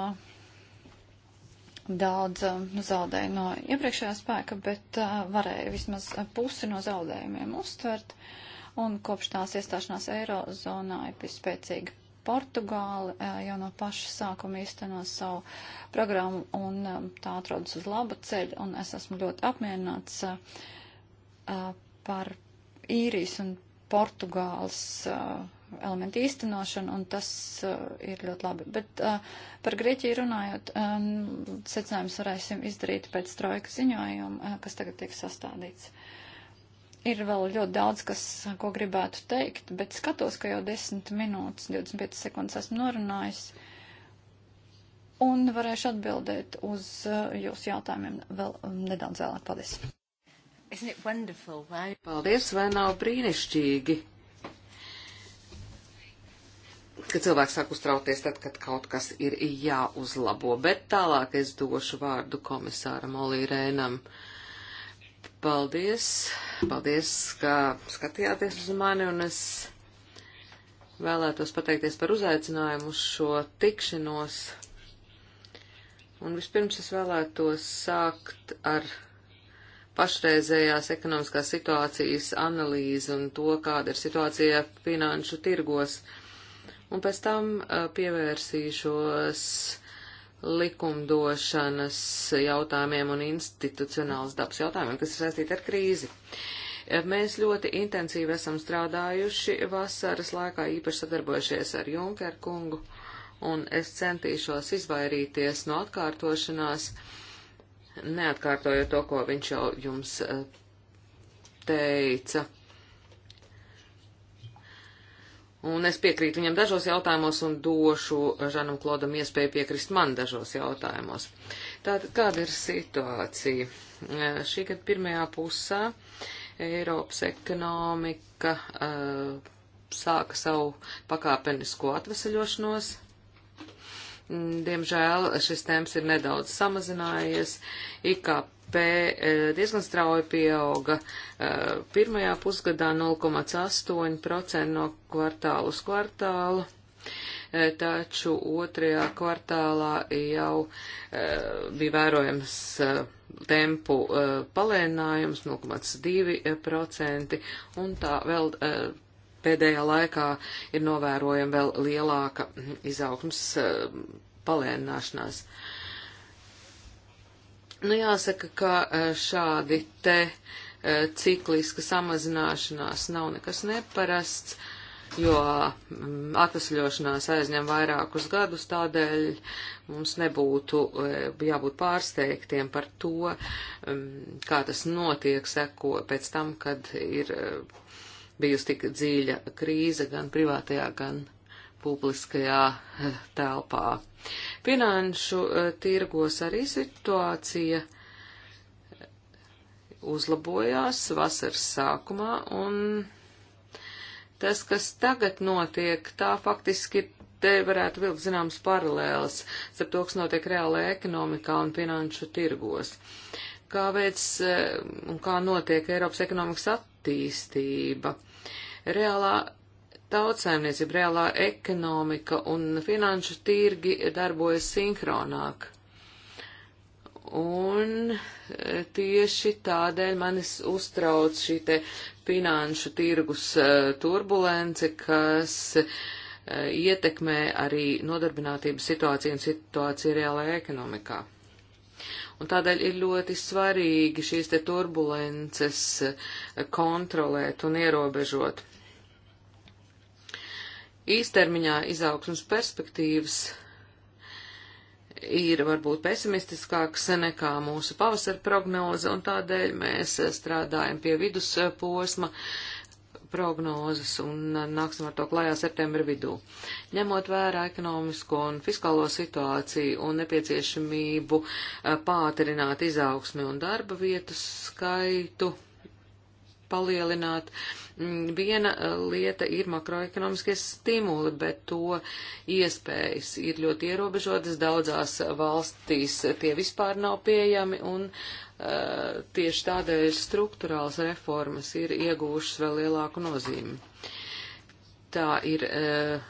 daudz eh, nu, zaudēja no iepriekšējā spēka, bet uh, varēja vismaz pusi no zaudējumiem uztvert. Un kopš tās iestāšanās Eirozonā ir bijis spēcīga Portugāli, uh, eh, jau no paša sākuma īsteno savu programmu un um, tā atrodas uz laba ceļa. Un es esmu ļoti apmierināts uh, par īrijas un Portugāles. Uh, elementu īstenošanu, un tas uh, ir ļoti labi. Bet uh, par Grieķiju runājot, um, secinājums varēsim izdarīt pēc trojka ziņojuma, uh, kas tagad tiek sastādīts. Ir vēl ļoti daudz, kas, uh, ko gribētu teikt, bet skatos, ka jau 10 minūtes, 25 sekundes esmu norunājis, un varēšu atbildēt uz uh, jūsu jautājumiem vēl um, nedaudz vēlāk. Paldies! Paldies, vai nav brīnišķīgi? ka cilvēks sāk uztraukties tad, kad kaut kas ir jāuzlabo. Bet tālāk es došu vārdu komisāram Olī Rēnam. Paldies, paldies, ka skatījāties uz mani, un es vēlētos pateikties par uzaicinājumu uz šo tikšanos. Un vispirms es vēlētos sākt ar pašreizējās ekonomiskās situācijas analīzi un to, kāda ir situācija finanšu tirgos. Uh, un pēc tam uh, pievērsīšos likumdošanas jautājumiem un institucionāls dabas jautājumiem, kas ir saistīti ar krīzi. Uh, mēs ļoti intensīvi esam strādājuši vasaras laikā, īpaši sadarbojušies ar Junker kungu, un es centīšos izvairīties no atkārtošanās, neatkārtojot to, ko viņš jau jums uh, teica Un es piekrītu viņam dažos jautājumos un došu Žanam Klodam iespēju piekrist man dažos jautājumos. Tātad, kāda ir situācija? Šī gada pirmajā pusā Eiropas ekonomika uh, sāka savu pakāpenisko atvesaļošanos. Diemžēl šis temps ir nedaudz samazinājies. IKP IKP eh, diezgan strauji pieauga eh, pirmajā pusgadā 0,8% no kvartālu uz kvartālu, eh, taču otrajā kvartālā jau bija vērojams tempu palēninājums 0,2% un tā vēl pēdējā laikā ir novērojama vēl lielāka izaugsmas palēnināšanās. Uh, Nu, jāsaka, ka e, šādi te e, cikliska samazināšanās nav nekas neparasts, jo mm, atvesļošanās aizņem vairākus gadus, tādēļ mums nebūtu e, jābūt pārsteigtiem par to, mm, kā tas notiek seko pēc tam, kad ir bijusi tik dziļa krīze gan privātajā, gan publiskajā eh, telpā. Finanšu eh, tirgos arī situācija eh, uzlabojās vasaras sākumā, un tas, kas tagad notiek, tā faktiski te varētu vilkt zināmas paralēles starp to, kas notiek reālajā ekonomikā un finanšu tirgos. Kā veids un kā notiek Eiropas ekonomikas attīstība? Reālā tautsēmniecība, reālā ekonomika un finanšu tirgi darbojas sinhronāk. Un e, tieši tādēļ manis uztrauc šī te finanšu tirgus e, turbulence, kas e, ietekmē arī nodarbinātības situāciju un situāciju reālajā ekonomikā. Un tādēļ ir ļoti svarīgi šīs te turbulences kontrolēt un ierobežot īstermiņā izaugsmas perspektīvas ir varbūt pesimistiskāks nekā mūsu pavasara prognoze, un tādēļ mēs strādājam pie vidusposma prognozes un nāksim ar to klājā septembra vidū. Ņemot vērā ekonomisko un fiskālo situāciju un nepieciešamību eh, pātrināt izaugsmi un darba vietu skaitu, palielināt, Mm, viena eh, lieta ir makroekonomiskie stimuli, bet to iespējas ir ļoti ierobežotas. Daudzās valstīs tie vispār nav pieejami, un uh, tieši tādēļ struktūrāls reformas ir iegūšas vēl lielāku nozīmi. Tā ir uh,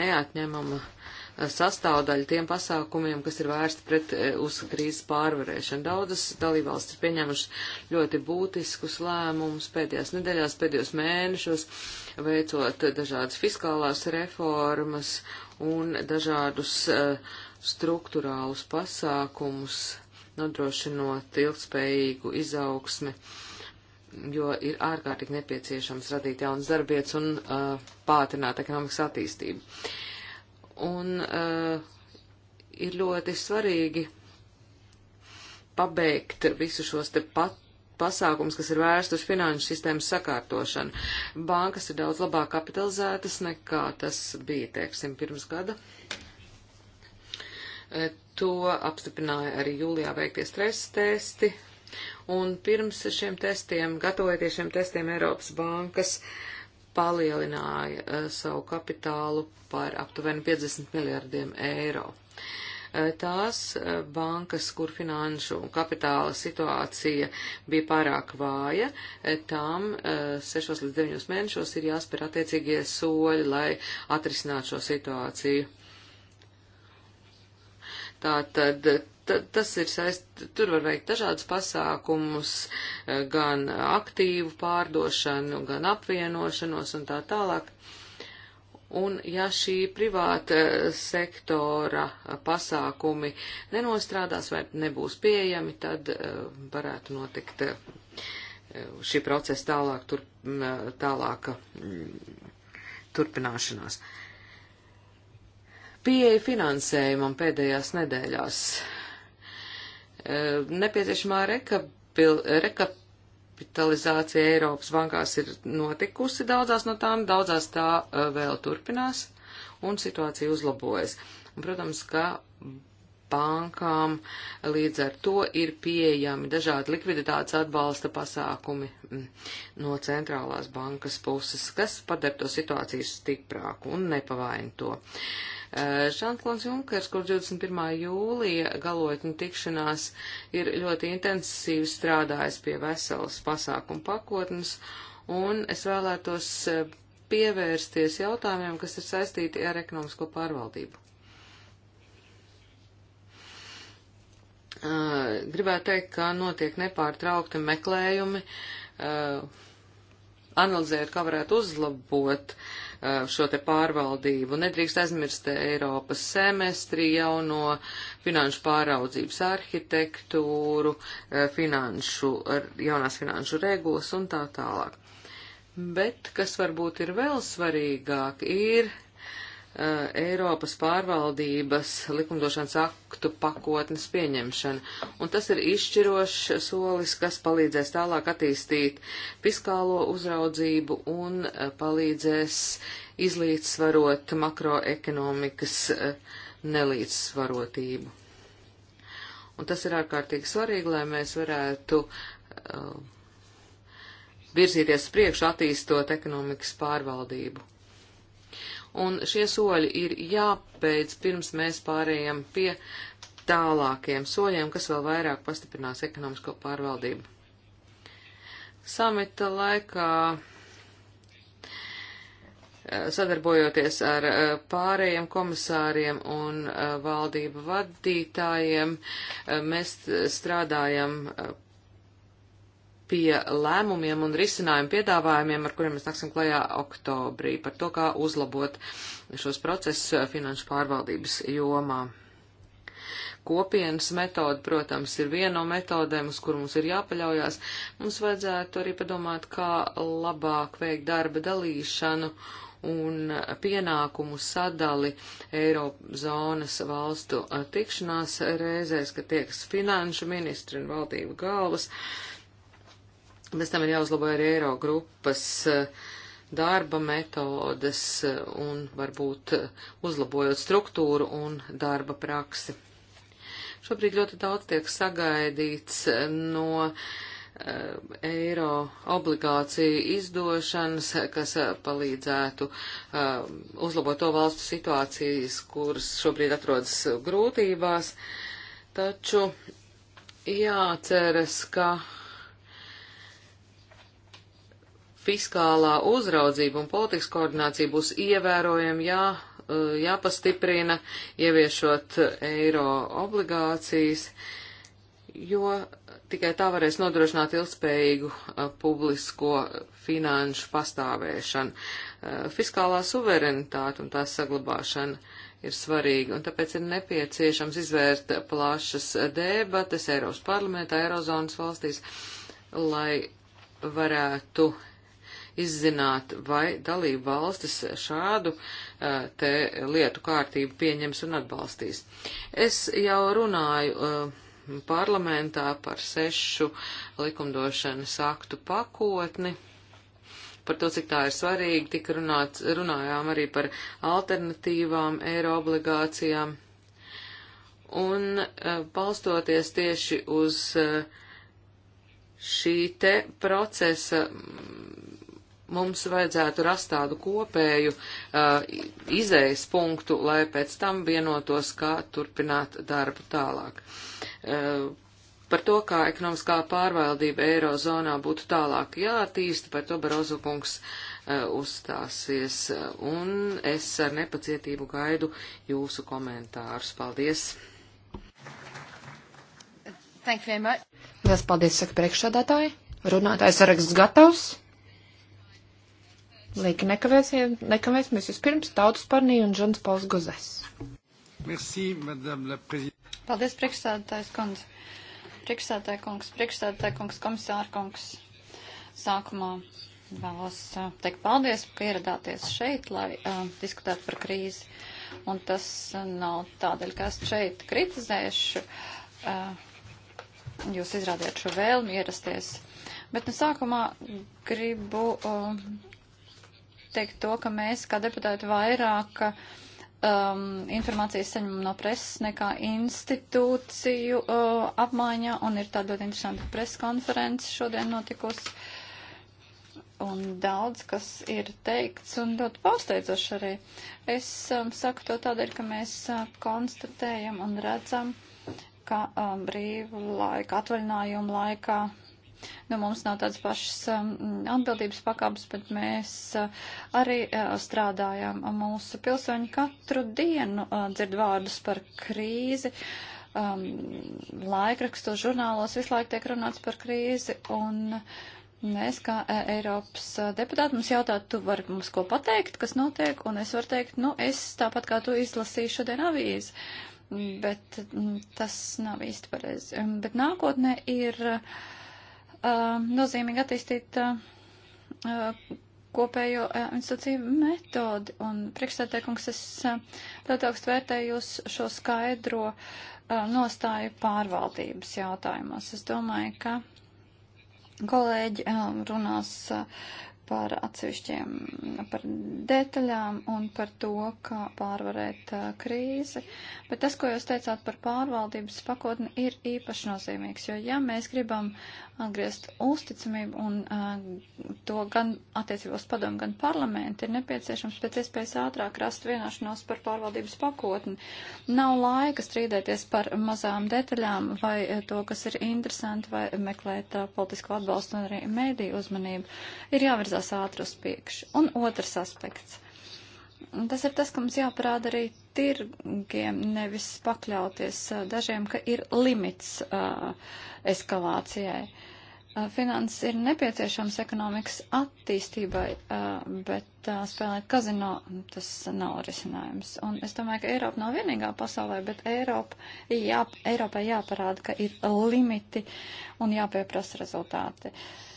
neatņemama uh, sastāvdaļa tiem pasākumiem, kas ir vērsti pret e, uz krīzes pārvarēšanu. Daudzas dalībvalstis ir pieņēmušas ļoti būtiskus lēmumus pēdējās nedēļās, pēdējos mēnešos, veicot dažādas fiskālās reformas un dažādus uh, struktūrālus pasākumus, nodrošinot ilgspējīgu izaugsmi jo ir ārkārtīgi nepieciešams radīt jaunas darbietas un uh, pātrināt ekonomikas attīstību. Uh, un uh, ir ļoti svarīgi pabeigt visu šos te pat pasākums, kas ir vērsts uz finanšu sistēmas sakārtošanu. Bankas ir daudz labāk kapitalizētas nekā tas bija, teiksim, pirms gada. Eh, to apstiprināja arī jūlijā veiktie stresa testi. Un pirms šiem testiem, gatavojoties šiem testiem, Eiropas bankas uh, palielināja uh, savu kapitālu par aptuveni 50 miljardiem eiro. Uh, tās uh, bankas, kur finanšu un kapitāla situācija bija pārāk vāja, tām 6 līdz 9 mēnešos ir jāspēr attiecīgie soļi, lai atrisinātu šo situāciju. Tā tad tas ir saist, tur var veikt dažādus pasākumus, eh, gan aktīvu pārdošanu, gan apvienošanos un tā tālāk. Un ja šī privāta sektora pasākumi nenostrādās vai nebūs pieejami, tad eh, varētu notikt eh, šī procesa tālāk, tur, tālāka turpināšanās. Uh, Pieeja finansējumam pēdējās nedēļās. E, nepieciešamā rekapil, rekapitalizācija Eiropas bankās ir notikusi daudzās no tām, daudzās tā e, vēl turpinās un situācija uzlabojas. Un, protams, ka bankām līdz ar to ir pieejami dažādi likviditātes atbalsta pasākumi mm, no centrālās bankas puses, kas padara to situāciju stiprāku un nepavaina to. Uh, Žanklons eh, Junkers, kur 21. jūlija galotņu tikšanās ir ļoti intensīvi strādājis pie veselas pasākumu pakotnes, un es vēlētos eh, pievērsties jautājumiem, kas ir saistīti ar ekonomisko pārvaldību. Eh, gribētu teikt, ka notiek nepārtraukti meklējumi, uh, analizējot, kā varētu uzlabot uh, šo te pārvaldību. Nedrīkst aizmirst Eiropas semestri, jauno finanšu pāraudzības arhitektūru, uh, finanšu, jaunās finanšu regulas un tā tālāk. Bet, kas varbūt ir vēl svarīgāk, ir Eh, Eiropas pārvaldības likumdošanas aktu pakotnes pieņemšana, un tas ir izšķirošs solis, kas palīdzēs tālāk attīstīt fiskālo uzraudzību un eh, palīdzēs izlīdzsvarot makroekonomikas eh, nelīdzsvarotību. Un tas ir ārkārtīgi svarīgi, lai mēs varētu uh, virzīties priekšu attīstot ekonomikas pārvaldību un šie soļi ir jāpēc pirms mēs pārējām pie tālākiem soļiem, kas vēl vairāk pastiprinās ekonomisko pārvaldību. Samita laikā eh, sadarbojoties ar eh, pārējiem komisāriem un eh, valdību vadītājiem, mēs strādājam pie lēmumiem un risinājumu piedāvājumiem, ar kuriem mēs nāksim klajā oktobrī, par to, kā uzlabot šos procesus eh, finanšu pārvaldības jomā. Kopienas metode, protams, ir viena no metodēm, uz kuru mums ir jāpaļaujās. Mums vajadzētu arī padomāt, kā labāk veikt darba dalīšanu un pienākumu sadali Eirozonas valstu eh, tikšanās reizēs, kad tieks finanšu ministri un valdību galvas. Uh, Bez tam ir jāuzlabo arī eiro grupas eh, darba metodes eh, un varbūt eh, uzlabojot struktūru un darba praksi. Šobrīd ļoti daudz tiek sagaidīts no eiro obligāciju izdošanas, kas palīdzētu uzlabot to valstu situācijas, kuras šobrīd atrodas grūtībās. Taču jāceras, ka fiskālā uzraudzība un politikas koordinācija būs ievērojami jā, e, jāpastiprina, ieviešot eiro obligācijas, jo tikai tā varēs nodrošināt ilgspējīgu e, publisko finanšu pastāvēšanu. E, fiskālā suverenitāte un tās saglabāšana ir svarīga, un tāpēc ir nepieciešams izvērt plašas debates Eiropas parlamentā, Eirozonas valstīs, lai varētu izzināt, vai dalību valstis šādu uh, te lietu kārtību pieņems un atbalstīs. Es jau runāju uh, parlamentā par sešu likumdošanas aktu pakotni. Par to, cik tā ir svarīgi, tika runāts, runājām arī par alternatīvām eiro obligācijām. Un uh, balstoties tieši uz uh, šī te procesa mums vajadzētu rast tādu kopēju uh, izējas punktu, lai pēc tam vienotos, kā turpināt darbu tālāk. Uh, par to, kā ekonomiskā pārvaldība Eirozonā būtu tālāk jātīsta, par to Barozu kungs uh, uzstāsies, un es ar nepacietību gaidu jūsu komentārus. Paldies! Thank you very much. Lielas paldies, saka priekšsādātāji. Runātājs saraksts gatavs. Lieki nekavēsimies vispirms tautas parnija un Žans Pauls Gozes. Merci, madame la prezidente. Paldies, priekšstādātājs kundze. Priekšstādātāja kungs, priekšstādātāja kungs, komisāra kungs. Sākumā vēlos uh, teikt paldies, ka ieradāties šeit, lai uh, diskutētu par krīzi. Un tas uh, nav tādēļ, ka es šeit kritizēšu. Uh, jūs izrādījāt šo vēlmi ierasties. Bet nu sākumā gribu uh, teikt to, ka mēs kā deputāti vairāk um, informācijas saņemam no preses nekā institūciju uh, apmaiņā, un ir tāda ļoti interesanta preskonferences šodien notikusi. Un daudz, kas ir teikts, un ļoti pārsteidzoši arī. Es um, saku to tādēļ, ka mēs uh, konstatējam un redzam, ka um, brīvu laiku, atvaļinājumu laikā Nu, mums nav tādas pašas um, atbildības pakāpes, bet mēs uh, arī uh, strādājam. Mūsu pilsoņi katru dienu uh, dzird vārdus par krīzi. Um, laikrakstos, žurnālos visu laiku tiek runāts par krīzi. Un, Mēs, kā Eiropas deputāti, mums jautā, tu vari mums ko pateikt, kas notiek, un es varu teikt, nu, es tāpat kā tu izlasīju šodien avīzi, bet mm, tas nav īsti pareizi. Um, bet nākotnē ir. Uh, Um, nozīmīgi attīstīt uh, uh, kopējo uh, institūciju metodi. Un priekšstādēkums, es ļoti augstu vērtēju jūs šo skaidro nostāju pārvaldības jautājumos. Es domāju, ka kolēģi runās par atsevišķiem, par detaļām un par to, kā pārvarēt uh, krīzi. Bet tas, ko jūs teicāt par pārvaldības pakotni, ir īpaši nozīmīgs, jo ja mēs gribam atgriezt uzticamību un uh, to gan attiecībos padomu, gan parlamentu ir nepieciešams pēc iespējas ātrāk rast vienošanos par pārvaldības pakotni. Nav laika strīdēties par mazām detaļām vai to, kas ir interesanti, vai meklēt uh, politisko atbalstu un arī mēdī uzmanību. Ir jāvirzās ātri uz priekšu. Un otrs aspekts. Un tas ir tas, ka mums jāparāda arī tirgiem, nevis pakļauties dažiem, ka ir limits uh, eskalācijai. Uh, finanses ir nepieciešams ekonomikas attīstībai, uh, bet uh, spēlēt kazino tas nav risinājums. Un es domāju, ka Eiropa nav vienīgā pasaulē, bet Eiropa, jā, Eiropai jāparāda, ka ir limiti un jāpieprasa rezultāti. Uh,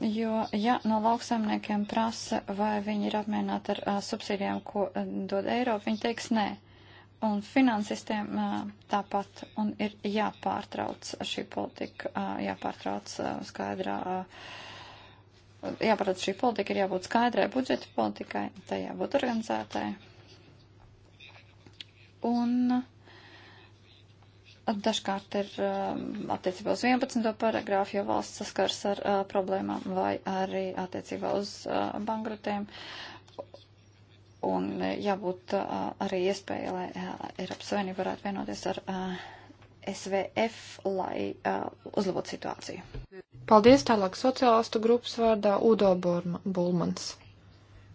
Jo, ja no lauksaimniekiem prasa, vai viņi ir apmierināti ar a, subsīdijām, ko a, dod Eiropa, viņi teiks nē. Un finansistiem a, tāpat un ir jāpārtrauc šī politika, a, jāpārtrauc a, skaidrā, a, jāpārtrauc šī politika, ir jābūt skaidrai budžeta politikai, tai jābūt organizētai. Un a, dažkārt ir um, attiecībā uz 11. paragrāfu, jo valsts saskars ar a, uh, problēmām vai arī attiecībā uz uh, bankrotiem. Un uh, jābūt a, arī iespēja, lai Eiropas Savienība varētu vienoties ar a, SVF, lai uzlabotu situāciju. Paldies tālāk sociālistu grupas vārdā Udo Bulmans.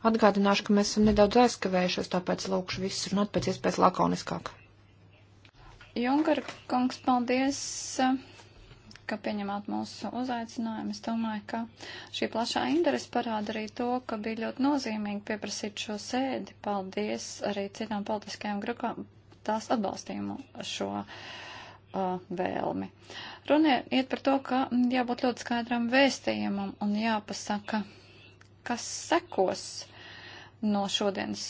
Atgādināšu, ka mēs esam nedaudz aizkavējušies, tāpēc lūkšu visus runāt pēc iespējas lakoniskāk. Junkara kungs, paldies, ka pieņemāt mūsu uzaicinājumu. Es domāju, ka šī plašā interese parāda arī to, ka bija ļoti nozīmīgi pieprasīt šo sēdi. Paldies arī citām politiskajām grupām, tās atbalstījumu šo uh, vēlmi. Runa iet par to, ka jābūt ļoti skaidram vēstījumam un jāpasaka, kas sekos no šodienas,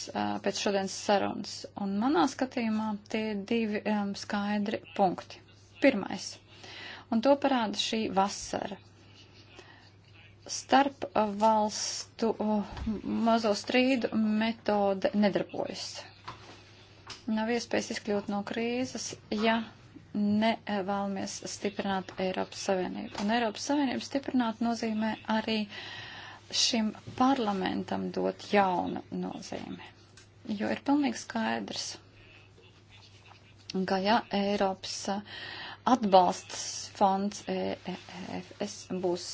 pēc šodienas sarunas. Un manā skatījumā tie divi um, skaidri punkti. Pirmais. Un to parāda šī vasara. Starp valstu mazo strīdu metode nedarbojas. Nav iespējas izkļūt no krīzes, ja nevēlamies stiprināt Eiropas Savienību. Un Eiropas Savienību stiprināt nozīmē arī uh, šim parlamentam dot jaunu nozīmi. Jo ir pilnīgi skaidrs, ka ja Eiropas atbalsts fonds EFS e būs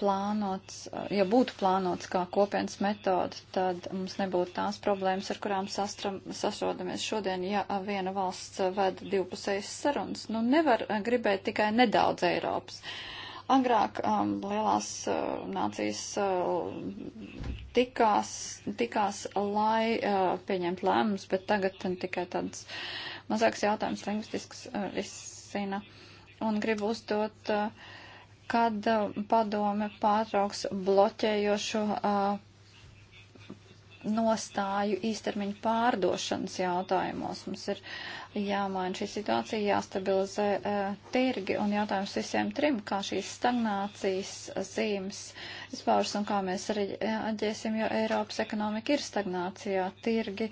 plānots, ja būtu plānots kā kopienas metoda, tad mums nebūtu tās problēmas, ar kurām sastram, sasodamies šodien, ja viena valsts ved divpusējas sarunas. Nu, nevar gribēt tikai nedaudz Eiropas. Uh, Agrāk um, lielās uh, nācijas uh, tikās, tikās, lai uh, pieņemtu lēmumus, bet tagad tikai tāds mazāks jautājums lingvistisks uh, izsina. Un gribu uzdot, uh, kad uh, padome pārtrauks bloķējošu uh, nostāju īstermiņu pārdošanas jautājumos. Mums ir jāmaina šī situācija, jāstabilizē uh, tirgi un jautājums visiem trim, kā šīs stagnācijas zīmes izpaužas un kā mēs reaģēsim, jo Eiropas ekonomika ir stagnācijā. Tirgi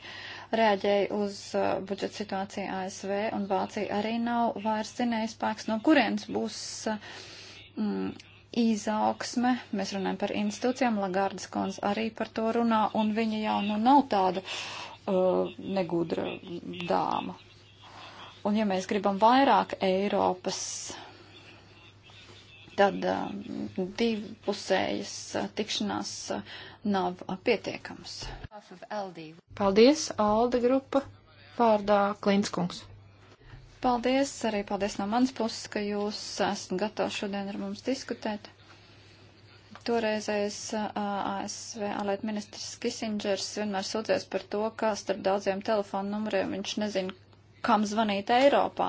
reaģēja uz uh, budžeta situāciju ASV un Vācija arī nav vairs zinējis spēks, no kurienes būs. Uh, mm, izaugsme, mēs runājam par institūcijām, Lagardas kons arī par to runā, un viņa jau nu nav tāda uh, negudra dāma. Un ja mēs gribam vairāk Eiropas, tad uh, divpusējas uh, tikšanās uh, nav uh, pietiekams. Paldies, Alda grupa, vārdā Klinskungs. Paldies, arī paldies no manas puses, ka jūs esat gatavi šodien ar mums diskutēt. Toreizais ASV ārlietu ministrs Kisingers vienmēr sūdzies par to, ka starp daudziem telefonu numuriem viņš nezina, kam zvanīt Eiropā.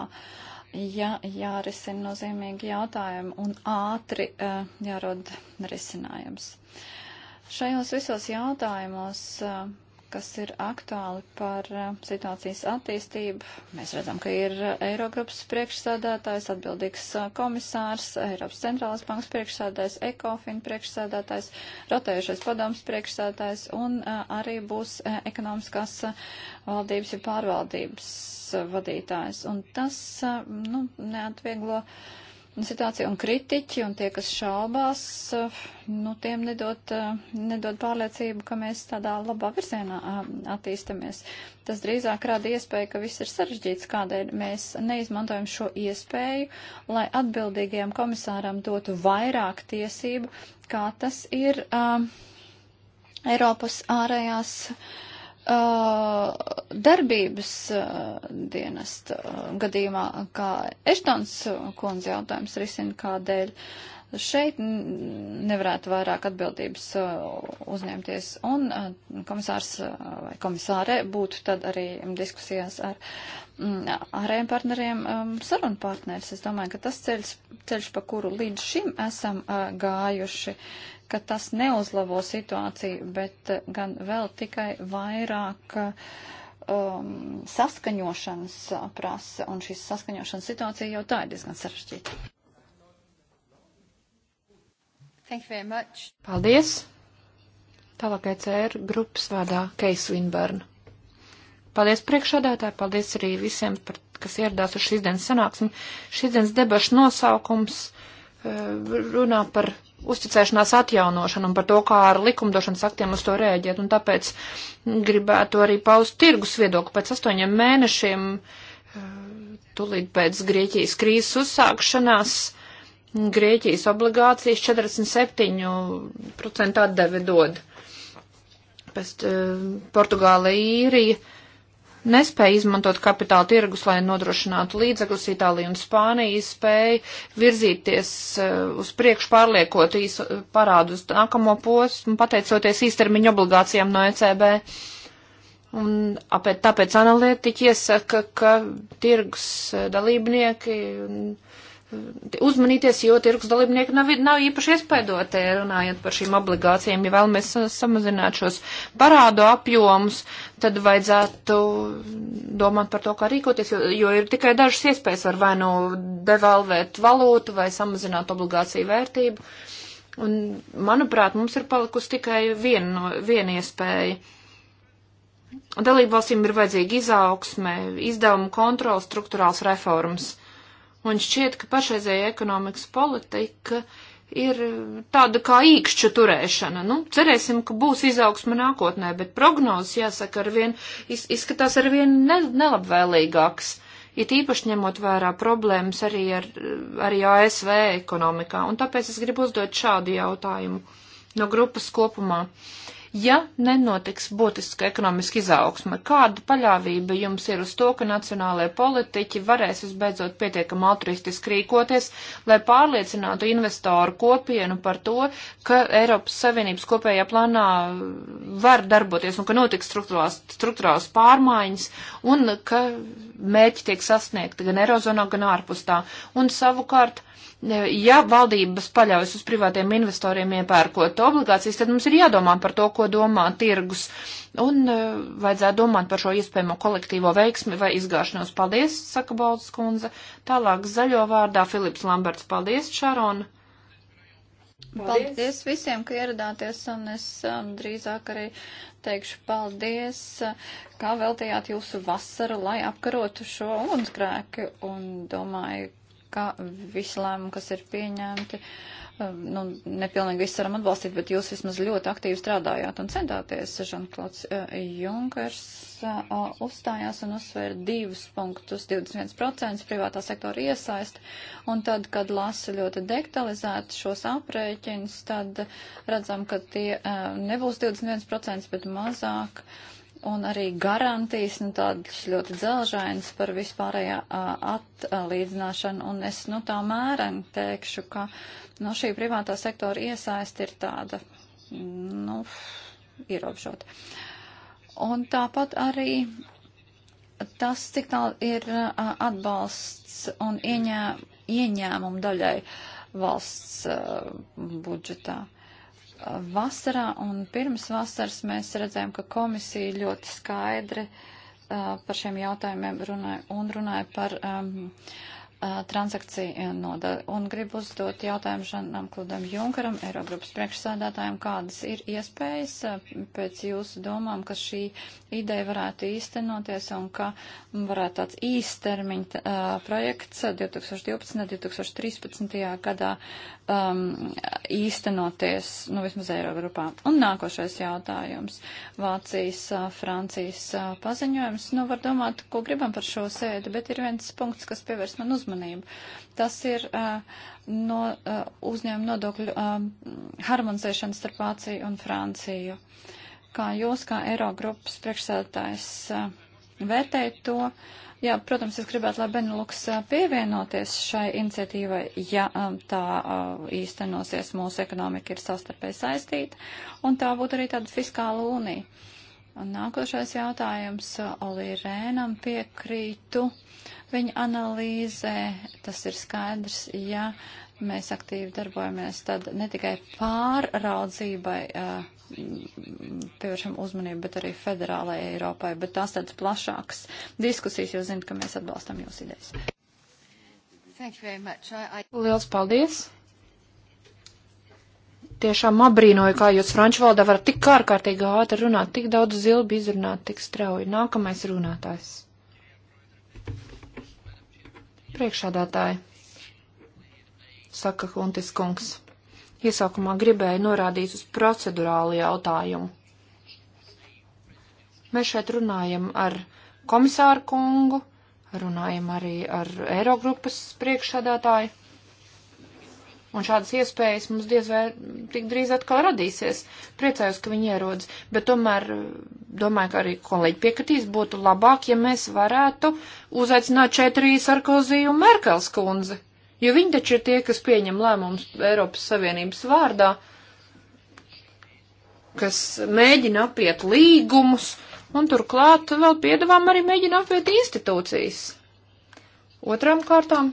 Ja jārisina nozīmīgi jautājumi un ātri uh, jārod risinājums. Šajos visos jautājumos uh, kas ir aktuāli par eh, situācijas attīstību. Mēs redzam, ka ir eh, Eirogrupas priekšsādātājs, atbildīgs eh, komisārs, Eiropas centrālās bankas priekšsādātājs, ECOFIN priekšsādātājs, rotējušais padoms priekšsādātājs un arī būs ekonomiskās valdības ja pārvaldības vadītājs. Un tas nu, neatvieglo. Uh, Nu, situāciju, un kritiķi un tie, kas šaubās, eh, nu, tiem nedod, eh, nedod pārliecību, ka mēs tādā labā virzienā eh, attīstamies. Tas drīzāk rada iespēju, ka viss ir sarežģīts, kādēļ mēs neizmantojam šo iespēju, lai atbildīgajam komisāram dotu vairāk tiesību, kā tas ir uh, Eiropas ārējās. Uh, Uh, darbības uh, dienesta uh, gadījumā, kā Eštons kundze jautājums risina, kādēļ šeit nevarētu vairāk atbildības uzņemties. Un komisārs vai komisārē būtu tad arī diskusijās ar mm, ārējiem partneriem um, sarunu partneris. Es domāju, ka tas ceļš, ceļš pa kuru līdz šim esam gājuši, ka tas neuzlabo situāciju, bet eh, gan vēl tikai vairāk um, saskaņošanas uh, prasa, un šī saskaņošanas situācija jau tā ir diezgan sarežģīta. Paldies! Tālākai e CR grupas vārdā Keis Winburn. Paldies priekšādātāji, paldies arī visiem, par, kas ieradās uz šīs dienas sanāksmi. Šīs dienas debašu nosaukums uh, runā par uzticēšanās atjaunošanu un par to, kā ar likumdošanas aktiem uz to rēģēt. Un tāpēc gribētu arī paust tirgus viedokli pēc astoņiem mēnešiem, eh, tulīt pēc Grieķijas krīzes uzsākšanās. Grieķijas obligācijas 47% atdevi dod. Pēc uh, Portugāla īrija nespēja izmantot kapitāla tirgus, lai nodrošinātu līdzekļus. Itālija un Spānija spēja virzīties eh, uz priekšu, pārliekot īsu parādu uz nākamo posmu, pateicoties īstermiņu obligācijām no ECB. Un apēc, tāpēc analītiķi iesaka, ka tirgus eh, dalībnieki. Un, uzmanīties, jo tirgus dalībnieki nav, nav īpaši iespaidotie, runājot par šīm obligācijām. Ja vēlamies samazināt šos parādu apjomus, tad vajadzētu domāt par to, kā rīkoties, jo, jo ir tikai dažas iespējas var vai nu devalvēt valūtu vai samazināt obligāciju vērtību. Un, manuprāt, mums ir palikusi tikai viena no, vien iespēja. Dalībvalstīm ir vajadzīga izaugsme, izdevumu kontrola, struktūrāls reformas Un šķiet, ka pašreizēja ekonomikas politika ir tāda kā īkšķu turēšana. Nu, cerēsim, ka būs izaugsma nākotnē, bet prognozes, jāsaka, arvien, iz, izskatās arvien ne, nelabvēlīgākas. It īpaši ņemot vērā problēmas arī ar arī ASV ekonomikā. Un tāpēc es gribu uzdot šādu jautājumu no grupas kopumā. Uh, ja nenotiks būtiska ekonomiska izaugsme. Kāda paļāvība jums ir uz to, ka nacionālajie politiķi varēs visbeidzot pietiekam altruistiski rīkoties, lai pārliecinātu investoru kopienu par to, ka Eiropas Savienības kopējā plānā var darboties un ka notiks struktūrās, struktūrās pārmaiņas un ka mērķi tiek sasniegti gan Eirozonā, gan ārpus tā. Un savukārt, uh, ja valdības paļaujas uz privātiem investoriem iepērkot obligācijas, tad mums ir jādomā par to, ko domā tirgus, un e, vajadzētu domāt par šo iespējamo kolektīvo veiksmi vai izgāšanos. Paldies, saka Baltas kundze. Tālāk zaļo vārdā Filips Lamberts. Paldies, Šarona. Paldies. paldies visiem, ka ieradāties, un es um, drīzāk arī teikšu paldies, e, kā veltījāt jūsu vasaru, lai apkarotu šo ugunsgrēku, un domāju, ka visi lēmumi, kas ir pieņemti, um, nu, nepilnīgi viss varam atbalstīt, bet jūs vismaz ļoti aktīvi strādājāt un centāties. Žanklots uh, Junkers uh, uzstājās un uzsvēra divus punktus - 21% privātā sektora iesaisti, un tad, kad lasa ļoti detalizēt šos aprēķinus, tad redzam, ka tie uh, nebūs 21%, bet mazāk. Uh, un arī garantijas, nu tādas ļoti dzelžainas par vispārējā atlīdzināšanu, un es, nu tā mēren teikšu, ka, nu, šī privātā sektora iesaisti ir tāda, nu, ierobežota. Un tāpat arī tas, cik tālu ir atbalsts un ieņē, ieņēmumu daļai valsts budžetā. Uh, vasarā un pirms vasaras mēs redzējām, ka komisija ļoti skaidri uh, par šiem jautājumiem runāja un runāja par um, Uh, transakciju nodaļu. Un gribu uzdot jautājumu Žanam Kludam Junkaram, Eirogrupas priekšsādātājiem, kādas ir iespējas uh, pēc jūsu domām, ka šī ideja varētu īstenoties un ka varētu tāds īstermiņa uh, projekts 2012. un 2013. gadā um, īstenoties, nu vismaz Eirogrupā. Un nākošais jautājums. Vācijas, uh, Francijas uh, paziņojums. Nu, var domāt, ko gribam par šo sēdi, bet ir viens punkts, kas pievērs man uzmanību uzmanību. Tas ir uh, no uh, uzņēmuma nodokļu uh, harmonizēšana starp Vāciju un Franciju. Kā jūs, kā Eirogrupas priekšsēdētājs, uh, vērtējat to? Jā, protams, es gribētu, lai Benelux uh, pievienoties šai iniciatīvai, ja um, tā uh, īstenosies, mūsu ekonomika ir savstarpēji saistīta, un tā būtu arī tāda fiskāla unija. Un nākošais jautājums uh, Olī Rēnam piekrītu. Uh, viņa analīzē. Tas ir skaidrs, ja mēs aktīvi darbojamies, tad ne tikai pārraudzībai pievēršam uzmanību, bet arī federālajai Eiropai, bet tās tādas plašākas diskusijas, jo zinu, ka mēs atbalstam jūs idejas. I... Liels paldies! Tiešām abrīnoju, kā jūs franču valodā varat tik ārkārtīgi ātri runāt, tik daudz zilbi izrunāt, tik strauji. Nākamais runātājs. Priekšādātāji, saka Huntis kungs, iesākumā gribēju norādīt uz procedurālu jautājumu. Mēs šeit runājam ar komisāru kungu, runājam arī ar Eirogrupas priekšādātāju. Un šādas iespējas mums diez vai tik drīz atkal radīsies. Priecājos, ka viņi ierodas, bet tomēr eh, domāju, ka arī kolēģi piekritīs, būtu labāk, ja mēs varētu uzaicināt šeit arī Sarkoziju un Merkels kundzi. Jo viņi taču ir tie, kas pieņem lēmumus Eiropas Savienības vārdā, kas mēģina apiet līgumus, un turklāt vēl piedāvām arī mēģina apiet institūcijas. Otrām kārtām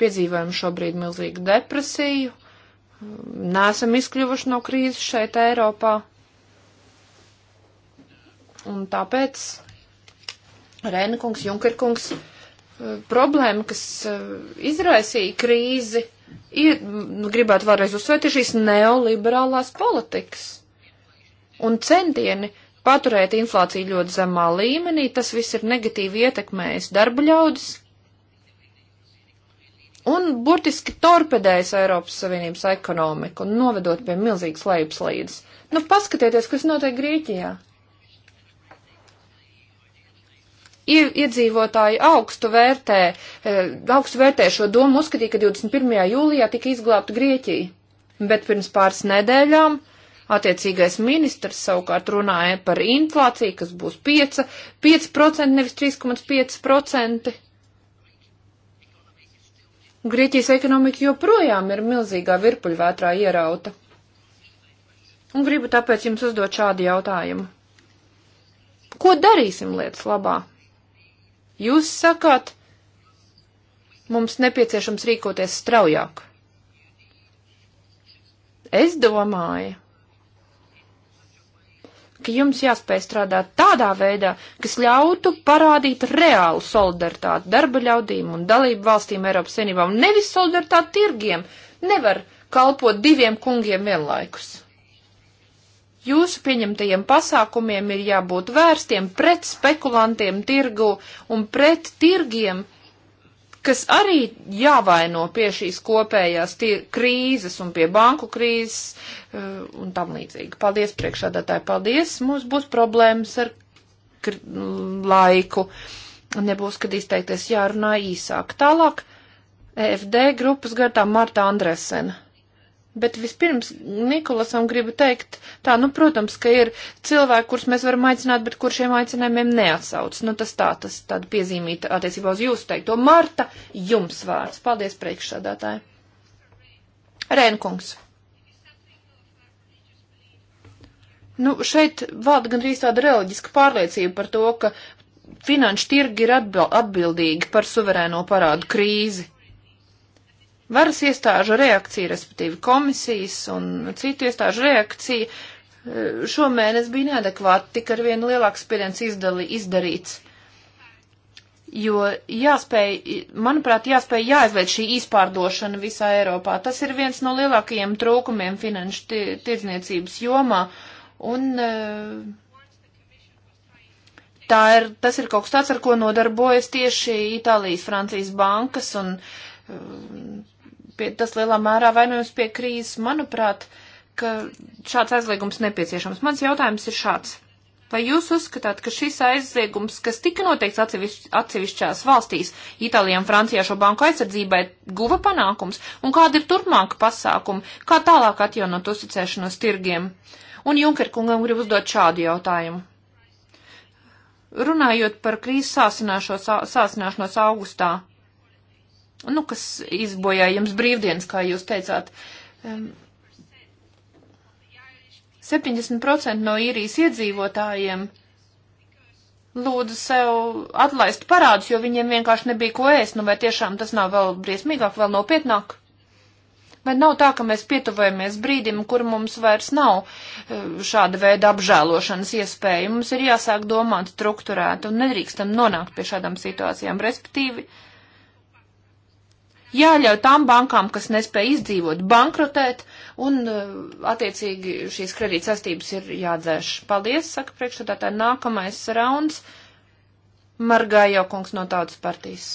Piedzīvojam šobrīd milzīgu depresiju, nesam izkļuvuši no krīzes šeit Eiropā. Un tāpēc Rēnekungs, Junkerkungs, eh, problēma, kas eh, izraisīja krīzi, ir, nu, gribētu vēlreiz uzsvērt, ir šīs neoliberālās politikas. Un centieni paturēt inflāciju ļoti zemā līmenī, tas viss ir negatīvi ietekmējis darba ļaudis, un burtiski torpedējas Eiropas Savienības ekonomiku un novedot pie milzīgas lejupslīdes. Nu, paskatieties, kas notiek Grieķijā. I, iedzīvotāji augstu vērtē, eh, augstu vērtē šo domu, uzskatīja, ka 21. jūlijā tika izglābta Grieķija. Bet pirms pāris nedēļām attiecīgais ministrs savukārt runāja par inflāciju, kas būs 5, 5% nevis 3,5%. Grieķijas ekonomika joprojām ir milzīgā virpuļvētrā ierauta. Un gribu tāpēc jums uzdot šādu jautājumu. Ko darīsim lietas labā? Jūs sakāt, mums nepieciešams rīkoties straujāk. Es domāju, ka jums jāspēj strādāt tādā veidā, kas ļautu parādīt reālu solidaritāti darba ļaudīm un dalību valstīm Eiropas Savienībā, un nevis solidaritāti tirgiem. Nevar kalpot diviem kungiem vienlaikus. Jūsu pieņemtajiem pasākumiem ir jābūt vērstiem pret spekulantiem tirgu un pret tirgiem, kas arī jāvaino pie šīs kopējās krīzes un pie banku krīzes uh, un tam līdzīgi. Paldies priekšādātāji, paldies. Mums būs problēmas ar laiku. Nebūs, kad izteikties jārunā īsāk. Tālāk EFD grupas gartā Marta Andresena. Bet vispirms Nikolasam gribu teikt, tā, nu, protams, ka ir cilvēki, kurus mēs varam aicināt, bet kuriem aicinājumiem neatsauc. Nu, tas tā, tas tāda piezīmīta attiecībā uz jūsu teikto. Marta, jums vārds. Paldies, priekšsādātāji. Rēnkungs. Nu, šeit valda gandrīz tāda reliģiska pārliecība par to, ka finanšu tirgi ir atbildīgi par suverēno parādu krīzi varas iestāžu reakcija, respektīvi komisijas un citu iestāžu reakcija eh, šomēnes bija neadekvāta, tik ar vienu lielāku spiediens izdali, izdarīts. Jo jāspēj, manuprāt, jāspēj jāizveic šī izpārdošana visā Eiropā. Tas ir viens no lielākajiem trūkumiem finanšu tirdzniecības jomā. Un eh, tā ir, tas ir kaut kas tāds, ar ko nodarbojas tieši Itālijas, Francijas bankas un eh, Pie, tas lielā mērā vainojas pie krīzes. Manuprāt, ka šāds aizliegums nepieciešams. Mans jautājums ir šāds. Vai jūs uzskatāt, ka šis aizliegums, kas tika noteikts atsevišķ, atsevišķās valstīs, Itālijā un Francijā šo banku aizsardzībai, guva panākums? Un kāda ir turpmāka pasākuma? Kā tālāk atjaunot uzticēšanos tirgiem? Un Junker kungam grib uzdot šādu jautājumu. Runājot par krīzes sāsināšanos augustā, nu, kas izbojāja jums brīvdienas, kā jūs teicāt. 70% no īrijas iedzīvotājiem lūdzu sev atlaist parādus, jo viņiem vienkārši nebija ko ēst. Nu, vai tiešām tas nav vēl briesmīgāk, vēl nopietnāk? Vai nav tā, ka mēs pietuvojamies brīdim, kur mums vairs nav eh, šāda veida apžēlošanas iespēja? Mums ir jāsāk domāt struktūrēt un nedrīkstam nonākt pie šādām situācijām. Respektīvi, uh, jāļauj tām bankām, kas nespēja izdzīvot, bankrotēt, un uh, attiecīgi šīs kredīt sastības ir jādzēš. Paldies, saka priekšstādātāji. Nākamais rauns - Margājo kungs no tautas partijas.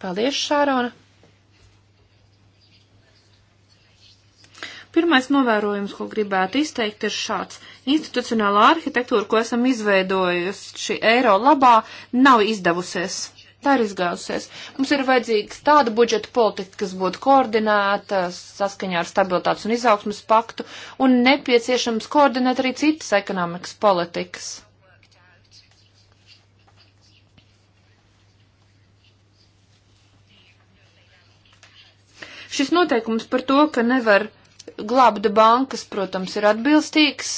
Paldies, Šārona. Pirmais novērojums, ko gribētu izteikt, ir šāds. Institucionālā arhitektūra, ko esam izveidojusi šī eiro labā, nav izdevusies tā ir izgāzusies. Mums ir vajadzīgs tāda budžeta politika, kas būtu koordinēta saskaņā ar stabilitātes un izaugsmas paktu, un nepieciešams koordinēt arī citas ekonomikas politikas. Šis noteikums par to, ka nevar glābt bankas, protams, ir atbilstīgs,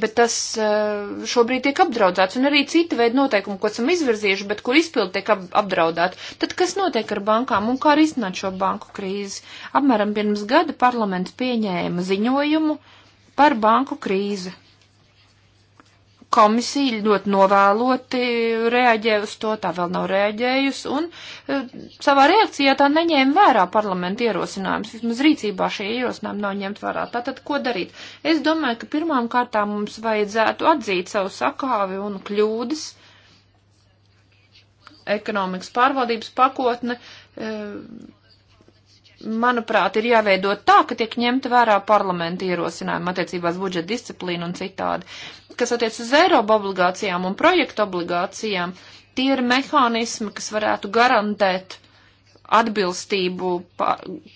bet tas eh, šobrīd tiek apdraudēts, un arī cita veida noteikumi, ko esam izvirzījuši, bet kur izpildi tiek apdraudēti. Tad kas notiek ar bankām un kā risināt šo banku krīzi? Apmēram pirms gada parlaments pieņēma ziņojumu par banku krīzi komisija ļoti novēloti reaģē uz to, tā vēl nav reaģējusi, un e, savā reakcijā tā neņēma vērā parlamenta ierosinājumus. Vismaz rīcībā šie ierosinājumi nav ņemt vērā. Tātad, ko darīt? Es domāju, ka pirmām kārtām mums vajadzētu atzīt savu sakāvi un kļūdas. Ekonomikas pārvaldības pakotne. E, manuprāt, ir jāveido tā, ka tiek ņemta vērā parlamenta ierosinājuma attiecībās budžeta disciplīna un citādi. Kas attiec uz Eiropa obligācijām un projektu obligācijām, tie ir mehānismi, kas varētu garantēt atbilstību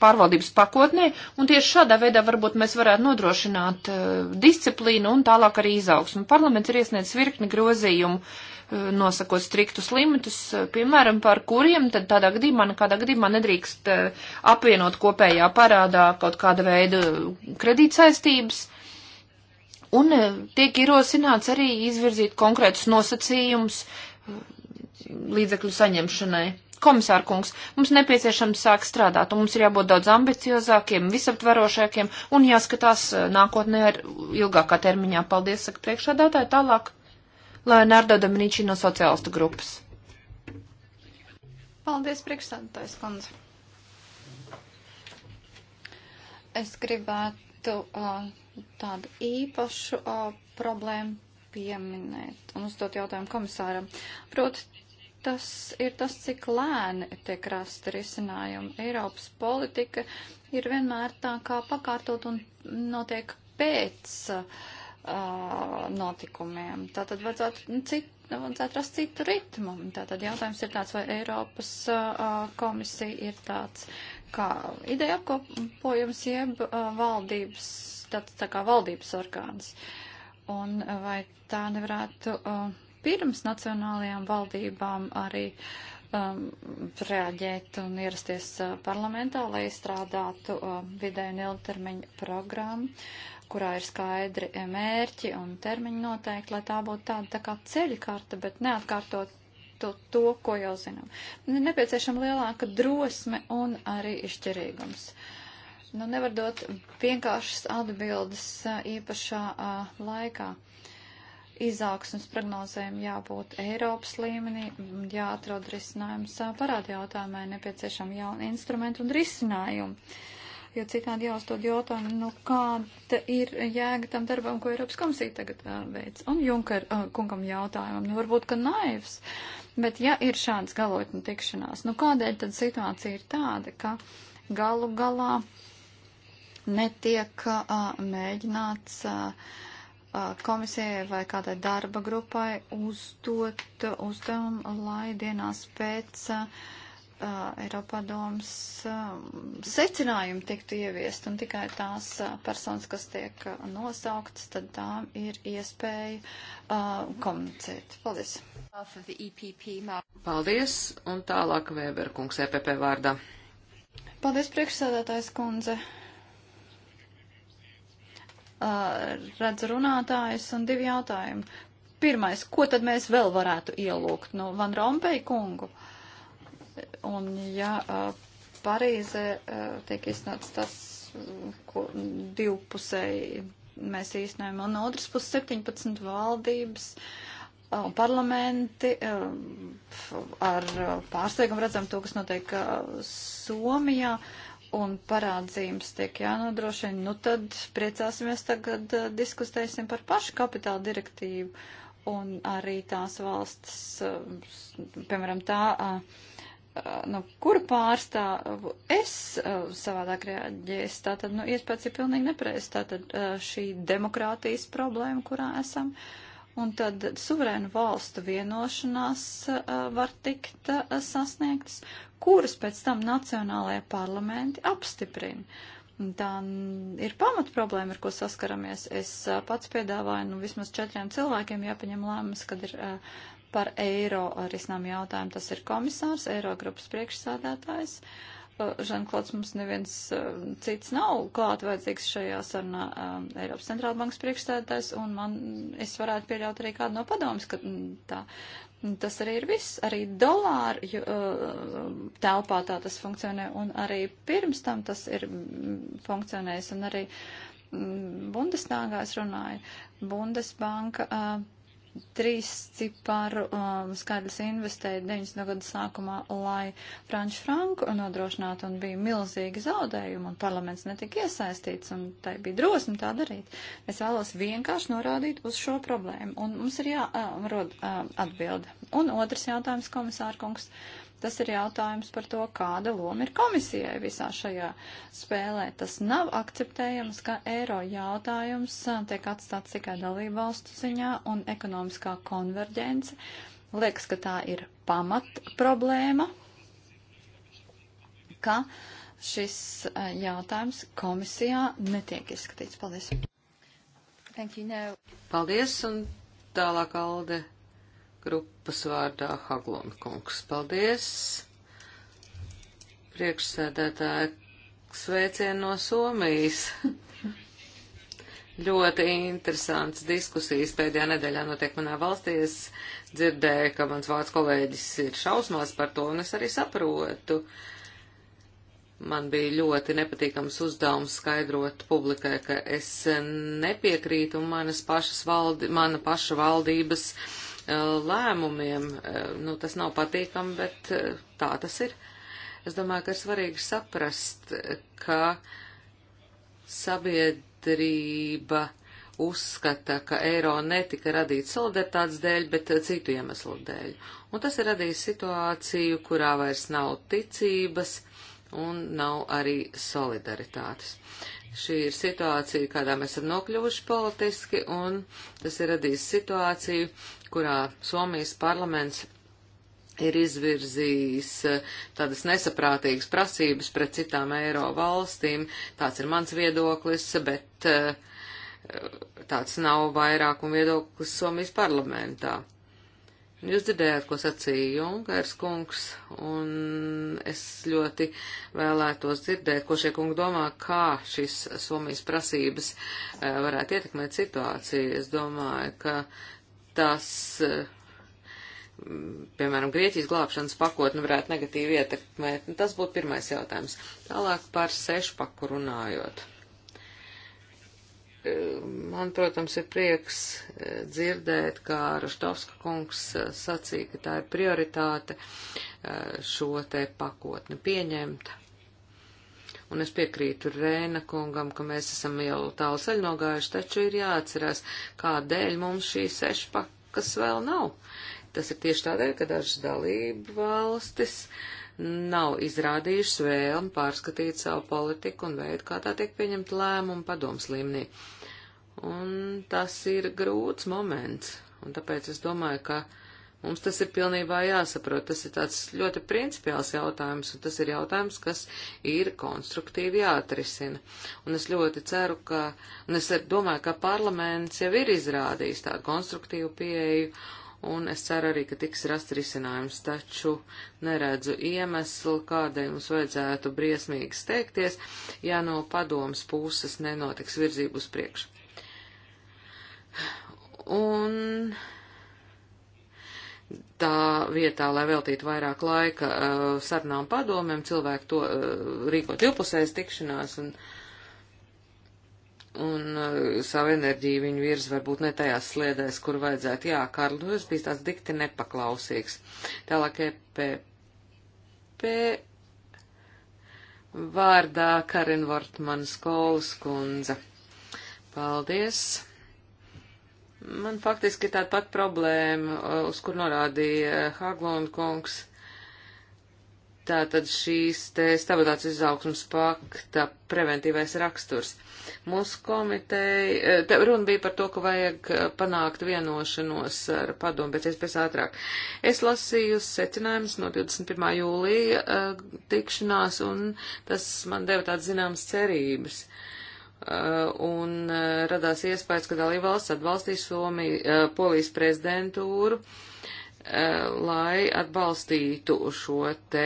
pārvaldības pakotnē, un tieši šādā veidā varbūt mēs varētu nodrošināt eh, disciplīnu un tālāk arī izaugsmu. Parlaments ir iesniedzis virkni grozījumu uh, Eh, nosakot striktus limitus, eh, piemēram, par kuriem tad tādā gadījumā, nekādā gadījumā nedrīkst eh, apvienot kopējā parādā kaut kāda veida kredītsaistības. Un tiek ierosināts arī izvirzīt konkrētus nosacījumus līdzekļu saņemšanai. Komisārkungs, mums nepieciešams sāk strādāt, un mums ir jābūt daudz ambiciozākiem, visaptvarošākiem un jāskatās nākotnē ar ilgākā termiņā. Paldies, saka priekšādātāji, tālāk Leonardo Dominici no sociālistu grupas. Paldies, priekšsēdētājs kundze. Es gribētu uh, tādu īpašu uh, problēmu pieminēt un uzdot jautājumu komisāram. Proti, tas ir tas, cik lēni tiek rasta risinājumi. Eiropas politika ir vienmēr tā kā pakārtot un notiek pēc uh, uh, notikumiem. Tātad vajadzētu, nu, cit, vajadzētu rast citu ritmu. Tātad jautājums ir tāds, vai Eiropas uh, komisija ir tāds kā ideja apkopojums, jeb uh, valdības, tāds tā kā valdības orgāns. Un vai tā nevarētu uh, pirms nacionālajām valdībām arī um, reaģēt un ierasties uh, parlamentā, lai izstrādātu uh, vidēju un ilgtermiņu programmu? Uh, kurā ir skaidri mērķi un termiņi noteikti, lai tā būtu tāda tā kā ceļkarta, bet neatkārtot to, to, ko jau zinām. Ir nepieciešama lielāka drosme un arī izšķirīgums. Nu, nevar dot vienkāršas atbildes īpašā a, laikā. Izaugsmas prognozēm jābūt Eiropas līmenī, jāatrod risinājums parādu jautājumai, nepieciešama jauna instrumenta un risinājuma jo citādi jāuzdod jautājumu, nu kāda ir jēga tam darbam, ko Eiropas komisija tagad uh, veic. Un Junker uh, kungam jautājumam, nu varbūt, ka naivs, bet ja ir šāds galotņu tikšanās, nu kādēļ tad situācija ir tāda, ka galu galā netiek uh, mēģināts. Uh, komisijai vai kādai darba grupai uzdot uzdevumu, lai dienās pēc uh, Eiropadoms secinājumi tiktu ieviest un tikai tās personas, kas tiek nosauktas, tad tām ir iespēja uh, komunicēt. Paldies. Paldies un tālāk Vēberkungs EPP vārdā. Paldies priekšsēdētājs kundze. Uh, redz runātājs un divi jautājumi. Pirmais, ko tad mēs vēl varētu ielūgt no nu, Van Rompēja kungu? Uh, Un ja Parīzē tiek iznāca tas, ko divpusēji mēs īstenojam, un otrs puses 17 valdības un parlamenti ar pārsteigumu redzam to, kas notiek Somijā, un parādzījums tiek jānodrošina, nu tad priecāsimies tagad diskutēsim par pašu kapitāla direktīvu un arī tās valsts, piemēram, tā Uh, nu, kuru pārstāvu es uh, savādāk reaģēs, tātad, nu, iespējas ir pilnīgi nepareizs, tātad uh, šī demokrātijas problēma, kurā esam, un tad suverēnu valstu vienošanās uh, var tikt uh, sasniegtas, kuras pēc tam nacionālajie parlamenti apstiprina. Tā ir pamat problēma, ar ko saskaramies. Es uh, pats piedāvāju, nu, vismaz četriem cilvēkiem jāpaņem lēmums, kad ir uh, par eiro risinām jautājumu. Tas ir komisārs, Eirogrupas priekšsādātājs. Uh, Žanklots mums neviens uh, cits nav klāt vajadzīgs šajā sarunā um, Eiropas centrālbankas priekšstādātājs, un man, es varētu pieļaut arī kādu no padomas, ka mm, tā. Mm, tas arī ir viss, arī dolāru uh, telpā tā tas funkcionē, un arī pirms tam tas ir mm, funkcionējis, un arī Bundestāgā es runāju, Bundesbanka. Uh, trīs ciparu um, skaidrs investēja 90. gada sākumā, lai Franču Franku nodrošinātu un bija milzīgi zaudējumi un parlaments netika iesaistīts un tai bija drosme tā darīt. Es vēlos vienkārši norādīt uz šo problēmu un mums ir jārod um, uh, um, uh, atbilde. Un otrs jautājums, komisārkungs. Uh, Tas ir jautājums par to, kāda loma ir komisijai visā šajā spēlē. Tas nav akceptējams, ka eiro jautājums uh, tiek atstāts tikai dalību valstu ziņā un ekonomiskā konverģence. Liekas, ka tā ir pamat problēma, ka šis uh, jautājums komisijā netiek izskatīts. Paldies! Thank you, no. Paldies, un tālāk Alde grupas vārdā Haglund kungs. Paldies! Priekšsēdētāji sveicien no Somijas. Ļoti interesants diskusijas pēdējā nedēļā notiek manā valstī. Es dzirdēju, ka mans vārds kolēģis ir šausmās par to, un es arī saprotu. Man bija ļoti nepatīkams uzdevums skaidrot publikai, ka es nepiekrītu manas pašas valdi, mana paša valdības uh, lēmumiem. Eh, nu, tas nav patīkami, bet eh, tā tas ir. Es domāju, ka ir svarīgi saprast, ka sabiedrība uzskata, ka eiro netika radīts solidaritātes dēļ, bet eh, citu iemeslu dēļ. Un tas ir radījis situāciju, kurā vairs nav ticības un nav arī solidaritātes. Uh, Šī ir situācija, kādā mēs esam nokļuvuši politiski, un tas ir radījis situāciju, kurā Somijas parlaments ir izvirzījis eh, tādas nesaprātīgas prasības pret citām eiro valstīm. Tāds ir mans viedoklis, bet eh, tāds nav vairākuma viedoklis Somijas parlamentā. Jūs dzirdējāt, ko sacīja Junkers kungs, un es ļoti vēlētos dzirdēt, ko šie kungi domā, kā šīs Somijas prasības eh, varētu ietekmēt situāciju. Es domāju, ka tas, eh, piemēram, Grieķijas glābšanas pakotni varētu negatīvi ietekmēt. Nu, tas būtu pirmais jautājums. Tālāk par sešpaku runājot. Man, protams, ir prieks eh, dzirdēt, kā Raštovska kungs eh, sacīja, ka tā ir prioritāte eh, šo te pakotni pieņemt. Un es piekrītu Rēna kungam, ka mēs esam jau tālu ceļnogājuši, taču ir jāatcerās, kādēļ mums šīs sešpakas vēl nav. Tas ir tieši tādēļ, ka dažas dalību valstis nav izrādījušas vēlmi pārskatīt savu politiku un veidu, kā tā tiek pieņemta lēmuma padoms līmenī. Uh, Un tas ir grūts moments, un tāpēc es domāju, ka mums tas ir pilnībā jāsaprot. Tas ir tāds ļoti principiāls jautājums, un tas ir jautājums, kas ir konstruktīvi jāatrisina. Un es ļoti ceru, ka, un es domāju, ka parlaments jau ir izrādījis tādu konstruktīvu pieeju, un es ceru arī, ka tiks rast risinājums, taču neredzu iemeslu, kādēļ mums vajadzētu briesmīgi steigties, ja no padomas puses nenotiks virzību uz priekšu. Un tā vietā, lai veltītu vairāk laika uh, sarunām padomēm, cilvēki to uh, rīko divpusējas tikšanās un, un uh, savu enerģiju viņu virz varbūt ne tajās sliedēs, kur vajadzētu. Jā, Karl, tu nu, esi bijis tāds dikti nepaklausīgs. Tālāk EPP vārdā Karin Vortmanas skolas kundze. Paldies! Man faktiski ir tāda pat problēma, uh, uz kur norādīja uh, Haglund kungs. Tātad šīs te stabilitātes izaugsmas pakta preventīvais raksturs. Mūsu komiteja, uh, runa bija par to, ka vajag panākt vienošanos ar padomu pēc iespējas ātrāk. Es lasīju secinājumus no 21. jūlija tikšanās, un tas man deva tādas zināmas cerības. Uh, Eh, un eh, radās iespējas, ka dalībvalsts atbalstīs Somiju, eh, Polijas prezidentūru, lai atbalstītu šo te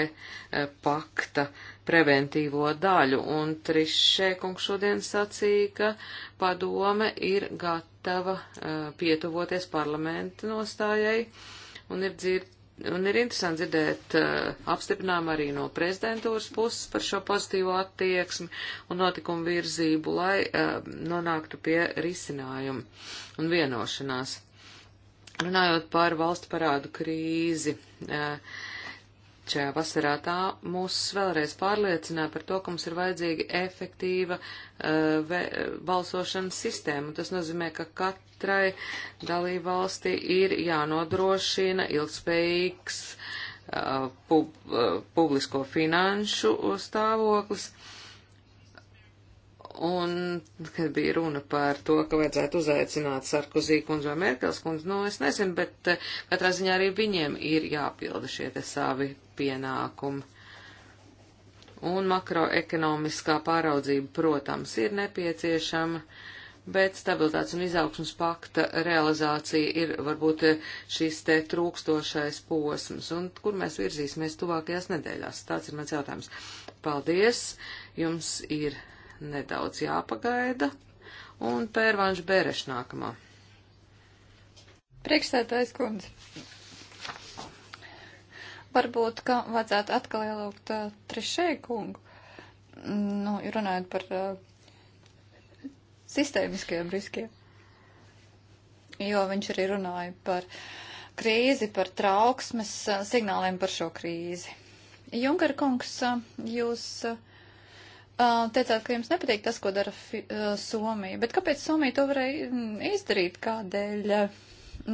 pakta preventīvo daļu. Un Trišēkungs šodien sacīja, ka padome ir gatava pietuvoties parlamenta nostājai un ir dzird Un ir interesanti dzirdēt uh, eh, apstiprinājumu arī no prezidentūras puses par šo pozitīvo attieksmi un notikumu virzību, lai uh, nonāktu pie risinājuma un vienošanās. Runājot par valstu parādu krīzi, uh, Šajā vasarā tā mūs vēlreiz pārliecināja par to, ka mums ir vajadzīga efektīva uh, balsošanas sistēma. Tas nozīmē, ka katrai dalībvalstī ir jānodrošina ilgspējīgs uh, pub, uh, publisko finanšu stāvoklis. Un, kad bija runa par to, ka vajadzētu uzaicināt Sarkozī kundzi vai Merkels kundzi, nu, es nezinu, bet katrā ziņā arī viņiem ir jāpilda šie te savi pamatpienākumi. Un makroekonomiskā pāraudzība, protams, ir nepieciešama, bet stabilitātes un izaugsmas pakta realizācija ir varbūt šis te trūkstošais posms, un kur mēs virzīsimies tuvākajās nedēļās. Tāds ir mans jautājums. Paldies, jums ir nedaudz jāpagaida, un pērvanš bēreš nākamā. Priekšsētājs kundze. Varbūt, ka vajadzētu atkal ielūgt uh, trešēju kungu, nu, runājot par uh, sistēmiskajiem riskiem. Jo viņš arī runāja par krīzi, par trauksmes uh, signāliem par šo krīzi. Junker kungs, uh, jūs. Uh, uh teicāt, ka jums nepatīk tas, ko dara fi, uh, Somija, bet kāpēc Somija to varēja mm, izdarīt? Kādēļ uh,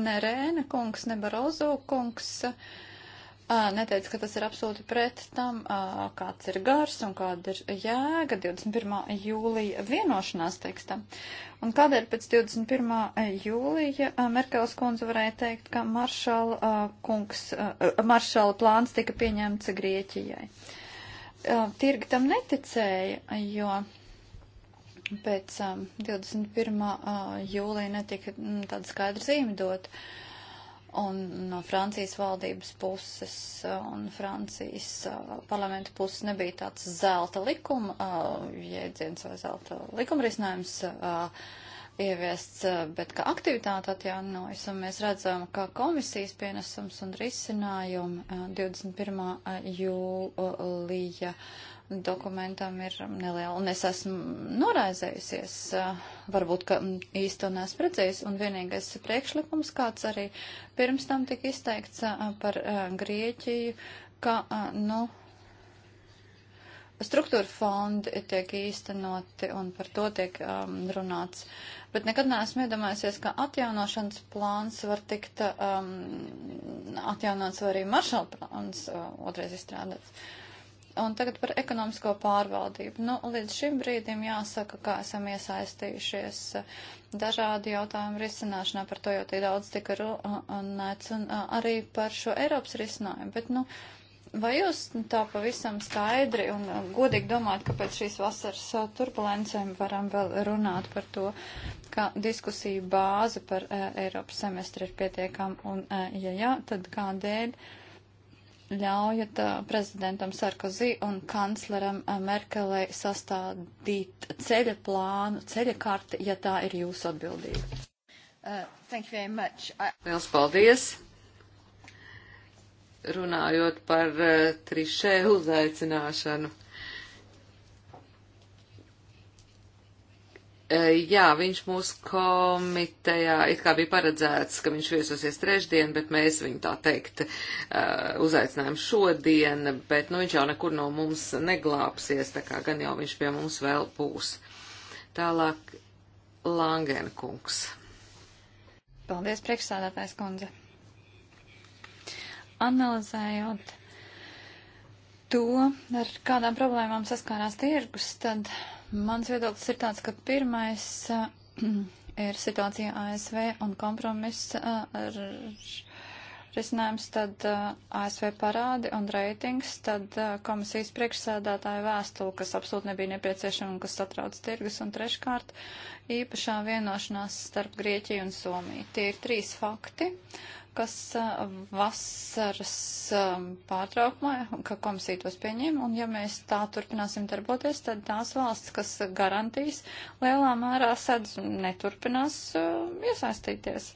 ne Rēna kungs, ne Barozo kungs uh, neteicu, ka tas ir absolūti pret tam, kāds ir gars un kāda ir jēga 21. jūlija vienošanās tekstam. Un kādēļ pēc 21. jūlija Merkels kundze varēja teikt, ka maršala, kungs, maršala plāns tika pieņemts Grieķijai? Tirgi tam neticēja, jo pēc 21. jūlija netika tāda skaidra zīme dota un no Francijas valdības puses uh, un Francijas uh, parlamenta puses nebija tāds zelta likuma uh, jēdziens vai zelta likuma risinājums ieviests, bet ka aktivitāte atjaunojas un mēs redzam, ka komisijas pienesums un risinājumi 21. jūlija dokumentam ir neliela. Un es esmu noraizējusies, eh, varbūt, ka īsti to neesmu redzējis. Un vienīgais priekšlikums, kāds arī pirms tam tika izteikts eh, par eh, Grieķiju, ka, nu, struktūra fondi tiek īstenoti un par to tiek um, runāts. Bet nekad neesmu iedomājusies, ka atjaunošanas plāns var tikt um, atjaunots vai arī maršalplāns uh, otrais izstrādāts. Uh, Un tagad par ekonomisko pārvaldību. Nu, līdz šim brīdim jāsaka, kā esam iesaistījušies eh, dažādu jautājumu risināšanā, par to jau tik daudz tika runāts, un arī par šo Eiropas risinājumu. Bet, nu, vai jūs tā pavisam skaidri un godīgi domājat, ka pēc šīs vasaras turbulencēm varam vēl runāt par to, ka diskusija bāze par Eiropas semestri ir pietiekama, un, ja jā, tad kādēļ? Uh, ļaujat prezidentam Sarkozy un kancleram Merkelei sastādīt ceļa plānu, ceļa karti, ja tā ir jūsu atbildība? Uh, thank you very much. I... Liels paldies! Runājot par uh, trišē uzaicināšanu. E, jā, viņš mūsu komitejā it kā bija paredzēts, ka viņš viesosies trešdien, bet mēs viņu tā teikt e, uzaicinājām šodien, bet nu viņš jau nekur no mums neglāpsies, tā kā gan jau viņš pie mums vēl būs. Tālāk Langenkungs. Paldies, priekšsādātājs kundze. Analizējot to, ar kādām problēmām saskārās tirgus, tad Mans viedoklis ir tāds, ka pirmais eh, [clears throat] ir situācija ASV un kompromiss eh, ar risinājums, tad uh, eh, ASV parādi un reitings, tad uh, komisijas priekšsēdētāja vēstule, kas absolūti nebija nepieciešama un kas satrauc tirgus, un treškārt īpašā vienošanās starp Grieķiju un Somiju. Tie ir trīs fakti, kas vasaras pārtraukumā, ka komisija tos pieņēma, un ja mēs tā turpināsim darboties, tad tās valsts, kas garantīs, lielā mērā sēdz neturpinās iesaistīties.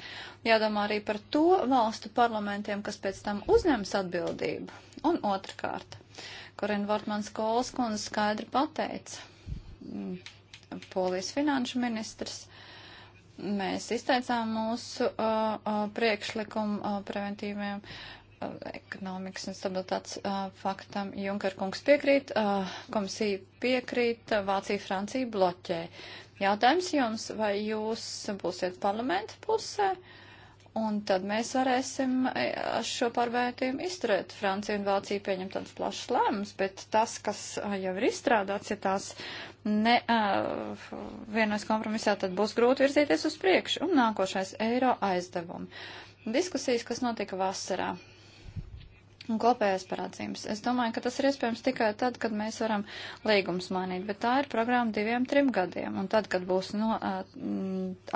Jādomā arī par to valstu parlamentiem, kas pēc tam uzņems atbildību. Un otrkārt, Korina Vortmans Kols kundze skaidri pateica, polijas finanšu ministrs, Mēs izteicām mūsu uh, uh, priekšlikumu uh, preventīviem uh, ekonomikas un stabilitātes uh, faktam. Junker kungs piekrīt, uh, komisija piekrīt, uh, Vācija, Francija bloķē. Jautājums jums, vai jūs būsiet parlamenta pusē? Uh, Un tad mēs varēsim e, šo pārvērtījumu izturēt. Francija un Vācija pieņem tādus plašus lēmumus, bet tas, kas e, jau ir izstrādāts, ja tās ne, uh, vienojas kompromisā, tad būs grūti virzīties uz priekšu. Un nākošais - eiro aizdevumi. Diskusijas, kas notika vasarā un kopējās parādzības. Es domāju, ka tas ir iespējams tikai tad, kad mēs varam līgums mainīt, bet tā ir programma diviem, trim gadiem, un tad, kad būs no,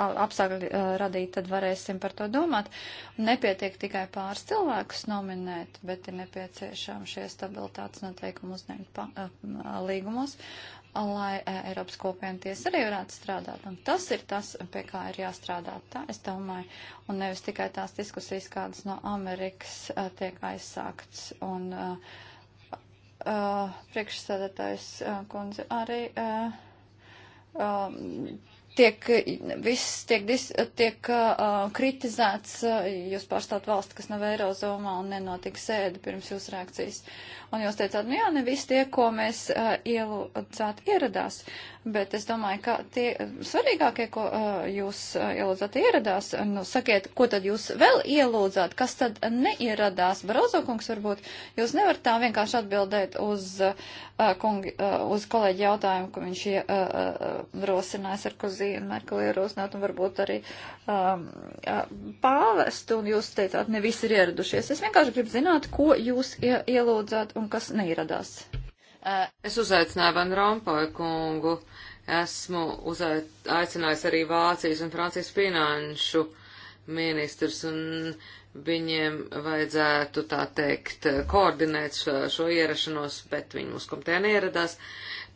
apstākļi radīti, tad varēsim par to domāt. Un nepietiek tikai pāris cilvēkus nominēt, bet ir nepieciešām šie stabilitātes noteikumi uzņemt pa, līgumos, lai e, Eiropas kopiena tiesa arī varētu strādāt. Un tas ir tas, pie kā ir jāstrādā. Tā es domāju, un nevis tikai tās diskusijas, kādas no Amerikas e, tiek aizsākts. Un uh, uh, priekšsēdētājs uh, kundze arī. Uh, um, tiek, viss tiek, dis, tiek uh, kritizēts, uh, jūs pārstāvat valsti, kas nav Eirozomā un nenotika sēde pirms jūsu reakcijas. Un jūs teicāt, nu jā, ne visi tie, ko mēs uh, ielūdzāt, ieradās, bet es domāju, ka tie svarīgākie, ko uh, jūs uh, ielūdzāt, ieradās, nu sakiet, ko tad jūs vēl ielūdzāt, kas tad neieradās. Barozo kungs varbūt jūs nevarat tā vienkārši atbildēt uz, uh, kungi, uh, uz kolēģi jautājumu, ko viņš ierosināja uh, uh, ar Kozīnu, Merkeli ierosināt un varbūt arī um, uh, pāvestu, un jūs teicāt, ne visi ir ieradušies. Es vienkārši gribu zināt, ko jūs ielūdzāt un un kas neieradās. Es uzaicināju Van Rompuy kungu, esmu uzaicinājis arī Vācijas un Francijas finanšu ministrs, un viņiem vajadzētu tā teikt koordinēt šo, šo ierašanos, bet viņi mūs komitē neieradās.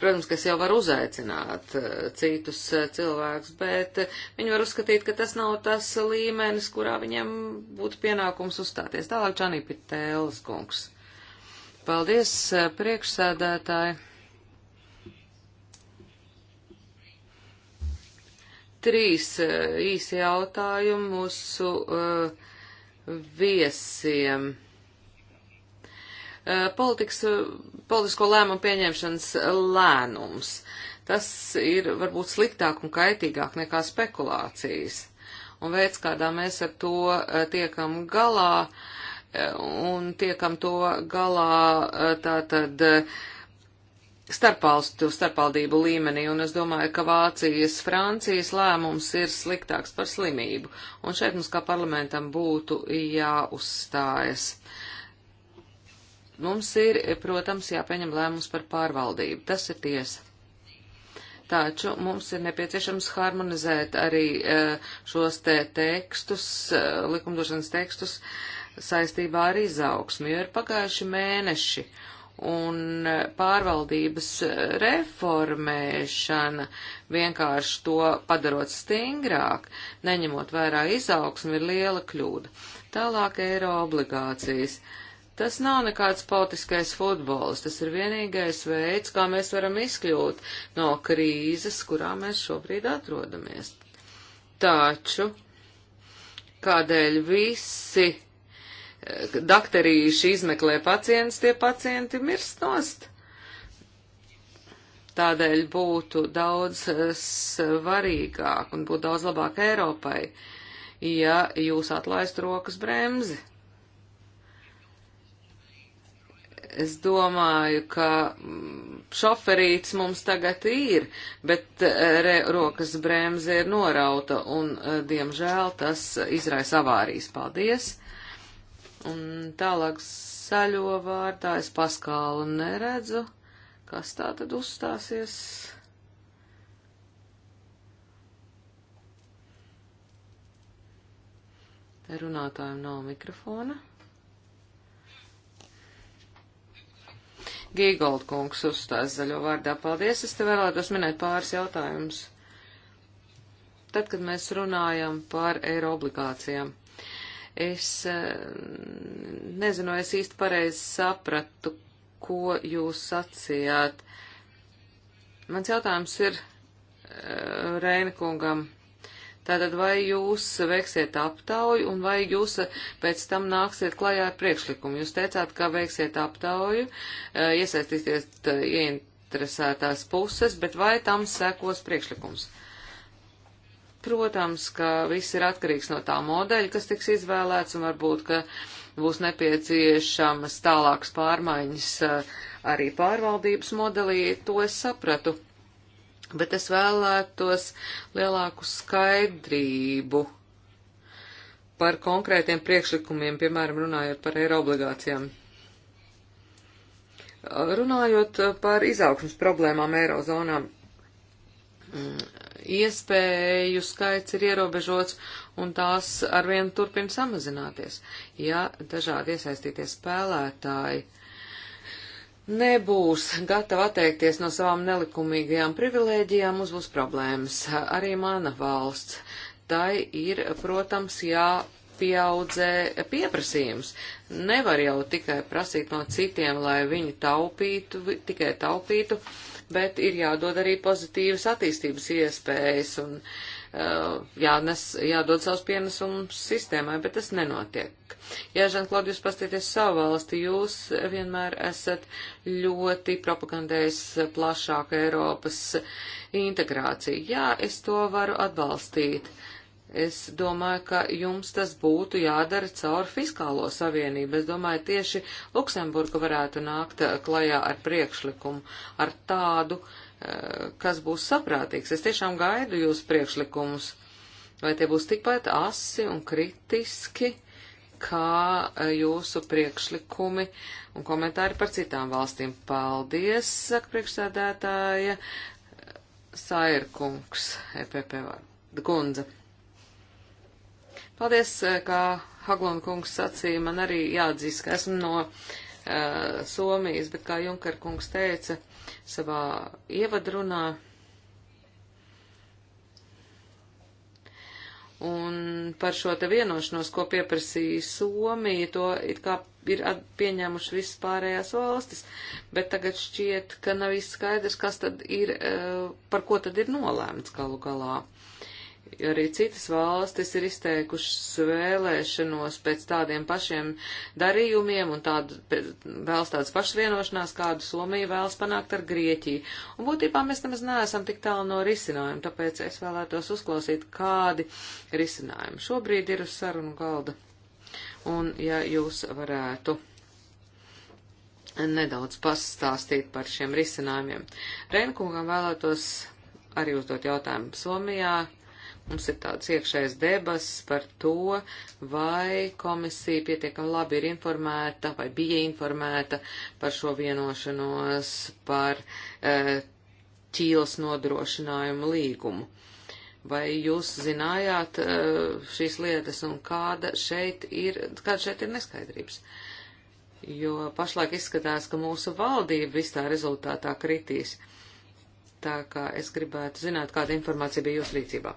Protams, ka es jau varu uzaicināt eh, citus eh, cilvēkus, bet eh, viņi var uzskatīt, ka tas nav tas līmenis, kurā viņiem būtu pienākums uzstāties. Tālāk Čanīpi Tēlis kungs. Paldies, eh, priekšsēdētāji. Trīs eh, īsi jautājumi mūsu uh, viesiem. Uh, politikas, politisko lēmumu pieņemšanas lēnums. Tas ir varbūt sliktāk un kaitīgāk nekā spekulācijas. Un veids, kādā mēs ar to uh, tiekam galā, uh, un tiekam to galā eh, tātad eh, starpvalstu, starpvaldību līmenī, un es domāju, ka Vācijas, Francijas lēmums ir sliktāks par slimību, un šeit mums kā parlamentam būtu jāuzstājas. Mums ir, protams, jāpieņem lēmums par pārvaldību, tas ir tiesa. Taču mums ir nepieciešams harmonizēt arī eh, šos te tekstus, likumdošanas tekstus, uh, saistībā ar izaugsmu, jo ir pagājuši mēneši un e, pārvaldības e, reformēšana, vienkārši to padarot stingrāk, neņemot vērā izaugsmu, ir liela kļūda. Tālāk eiro obligācijas. Tas nav nekāds politiskais futbols, tas ir vienīgais veids, kā mēs varam izkļūt no krīzes, kurā mēs šobrīd atrodamies. Taču, kādēļ visi dakterīši izmeklē pacients, tie pacienti mirst nost. Tādēļ būtu daudz eh, svarīgāk un būtu daudz labāk Eiropai, ja jūs atlaistu rokas bremzi. es domāju, ka mm, šoferīts mums tagad ir, bet eh, re, rokas bremze ir norauta un, eh, diemžēl, tas izraisa avārijas. Paldies! Un tālāk zaļo vārdā es paskālu neredzu, kas tā tad uzstāsies. Te runātājiem nav mikrofona. Gīgold kungs uzstās zaļo vārdā. Paldies, es te vēlētos minēt pāris jautājumus. Tad, kad mēs runājam par eiro obligācijām, Es eh, nezinu, es īsti pareizi sapratu, ko jūs sacījāt. Mans jautājums ir eh, Rēnikungam. Tātad vai jūs veiksiet aptauju un vai jūs eh, pēc tam nāksiet klajā ar priekšlikumu? Jūs teicāt, ka veiksiet aptauju, iesaistīsiet ieinteresētās puses, bet vai tam sekos priekšlikums? Uh, Protams, ka viss ir atkarīgs no tā modeļa, kas tiks izvēlēts, un varbūt, ka būs nepieciešamas tālākas pārmaiņas eh, arī pārvaldības modelī, to es sapratu. Bet es vēlētos lielāku skaidrību par konkrētiem priekšlikumiem, piemēram, runājot par eiro obligācijām. Runājot par izaugsmas problēmām eirozonām, iespēju skaits ir ierobežots un tās arvien turpina samazināties. Ja dažādi iesaistītie spēlētāji nebūs gatavi atteikties no savām nelikumīgajām privilēģijām, mums būs problēmas. Arī mana valsts. Tai ir, protams, jā pieaudzē pieprasījums nevar jau tikai prasīt no citiem, lai viņi taupītu, tikai taupītu, bet ir jādod arī pozitīvas attīstības iespējas un uh, jānes, jādod savus pienesums sistēmai, bet tas nenotiek. Jā, Žanklod, jūs pastāties savu valsti, jūs vienmēr esat ļoti propagandējis plašāku Eiropas integrāciju. Jā, es to varu atbalstīt. Uh, Es domāju, ka jums tas būtu jādara caur fiskālo savienību. Es domāju, tieši Luksemburga varētu nākt eh, klajā ar priekšlikumu, ar tādu, eh, kas būs saprātīgs. Es tiešām gaidu jūs priekšlikumus. Vai tie būs tikpat asi un kritiski, kā eh, jūsu priekšlikumi un komentāri par citām valstīm? Paldies, saka priekšsēdētāja Sairkungs, EPP var. Gundze. Paldies, eh, kā Haglund kungs sacīja, man arī jāatzīst, ka esmu no uh, Somijas, bet kā Junker kungs teica savā ievadrunā, Un par šo te vienošanos, ko pieprasīja Somija, to it kā ir pieņēmuši visas pārējās valstis, bet tagad šķiet, ka nav izskaidrs, kas tad ir, eh, par ko tad ir nolēmts galu galā arī citas valstis ir izteikušas vēlēšanos pēc tādiem pašiem darījumiem un tādu, vēlas tādas pašas vienošanās, kādu Somija vēlas panākt ar Grieķiju. Un būtībā mēs nemaz neesam tik tālu no risinājuma, tāpēc es vēlētos uzklausīt, kādi risinājumi šobrīd ir uz sarunu galda. Un ja jūs varētu nedaudz pastāstīt par šiem risinājumiem. Reinkungam vēlētos arī uzdot jautājumu Somijā, Mums ir tāds iekšējs debas par to, vai komisija pietiekami labi ir informēta vai bija informēta par šo vienošanos par e, ķīles nodrošinājumu līgumu. Vai jūs zinājāt e, šīs lietas un kāda šeit ir, kāda šeit ir neskaidrības? Jo pašlaik izskatās, ka mūsu valdība vis tā rezultātā kritīs. Tā kā es gribētu zināt, kāda informācija bija jūsu rīcībā.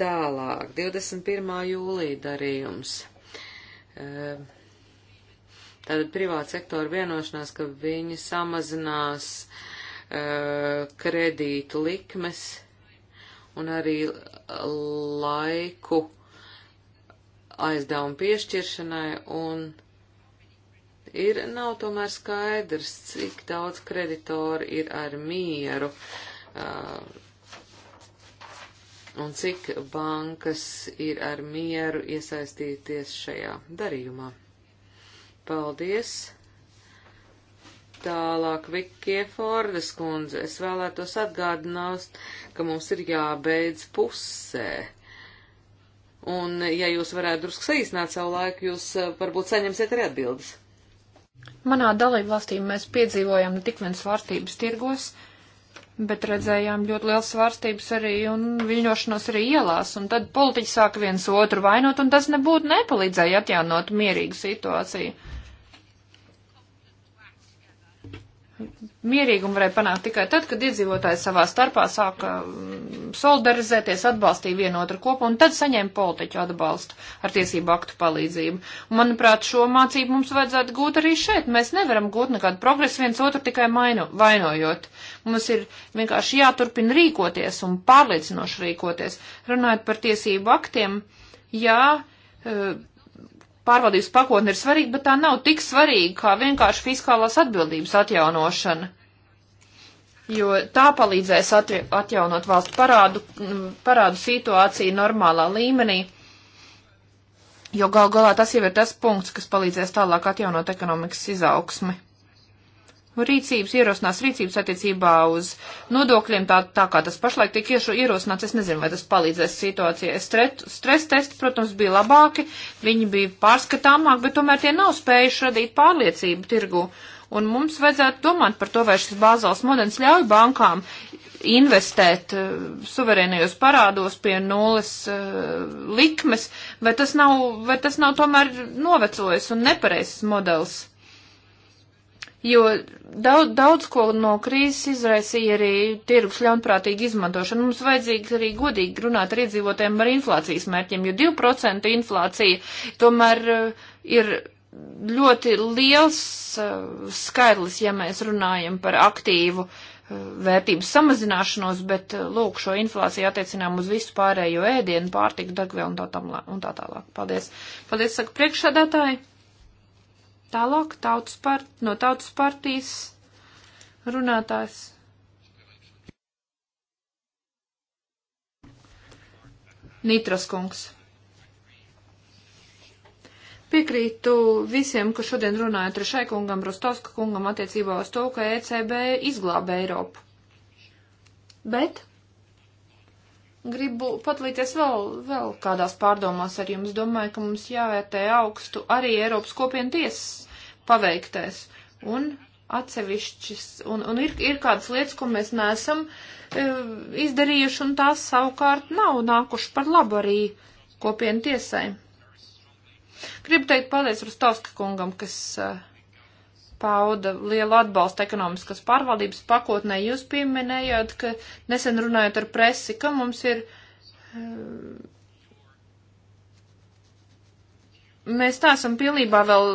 Tālāk, 21. jūlija darījums. Ehm, tātad privāta sektora vienošanās, ka viņi samazinās ehm, kredītu likmes un arī laiku aizdevumu piešķiršanai un ir nav tomēr skaidrs, cik daudz kreditori ir ar mieru. Uh, un cik bankas ir ar mieru iesaistīties šajā darījumā. Paldies! Tālāk Vikie Fordas kundze, es vēlētos atgādināt, ka mums ir jābeidz pusē. Un, ja jūs varētu drusku saīsināt savu laiku, jūs eh, varbūt saņemsiet arī atbildes. Manā dalībvalstī mēs piedzīvojam tik viens svārstības tirgos, uh, bet redzējām ļoti liels svārstības arī un viļņošanos arī ielās, un tad politiķi sāka viens otru vainot, un tas nebūtu nepalīdzēja atjaunot mierīgu situāciju. Mierīgumu varēja panākt tikai tad, kad iedzīvotāji savā starpā sāka mm, solidarizēties, atbalstīja vienotru kopu un tad saņēma politiķu atbalstu ar tiesību aktu palīdzību. Un, manuprāt, šo mācību mums vajadzētu gūt arī šeit. Mēs nevaram gūt nekādu progresu viens otru tikai maino, vainojot. Mums ir vienkārši jāturpina rīkoties un pārliecinoši rīkoties. Runājot par tiesību aktiem, jā, eh, Pārvaldības pakotne ir svarīga, bet tā nav tik svarīga kā vienkārši fiskālās atbildības atjaunošana, jo tā palīdzēs atjaunot valstu parādu, parādu situāciju normālā līmenī, jo gal galā tas jau ir tas punkts, kas palīdzēs tālāk atjaunot ekonomikas izaugsmi rīcības, ierosinās rīcības attiecībā uz nodokļiem, tā, tā kā tas pašlaik tiek ierosināts, es nezinu, vai tas palīdzēs situācijai. Stres testi, protams, bija labāki, viņi bija pārskatāmāk, bet tomēr tie nav spējuši radīt pārliecību tirgu. Un mums vajadzētu domāt par to, vai šis bāzals modelis ļauj bankām investēt uh, suverēnajos parādos pie nulles uh, likmes, vai tas nav, vai tas nav tomēr novecojis un nepareizs modelis jo daudz, daudz ko no krīzes izraisīja arī tirgus ļaunprātīga izmantošana. Mums vajadzīgs arī godīgi runāt ar iedzīvotēm par inflācijas mērķiem, jo 2% inflācija tomēr eh, ir ļoti liels eh, skaidrs, ja mēs runājam par aktīvu eh, vērtības samazināšanos, bet lūk, šo inflāciju attiecinām uz visu pārējo ēdienu, pārtiku, degvielu un tā, tam, un tā tālāk. Paldies. Paldies, saka priekšsādātāji. Tālāk tautas part, no tautas partijas runātājs. Nitras kungs. Piekrītu visiem, kas šodien runāja trešai kungam, Rostovska kungam attiecībā uz to, ka ECB izglāba Eiropu. Bet Gribu padalīties vēl, vēl kādās pārdomās ar jums. Domāju, ka mums jāvērtē augstu arī Eiropas kopienu tiesas paveiktais. Un atsevišķis, un, un ir, ir kādas lietas, ko mēs neesam e, izdarījuši, un tās savukārt nav nākuši par labu arī kopienu tiesai. Gribu teikt paldies Rustovska kungam, kas uh, pauda lielu atbalstu ekonomiskas pārvaldības pakotnē. Jūs pieminējāt, ka nesen runājot ar presi, ka mums ir. Eh, mēs neesam pilnībā vēl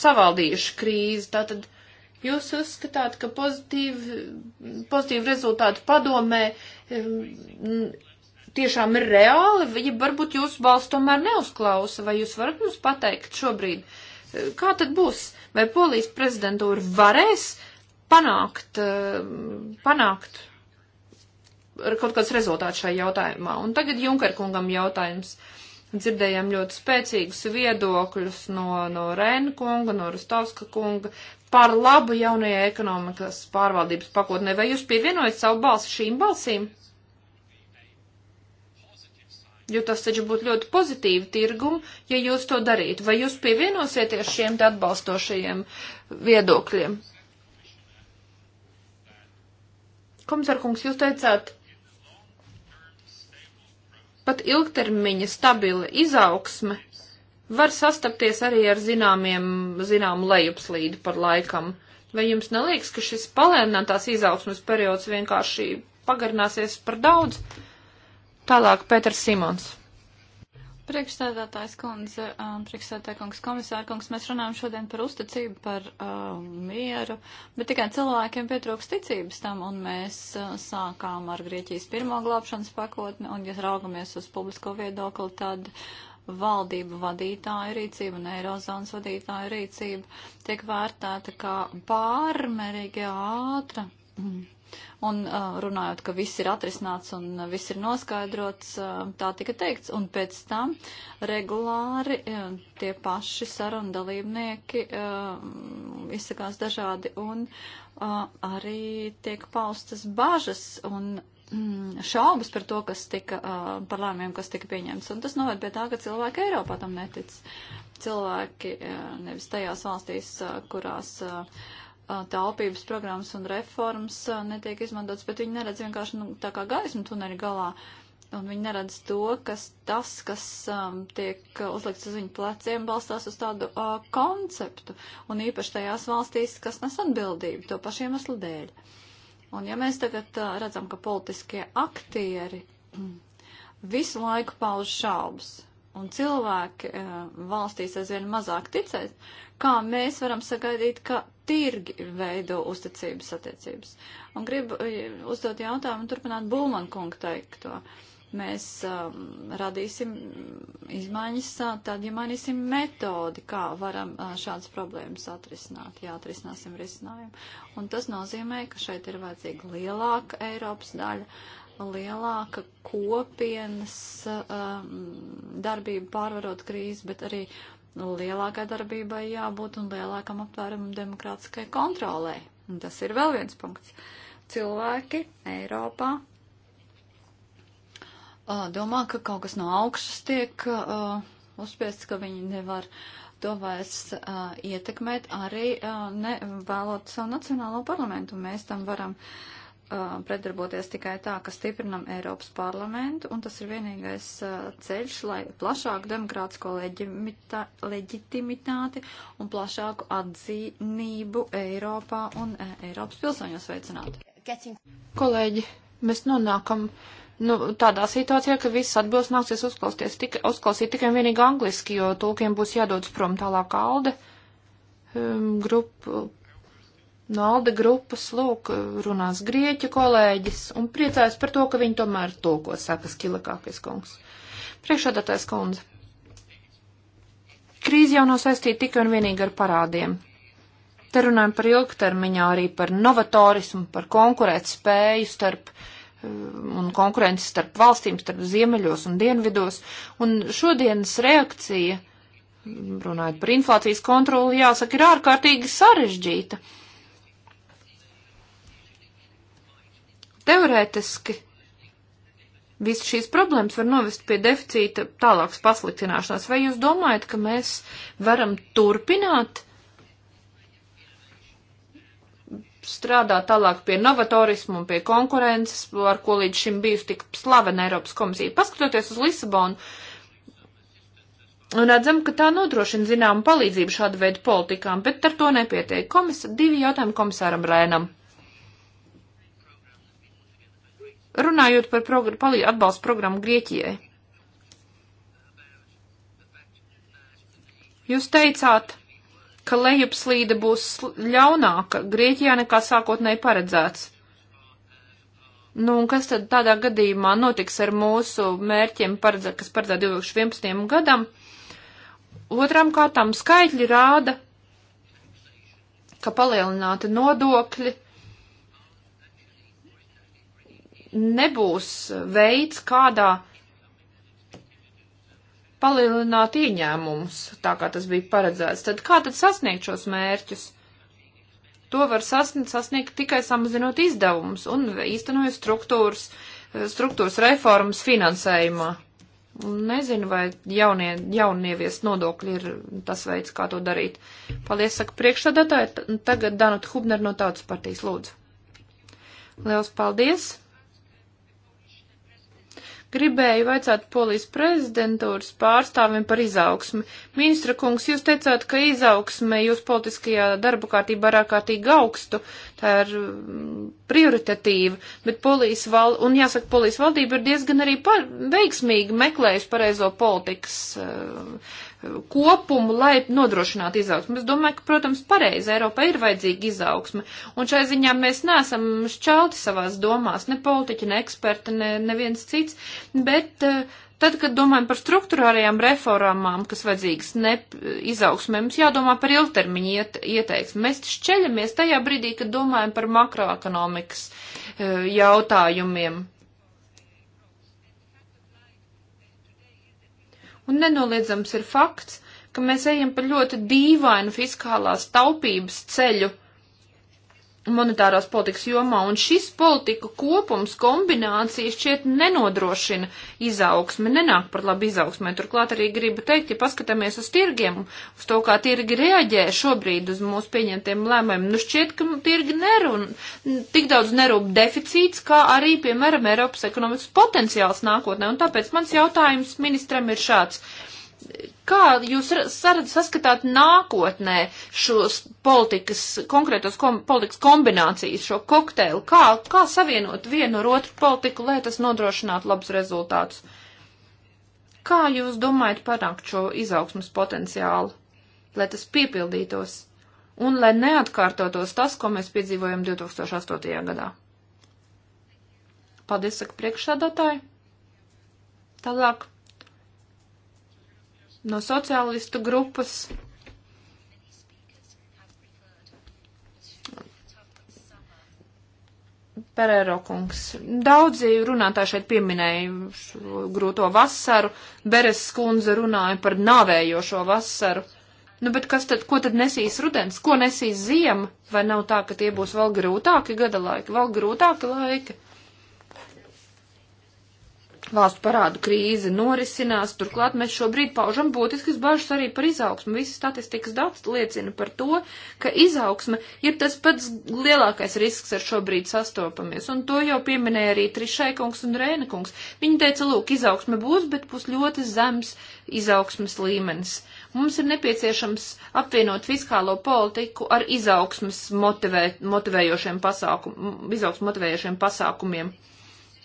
savaldījuši krīzi, tātad jūs uzskatāt, ka pozitīvi, pozitīvi rezultāti padomē eh, tiešām ir reāli, ja varbūt jūsu balss tomēr neuzklausa, vai jūs varat mums pateikt šobrīd, eh, kā tad būs? Vai polijas prezidentūra varēs panākt, eh, panākt kaut kāds rezultāts šajā jautājumā? Un tagad Junkerkungam jautājums. Dzirdējām ļoti spēcīgus viedokļus no, no Rēna kunga, no Rustovska kunga par labu jaunajai ekonomikas pārvaldības pakotnē. Vai jūs pievienojat savu balsi šīm balsīm? jo tas taču būtu ļoti pozitīvi tirgumu, ja jūs to darītu. Vai jūs pievienosieties šiem te atbalstošajiem viedokļiem? Komisārkungs, jūs teicāt, pat ilgtermiņa stabila izaugsme var sastapties arī ar zināmiem, zinām lejupslīdi par laikam. Vai jums neliekas, ka šis palēninātās izaugsmes periods vienkārši pagarināsies par daudz? Uh, Tālāk Pēters Simons. Priekšstādātājs kundze, um, priekšstādātāja kungs, komisāra kungs, mēs runājam šodien par uzticību, par uh, mieru, bet tikai cilvēkiem pietrūks ticības tam, un mēs uh, sākām ar Grieķijas pirmo glābšanas pakotni, un ja raugamies uz publisko viedokli, tad valdību vadītāja rīcība un eirozonas vadītāja rīcība tiek vērtēta kā pārmērīgi ātra. Mm Un uh, runājot, ka viss ir atrisināts un uh, viss ir noskaidrots, uh, tā tika teikts. Un pēc tam regulāri uh, tie paši sarunu dalībnieki uh, izsakās dažādi un uh, arī tiek paustas bažas un mm, šaubas par to, kas tika, uh, par lēmumiem, kas tika pieņemts. Un tas noved pie tā, ka cilvēki Eiropā tam netic. Cilvēki uh, nevis tajās valstīs, kurās taupības programmas un reformas netiek izmantotas, bet viņi neredz vienkārši nu, tā kā gaismu tuneli galā. Un viņi neredz to, kas tas, kas um, tiek uzlikts uz viņu pleciem, balstās uz tādu uh, konceptu. Un īpaši tajās valstīs, kas nes atbildību to pašiem aslu dēļ. Un ja mēs tagad uh, redzam, ka politiskie aktieri [clears throat] visu laiku pauž šaubas, un cilvēki uh, valstīs aizvien mazāk ticēt, kā mēs varam sagaidīt, ka tirgi veido uzticības attiecības. Un gribu eh, uzdot jautājumu un turpināt Bulman kungu teikto. Mēs um, radīsim izmaiņas tad, ja mainīsim metodi, kā varam uh, šādas problēmas atrisināt, ja atrisināsim risinājumu. Un tas nozīmē, ka šeit ir vajadzīga lielāka Eiropas daļa, lielāka kopienas um, darbība pārvarot krīzi, bet arī lielākai darbībai jābūt un lielākam aptvērumam demokrātiskai kontrolē. Un tas ir vēl viens punkts. Cilvēki Eiropā uh, domā, ka kaut kas no augšas tiek uh, uzspiests, ka viņi nevar to vairs uh, ietekmēt arī uh, nevēlot savu nacionālo parlamentu. Mēs tam varam uh, uh, pretdarboties tikai tā, ka stiprinam Eiropas parlamentu, un tas ir vienīgais uh, ceļš, lai plašāku demokrātisko leģitimitāti un plašāku atzīnību Eiropā un uh, Eiropas pilsoņos veicinātu. Kolēģi, mēs nonākam nu, tādā situācijā, ka viss atbilst nāksies uzklausīt tikai, uzklausīt tikai vienīgi angliski, jo tulkiem būs jādodas prom tālāk alde um, grupu no Alde grupas, lūk, runās grieķu kolēģis un priecājas par to, ka viņi tomēr tulko, saka skilakākais kungs. Priekšādātais kundze. Krīze jau nav saistīta tikai un vienīgi ar parādiem. Te runājam par ilgtermiņā arī par novatorismu, par konkurēt spēju starp eh, un konkurenci starp valstīm, starp ziemeļos un dienvidos. Un šodienas reakcija, runājot par inflācijas kontroli, jāsaka, ir ārkārtīgi sarežģīta. Uh, Teorētiski visas šīs problēmas var novest pie deficīta tālākas pasliktināšanās. Vai jūs domājat, ka mēs varam turpināt strādāt tālāk pie novatorismu un pie konkurences, ar ko līdz šim bijusi tik slavena Eiropas komisija? Paskatoties uz Lisabonu, Un redzam, ka tā nodrošina zināmu palīdzību šāda veida politikām, bet ar to nepietiek. Komisa, divi jautājumi komisāram Rēnam. Runājot par progr atbalstu programmu Grieķijai. Jūs teicāt, ka lejupslīde būs ļaunāka Grieķijā nekā sākotnēji paredzēts. Nu, un kas tad tādā gadījumā notiks ar mūsu mērķiem, paredzē, kas paredzē 2011. gadam? Otram kārtām skaitļi rāda, ka palielināti nodokļi nebūs veids, kādā palielināt ieņēmumus, tā kā tas bija paredzēts, tad kā tad sasniegt šos mērķus? To var sasniegt, sasniegt tikai samazinot izdevumus un īstenojot struktūras, struktūras reformas finansējumā. Nezinu, vai jaunie, jaunievies nodokļi ir tas veids, kā to darīt. Paldies, saka priekšsādātāji. Tagad Danuta Hubner no Tautas partijas lūdzu. Liels paldies! Gribēju vaicāt polijas prezidentūras pārstāvim par izaugsmi. Ministra kungs, jūs teicāt, ka izaugsme jūs politiskajā darba kārtībā ir ārkārtīgi augstu, tā ir mm, prioritatīva, bet polijas val, un jāsaka, polijas valdība ir diezgan arī par, veiksmīgi meklējusi pareizo politikas uh, kopumu, lai nodrošinātu izaugsmu. Es domāju, ka, protams, pareizi Eiropai ir vajadzīga izaugsme, un šai ziņā mēs neesam šķelti savās domās, ne politiķi, ne eksperti, ne, neviens cits, bet eh, tad, kad domājam par struktūrārajām reformām, kas vajadzīgas ne izaugsmē, mums jādomā par ilgtermiņa iet, ieteiksmi. Mēs šķeļamies tajā brīdī, kad domājam par makroekonomikas eh, jautājumiem Un nenoliedzams ir fakts, ka mēs ejam pa ļoti dīvainu fiskālās taupības ceļu monetārās politikas jomā, un šis politiku kopums, kombinācija šķiet nenodrošina izaugsmi, nenāk par labu izaugsmē. Turklāt arī gribu teikt, ja paskatāmies uz tirgiem, uz to, kā tirgi reaģē šobrīd uz mūsu pieņemtiem lēmumiem, nu šķiet, ka tirgi nerun, tik daudz nerūp deficīts, kā arī, piemēram, Eiropas ekonomikas potenciāls nākotnē, un tāpēc mans jautājums ministram ir šāds. Uh, kā jūs saskatāt nākotnē šos politikas, konkrētos kom, politikas kombinācijas, šo kokteili, kā, kā savienot vienu ar otru politiku, lai tas nodrošinātu labus rezultātus? Kā jūs domājat panākt šo izaugsmas potenciālu, lai tas piepildītos un lai neatkārtotos tas, ko mēs piedzīvojam 2008. gadā? Paldies, saka priekšsādātāji. Tālāk no sociālistu grupas. Perēro kungs. Daudzi runātāji šeit pieminēja grūto vasaru, Beres skundze runāja par nāvējošo vasaru. Nu, bet kas tad, ko tad nesīs rudens, ko nesīs ziema? Vai nav tā, ka tie būs vēl grūtāki gada laiki, vēl grūtāki laiki? valstu parādu krīze norisinās, turklāt mēs šobrīd paužam būtiskas bažas arī par izaugsmu. Visi statistikas dati liecina par to, ka izaugsme ir tas pats lielākais risks, ar šobrīd sastopamies, un to jau pieminēja arī Trišaikungs un Rēnekungs. Viņi teica, lūk, izaugsme būs, bet būs ļoti zems izaugsmes līmenis. Mums ir nepieciešams apvienot fiskālo politiku ar izaugsmas motivē, motivējošiem pasākum, izaugsmas motivējošiem pasākumiem.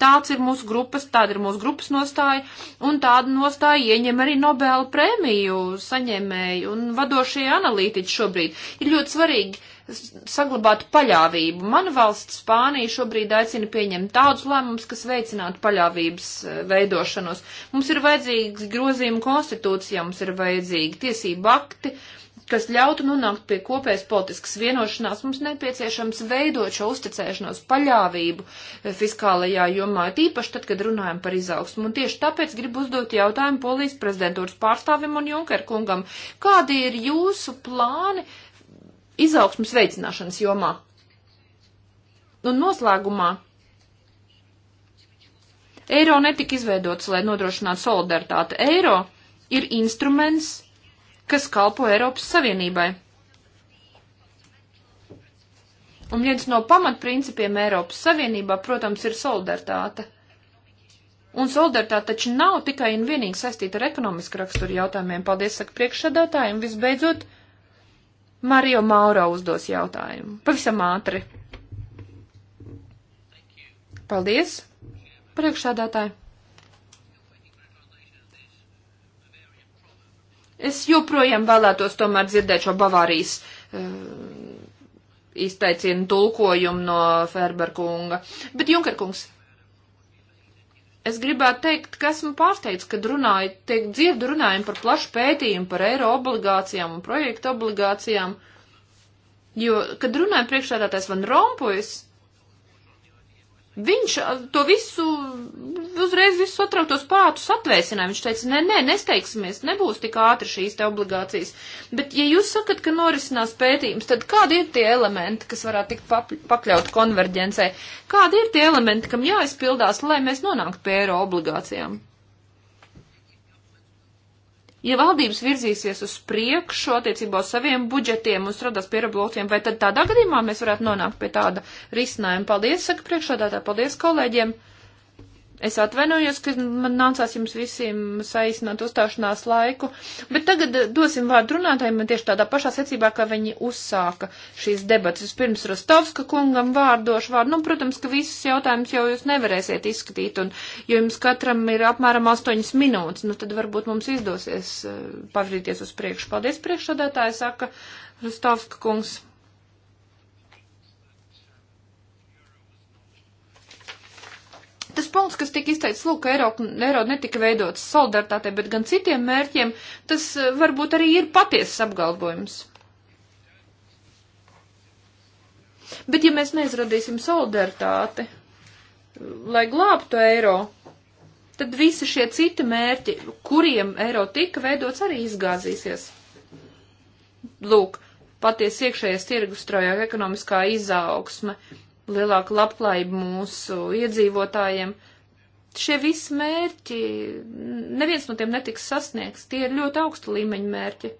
Tāds ir mūsu grupas, tāda ir mūsu grupas nostāja, un tāda nostāja ieņem arī Nobela prēmiju saņēmēji un vadošie analītiķi šobrīd. Ir ļoti svarīgi saglabāt paļāvību. Mana valsts Spānija šobrīd aicina pieņemt tādus lēmumus, kas veicinātu paļāvības e, veidošanos. Mums ir vajadzīgs grozījuma konstitūcija, mums ir vajadzīgi tiesību akti, uh, kas ļautu nonākt pie kopējas politiskas vienošanās, mums nepieciešams veidot šo uzticēšanos paļāvību eh, fiskālajā jomā, tīpaši tad, kad runājam par izaugsmu. Un tieši tāpēc gribu uzdot jautājumu Polijas prezidentūras pārstāvim un Junker kungam. Kādi ir jūsu plāni izaugsmas veicināšanas jomā? Un noslēgumā Eiro netika izveidots, lai nodrošinātu solidaritāti. Eiro ir instruments, kas kalpo Eiropas Savienībai. Un viens no pamatprincipiem Eiropas Savienībā, protams, ir solidaritāte. Un solidaritāte taču nav tikai un vienīgi saistīta ar ekonomisku raksturu jautājumiem. Paldies, saka priekšsādātājiem. Visbeidzot, Mario Mauro uzdos jautājumu. Pavisam ātri. Paldies, priekšsādātāji. Es joprojām vēlētos tomēr dzirdēt šo Bavārijas eh, izteicienu tulkojumu no Ferberkunga. Bet Junkerkungs, es gribētu teikt, ka esmu pārsteigts, kad runāju, tiek dzirdu runājumu par plašu pētījumu, par eiro obligācijām un projektu obligācijām, jo, kad runāju priekšādātais Van Rompuis, Viņš uh, to visu, uzreiz visu satrauktos prātus atvēsināja. Viņš teica, nē, nē, nesteigsimies, nebūs tik ātri šīs te obligācijas. Bet, ja jūs sakat, ka norisinās pētījums, tad kādi ir tie elementi, kas varētu tikt pakļaut konverģencē? Kādi ir tie elementi, kam jāizpildās, lai mēs nonāktu pie eiro obligācijām? Ja valdības virzīsies uz priekšu attiecībā uz saviem budžetiem un strādās pie robotiem, vai tad tādā gadījumā mēs varētu nonākt pie tāda risinājuma? Paldies, saka priekšādātā, paldies kolēģiem! Es atvainojos, ka man nācās jums visiem saīsināt uzstāšanās laiku, bet tagad eh, dosim vārdu runātājiem tieši tādā pašā secībā, kā viņi uzsāka šīs debatas. Pirms Rostovska kungam vārdošu vārdu. Nu, protams, ka visus jautājumus jau jūs nevarēsiet izskatīt, un jo jums katram ir apmēram astoņas minūtes, nu tad varbūt mums izdosies eh, pavirzīties uz priekšu. Paldies priekšsādātāji, saka Rostovska kungs. Tas punkts, kas tika izteikts, lūk, eiro, eiro netika veidots solidaritātei, bet gan citiem mērķiem, tas eh, varbūt arī ir patiesas apgalvojums. Bet ja mēs neizradīsim solidaritāti, lai glābtu eiro, tad visi šie citi mērķi, kuriem eiro tika veidots, arī izgāzīsies. Lūk, patiesi iekšējais tirgus straujāk ekonomiskā izaugsme, lielāku labklājību mūsu iedzīvotājiem. Šie visi mērķi, neviens no tiem netiks sasniegts, tie ir ļoti augsta līmeņa mērķi.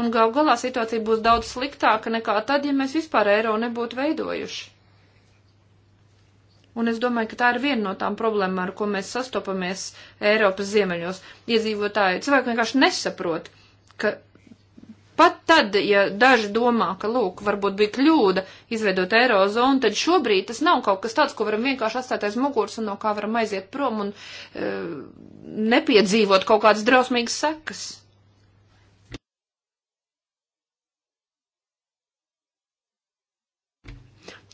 Un gal galā situācija būs daudz sliktāka nekā tad, ja mēs vispār eiro nebūtu veidojuši. Un es domāju, ka tā ir viena no tām problēmām, ar ko mēs sastopamies Eiropas ziemeļos. Iedzīvotāji, cilvēki vienkārši nesaprot, ka Pat tad, ja daži domā, ka, lūk, varbūt bija kļūda izveidot eirozonu, tad šobrīd tas nav kaut kas tāds, ko varam vienkārši atstāt aiz muguras un no kā varam aiziet prom un e, nepiedzīvot kaut kādas drausmīgas sekas.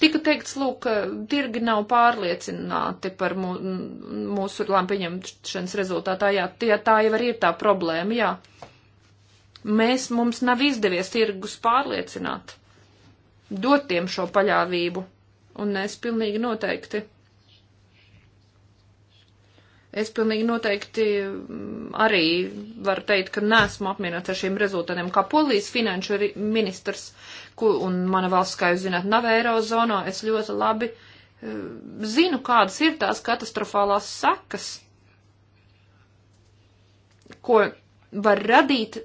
Tika teikts, lūk, tirgi nav pārliecināti par mū, mūsu lēmu pieņemšanas rezultātā. Jā, tie, tā jau arī ir tā problēma, jā. Mēs, mums nav izdevies tirgus pārliecināt, dot tiem šo paļāvību, un es pilnīgi noteikti. Es pilnīgi noteikti mm, arī varu teikt, ka neesmu apmierināts ar šiem rezultātiem. Kā polijas finanšu ministrs ku, un mana valsts, kā jūs zināt, nav eirozonā, es ļoti labi eh, zinu, kādas ir tās katastrofālās sekas, ko var radīt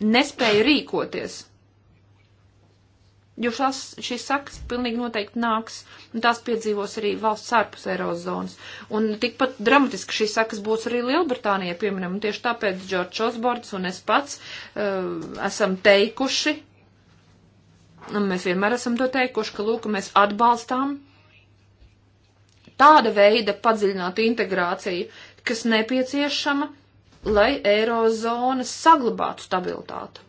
nespēja rīkoties. Jo šās, šīs sakas pilnīgi noteikti nāks, un tās piedzīvos arī valsts ārpus Eirozonas. Un tikpat dramatiski šīs sakas būs arī Lielbritānija, piemēram, un tieši tāpēc Džordžs Osbords un es pats uh, esam teikuši, un mēs vienmēr esam to teikuši, ka lūk, mēs atbalstām tāda veida padziļinātu integrāciju, kas nepieciešama lai eirozona saglabātu stabilitātu.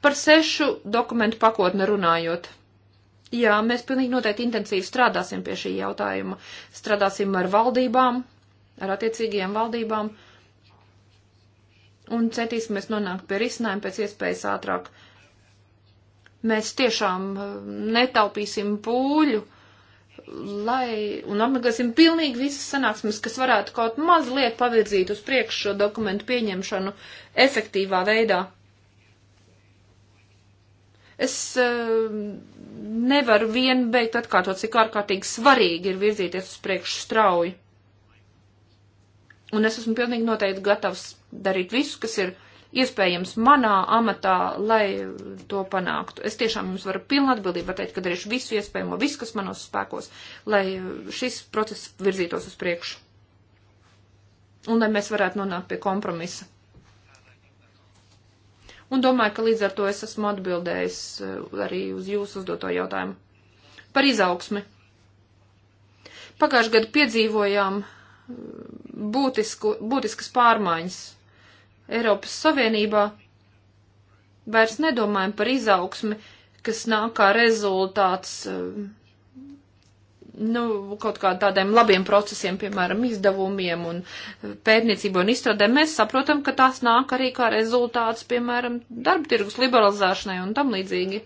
Par sešu dokumentu pakotni runājot. Jā, mēs pilnīgi noteikti intensīvi strādāsim pie šī jautājuma. Strādāsim ar valdībām, ar attiecīgajām valdībām un centīsimies nonākt pie risinājuma pēc iespējas ātrāk. Mēs tiešām eh, netaupīsim pūļu lai un apmeklēsim pilnīgi visas sanāksmes, kas varētu kaut mazliet pavirzīt uz priekšu šo dokumentu pieņemšanu efektīvā veidā. Es uh, nevaru vien beigt atkārtot, cik ārkārtīgi svarīgi ir virzīties uz priekšu strauji. Un es esmu pilnīgi noteikti gatavs darīt visu, kas ir uh, iespējams manā amatā, lai to panāktu. Es tiešām jums varu pilnu atbildību teikt, ka darīšu visu iespējamo, visu, kas manos spēkos, lai šis process virzītos uz priekšu. Un lai mēs varētu nonākt pie kompromisa un domāju, ka līdz ar to es esmu atbildējis eh, arī uz jūsu uzdoto jautājumu par izaugsmi. Pagājušajā gadā piedzīvojām eh, būtisku, būtiskas pārmaiņas Eiropas Savienībā vairs nedomājam par izaugsmi, kas nāk kā rezultāts eh, nu, kaut kādiem tādiem labiem procesiem, piemēram, izdevumiem un eh, pētniecību un izstrādē. Mēs saprotam, ka tās nāk arī kā rezultāts, piemēram, darba tirgus liberalizēšanai un tam līdzīgi.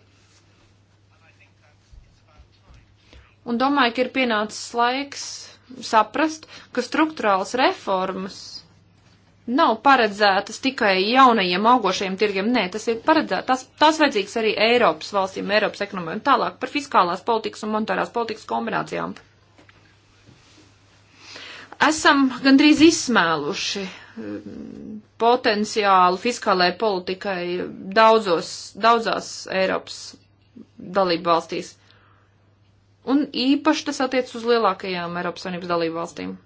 Un domāju, ka ir pienācis laiks saprast, ka struktūrāls reformas nav paredzētas tikai jaunajiem augošajiem tirgiem. Nē, tas ir paredzēts, tas, tas vajadzīgs arī Eiropas valstīm, Eiropas ekonomijai un tālāk par fiskālās politikas un monetārās politikas kombinācijām. Esam gandrīz izsmēluši mm, potenciālu fiskālajai politikai daudzos, daudzās Eiropas dalību valstīs. Un īpaši tas attiec uz lielākajām Eiropas Savienības dalību valstīm.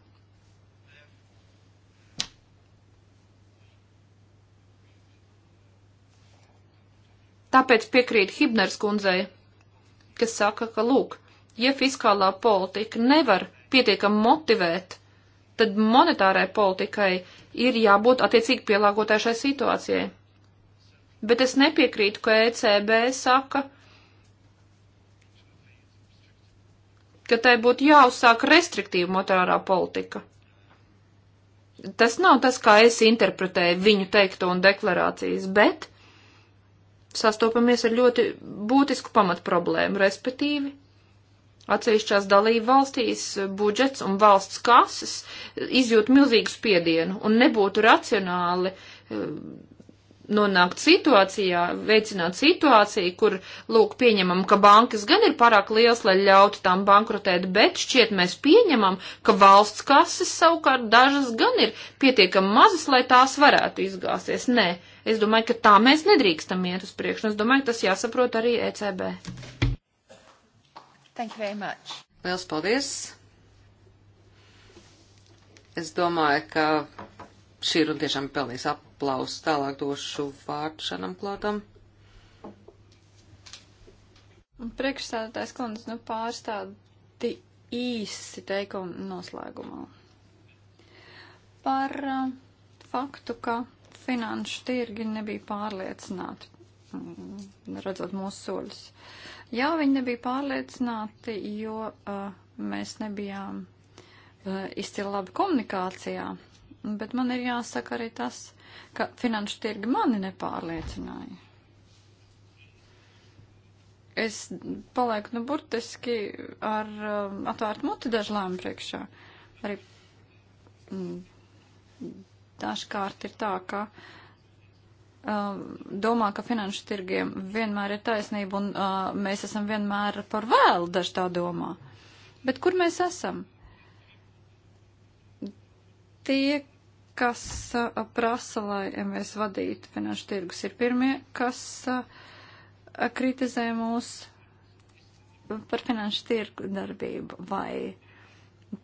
Tāpēc piekrīt Hibners kundzei, kas saka, ka lūk, ja fiskālā politika nevar pietiekam motivēt, tad monetārai politikai ir jābūt attiecīgi pielāgotai šai situācijai. Bet es nepiekrītu, ka ECB saka, ka tai būtu jāuzsāk restriktīva monetārā politika. Tas nav tas, kā es interpretēju viņu teikto un deklarācijas, bet sastopamies ar ļoti būtisku pamatproblēmu, respektīvi Atsevišķās dalību valstīs budžets un valsts kases izjūt milzīgu spiedienu un nebūtu racionāli eh, nonākt situācijā, veicināt situāciju, kur, lūk, pieņemam, ka bankas gan ir pārāk liels, lai ļautu tām bankrotēt, bet šķiet mēs pieņemam, ka valsts kases savukārt dažas gan ir pietiekam mazas, lai tās varētu izgāzties. Nē, Es domāju, ka tā mēs nedrīkstam iet uz priekšu. Es domāju, ka tas jāsaprot arī ECB. Thank you very much. Liels paldies. Es domāju, ka šī runa tiešām pelnīs aplausu. Tālāk došu vārdu šanam klātam. Priekšstādātājs kundze, nu pārstādi īsi teikumu noslēgumā. Par uh, faktu, ka finanšu tirgi nebija pārliecināti, mm, redzot mūsu soļus. Jā, viņi nebija pārliecināti, jo uh, mēs nebijām uh, izcili labi komunikācijā, bet man ir jāsaka arī tas, ka finanšu tirgi mani nepārliecināja. Es palieku, nu, burtiski ar um, atvērtu muti dažu lēmu priekšā. Arī mm, dažkārt ir tā, ka uh, domā, ka finanšu tirgiem vienmēr ir taisnība un uh, mēs esam vienmēr par vēlu daži tā domā. Bet kur mēs esam? Tie, kas uh, prasa, lai MS vadītu finanšu tirgus, ir pirmie, kas uh, kritizē mūs par finanšu tirgu darbību vai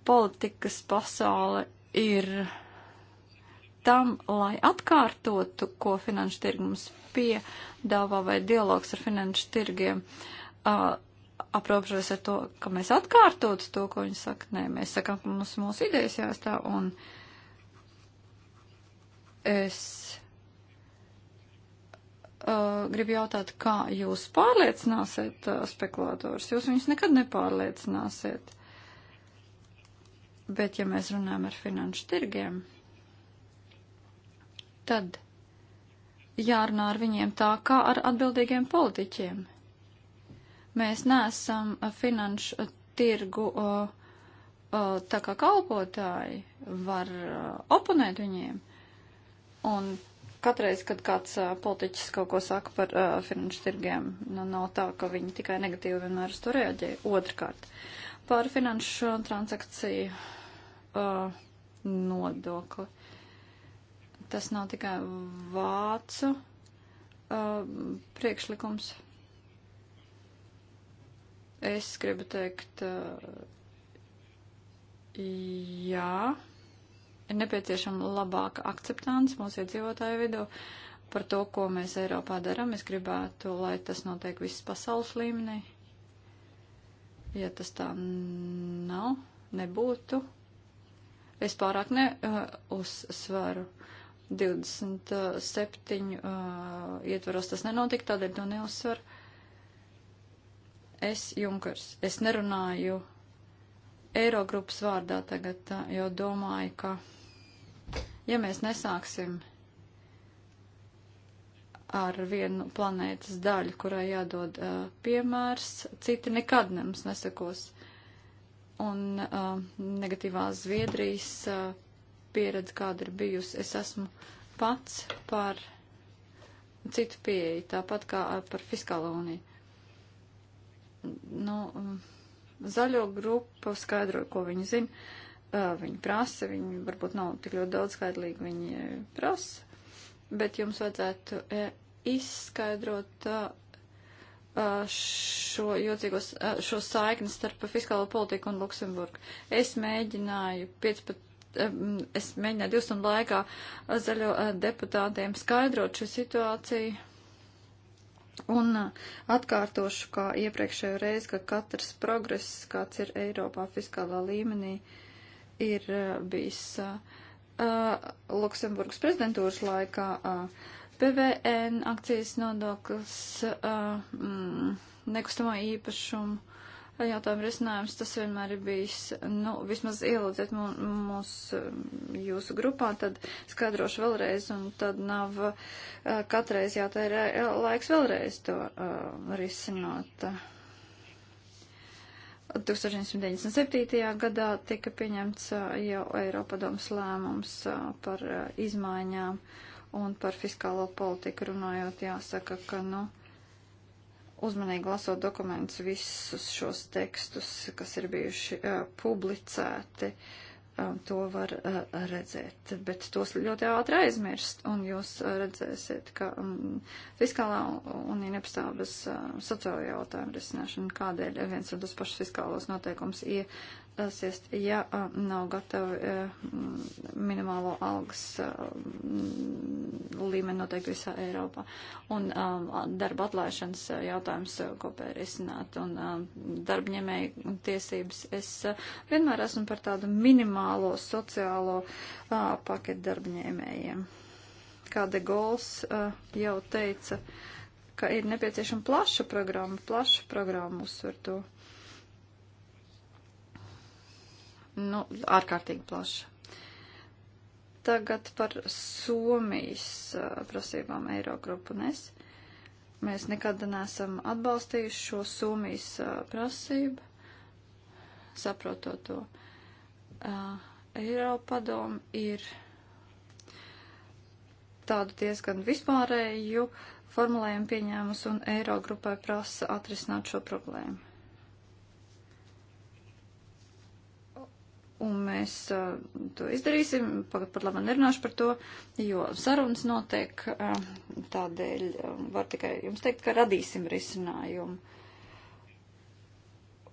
politikas pasaule ir tam, lai atkārtotu, ko finanšu tirgi mums piedāvā vai dialogs ar finanšu tirgiem. Uh, aprobežojas ar to, ka mēs atkārtotu to, ko viņi saka. Nē, mēs sakām, ka mums mūsu idejas jāstāv, un es uh, gribu jautāt, kā jūs pārliecināsiet uh, spekulātors? Jūs viņus nekad nepārliecināsiet. Bet, ja mēs runājam ar finanšu tirgiem, tad jārunā ar viņiem tā kā ar atbildīgiem politiķiem. Mēs neesam finanšu tirgu tā kā kalpotāji, var oponēt viņiem. Un katreiz, kad kāds politiķis kaut ko saka par finanšu tirgiem, nu, nav tā, ka viņi tikai negatīvi vienmēr uz to reaģē. Otrkārt, par finanšu transakciju nodokli Tas nav tikai vācu uh, priekšlikums. Es gribu teikt, uh, jā, ir nepieciešama labāka akceptance mūsu iedzīvotāju vidū par to, ko mēs Eiropā darām. Es gribētu, lai tas notiek visas pasaules līmenī. Ja tas tā nav, nebūtu, es pārāk neuzsveru. Uh, 27 uh, uh, ietvaros tas nenotika, tādēļ to neuzsver. Es, Junkers, es nerunāju Eirogrupas vārdā tagad, uh, jo domāju, ka ja mēs nesāksim ar vienu planētas daļu, kurai jādod uh, piemērs, citi nekad ne mums nesakos. Un uh, negatīvās Zviedrijas uh, pieredze, kāda ir bijusi. Es esmu pats par citu pieeju, tāpat kā par fiskālo uniju. Nu, zaļo grupu skaidroju, ko viņi zina. Viņi prasa, viņi varbūt nav tik ļoti daudz skaidrīgi, viņi prasa, bet jums vajadzētu izskaidrot šo jocīgos, šo saikni starp fiskālo politiku un Luksemburgu. Es mēģināju 15 Mm, es mēģināju divstundu laikā zaļo eh, deputātiem skaidrot šo situāciju. Un eh, atkārtošu, kā iepriekšējo reizi, ka katrs progress, kāds ir Eiropā fiskālā līmenī, ir eh, bijis uh, Luksemburgas prezidentūras laikā uh, PVN akcijas nodoklis, uh, mm, nekustamo īpašumu jautājumu risinājums, tas vienmēr ir bijis, nu, vismaz ielieciet mūs jūsu grupā, tad skaidrošu vēlreiz, un tad nav uh, katreiz jātērē uh, laiks vēlreiz to uh, risināt. 1997. gadā tika pieņemts uh, jau Eiropadoms lēmums par izmaiņām un par fiskālo politiku runājot, jāsaka, ka, nu, uzmanīgi lasot dokumentus, visus šos tekstus, kas ir bijuši uh, publicēti, um, to var uh, redzēt. Bet tos ļoti ātri aizmirst, un jūs uh, redzēsiet, ka um, fiskālā un ienepstāvis uh, sociāla jautājuma risināšana, kādēļ viens un tas pašs fiskālos noteikums ie, Sist, ja nav gatavi e, minimālo algas līmeni noteikti visā Eiropā. Un darba atlaišanas jautājums kopēji risināt un darbņēmēju tiesības. Es vienmēr esmu par tādu minimālo sociālo paketu darbņēmējiem. Kā De Gauls jau teica, ka ir nepieciešama plaša programma, plaša programma uzsver to. nu, ārkārtīgi plaša. Tagad par Somijas uh, prasībām Eirogrupu un es. Mēs nekad neesam atbalstījuši šo Somijas uh, prasību, saprotot to. Uh, Eiropadomu ir tādu diezgan vispārēju formulējumu pieņēmus un Eirogrupai prasa atrisināt šo problēmu. un mēs uh, to izdarīsim. Pagad pat labi nerunāšu par to, jo sarunas notiek. Uh, tādēļ uh, var tikai jums teikt, ka radīsim risinājumu.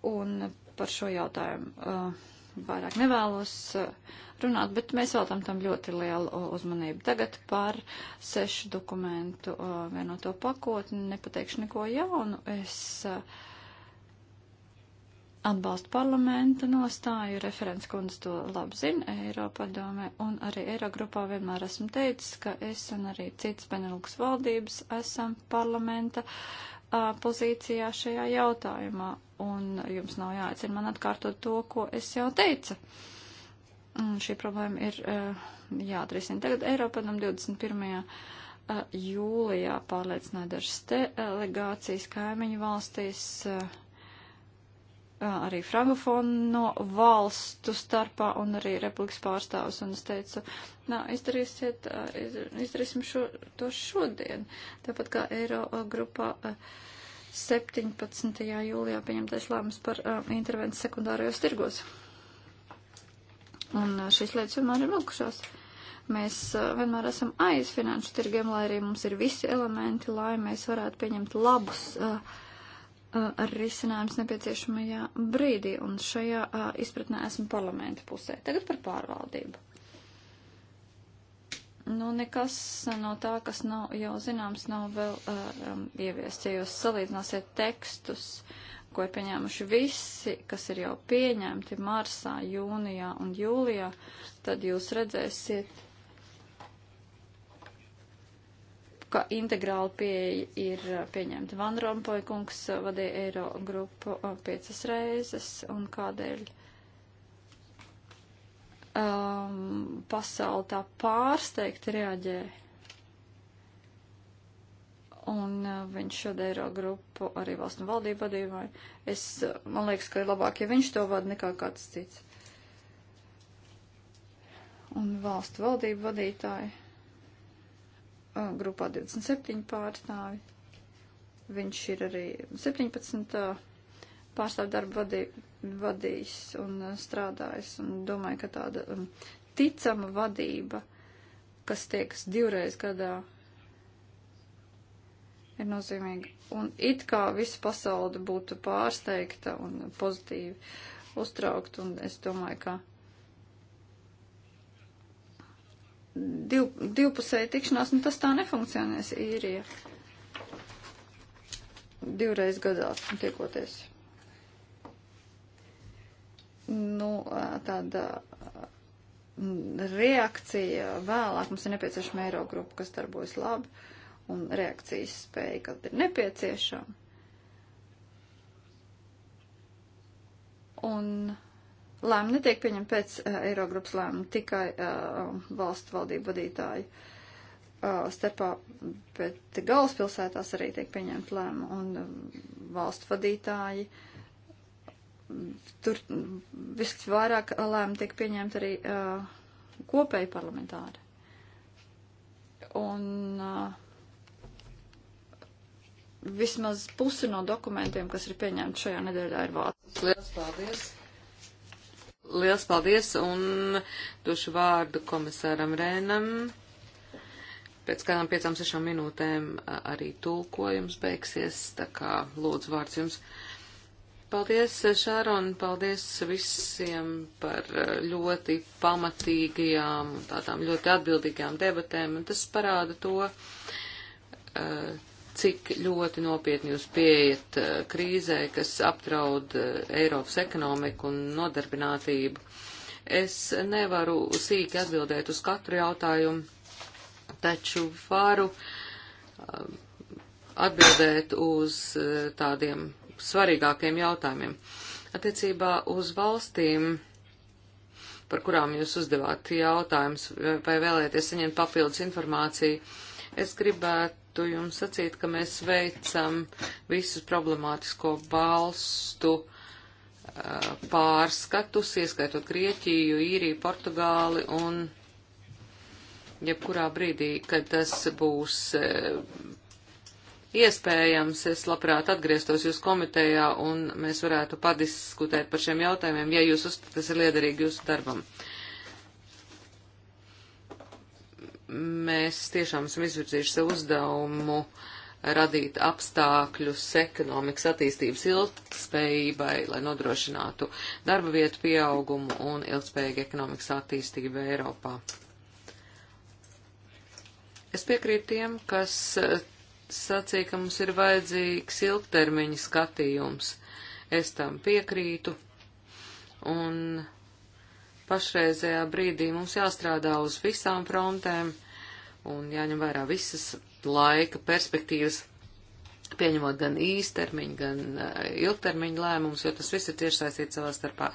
Un par šo jautājumu uh, vairāk nevēlos uh, runāt, bet mēs veltam tam ļoti lielu uzmanību. Tagad par sešu dokumentu uh, vienoto pakotni nepateikšu neko jaunu. Es, uh, atbalstu parlamenta nostāju, referents kundze to labi zina Eiropadomē, un arī Eirogrupā vienmēr esmu teicis, ka es un arī cits Benelux valdības esam parlamenta a, pozīcijā šajā jautājumā, un jums nav jāatcer man atkārtot to, ko es jau teicu. Un šī problēma ir a, jāatrisina tagad Eiropadom 21. A, jūlijā pārliecināja dažas delegācijas kaimiņu valstīs. A, arī fragofonu no valstu starpā un arī republikas pārstāvus, un es teicu, nā, izdarīsiet, izdarīsim šo, to šodien, tāpat kā Eiro grupā. 17. jūlijā pieņemtais lēmums par uh, intervences sekundārajos tirgos. Un uh, šīs lietas vienmēr ir vilkušās. Mēs uh, vienmēr esam aiz finanšu tirgiem, lai arī mums ir visi elementi, lai mēs varētu pieņemt labus uh, ar risinājums nepieciešamajā brīdī, un šajā a, izpratnē esmu parlamenta pusē. Tagad par pārvaldību. Nu, nekas no tā, kas nav jau zināms, nav vēl um, ieviests. Ja jūs salīdzināsiet tekstus, ko ir pieņēmuši visi, kas ir jau pieņemti marsā, jūnijā un jūlijā, tad jūs redzēsiet, ka integrāla pieeja ir uh, pieņemta. Van Rompuy kungs uh, vadīja eiro grupu uh, piecas reizes un kādēļ um, pasauli tā pārsteigti reaģē. Un uh, viņš šod eiro grupu arī valsts un valdību vadībai. Es, man liekas, ka ir labāk, ja viņš to vada nekā kāds cits. Un valstu valdību vadītāji grupā 27 pārstāvi. Viņš ir arī 17 pārstāvi darbu vadī, vadījis un strādājis un domāju, ka tāda ticama vadība, kas tiekas divreiz gadā, ir nozīmīga. Un it kā visa pasaule būtu pārsteigta un pozitīvi uztraukta, un es domāju, ka div, divpusēja tikšanās, nu tas tā nefunkcionēs īrija. Divreiz gadā tiekoties. Nu, tāda reakcija vēlāk mums ir nepieciešama Eirogrupa, kas darbojas labi, un reakcijas spēja, kad ir nepieciešama. Un Lēmumi netiek pieņemti pēc uh, Eirogrupas lēmuma, tikai uh, eh, valstu valdību vadītāju uh, eh, starpā, bet galvaspilsētās arī tiek pieņemti lēmumi, un uh, valstu vadītāji tur mm, visvairāk lēmumi tiek pieņemti arī uh, kopēji parlamentāri. Un uh, vismaz pusi no dokumentiem, kas ir pieņemti šajā nedēļā, ir vācis. Lielas paldies! Liels paldies un došu vārdu komisāram Rēnam. Pēc kādām piecām, sešām minūtēm arī tulkojums beigsies, tā kā lūdzu vārds jums. Paldies, Šāron, paldies visiem par ļoti pamatīgajām, tādām ļoti atbildīgajām debatēm, un tas parāda to, cik ļoti nopietni jūs pieiet eh, krīzē, kas apdraud eh, Eiropas ekonomiku un nodarbinātību. Es nevaru sīki atbildēt uz katru jautājumu, taču varu eh, atbildēt uz tādiem svarīgākiem jautājumiem. Attiecībā uz valstīm, par kurām jūs uzdevāt jautājums, vai vēlēties saņemt papildus informāciju, es gribētu gribētu jums sacīt, ka mēs veicam visus problemātisko balstu uh, pārskatus, ieskaitot Grieķiju, Īriju, Portugāli un jebkurā brīdī, kad tas būs uh, iespējams, es labprāt atgrieztos jūs komitejā un mēs varētu padiskutēt par šiem jautājumiem, ja jūs uzskatāt, tas ir liederīgi jūsu darbam. Uh, mēs tiešām esam izvirzījuši sev uzdevumu radīt apstākļus ekonomikas attīstības ilgspējībai, lai nodrošinātu darba vietu pieaugumu un ilgspējīgu ekonomikas attīstību Eiropā. Es piekrītu tiem, kas eh, sacīja, ka mums ir vajadzīgs ilgtermiņa skatījums. Es tam piekrītu. Un pašreizējā brīdī mums jāstrādā uz visām frontēm un jāņem vērā visas laika perspektīvas pieņemot gan īstermiņu, gan eh, ilgtermiņu lēmumus, jo tas viss ir tiešsaistīts savā starpā.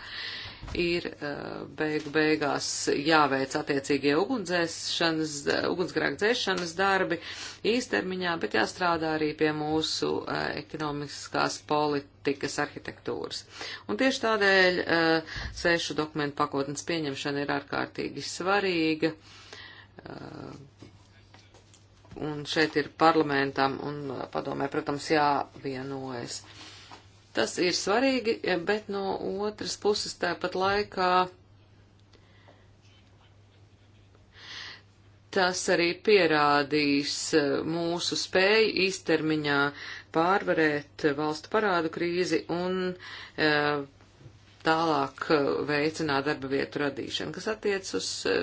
Ir eh, beigu beigās jāveic attiecīgie ugunsdzēšanas, eh, ugunsgrēku dzēšanas darbi īstermiņā, bet jāstrādā arī pie mūsu ekonomiskās politikas arhitektūras. Un tieši tādēļ sešu dokumentu pakotnes pieņemšana ir ārkārtīgi svarīga un šeit ir parlamentam un padomē, protams, jāvienojas. Tas ir svarīgi, bet no otras puses tāpat laikā tas arī pierādīs mūsu spēju īstermiņā pārvarēt valstu parādu krīzi un e, tālāk veicināt darba vietu radīšanu, kas attiec uz e,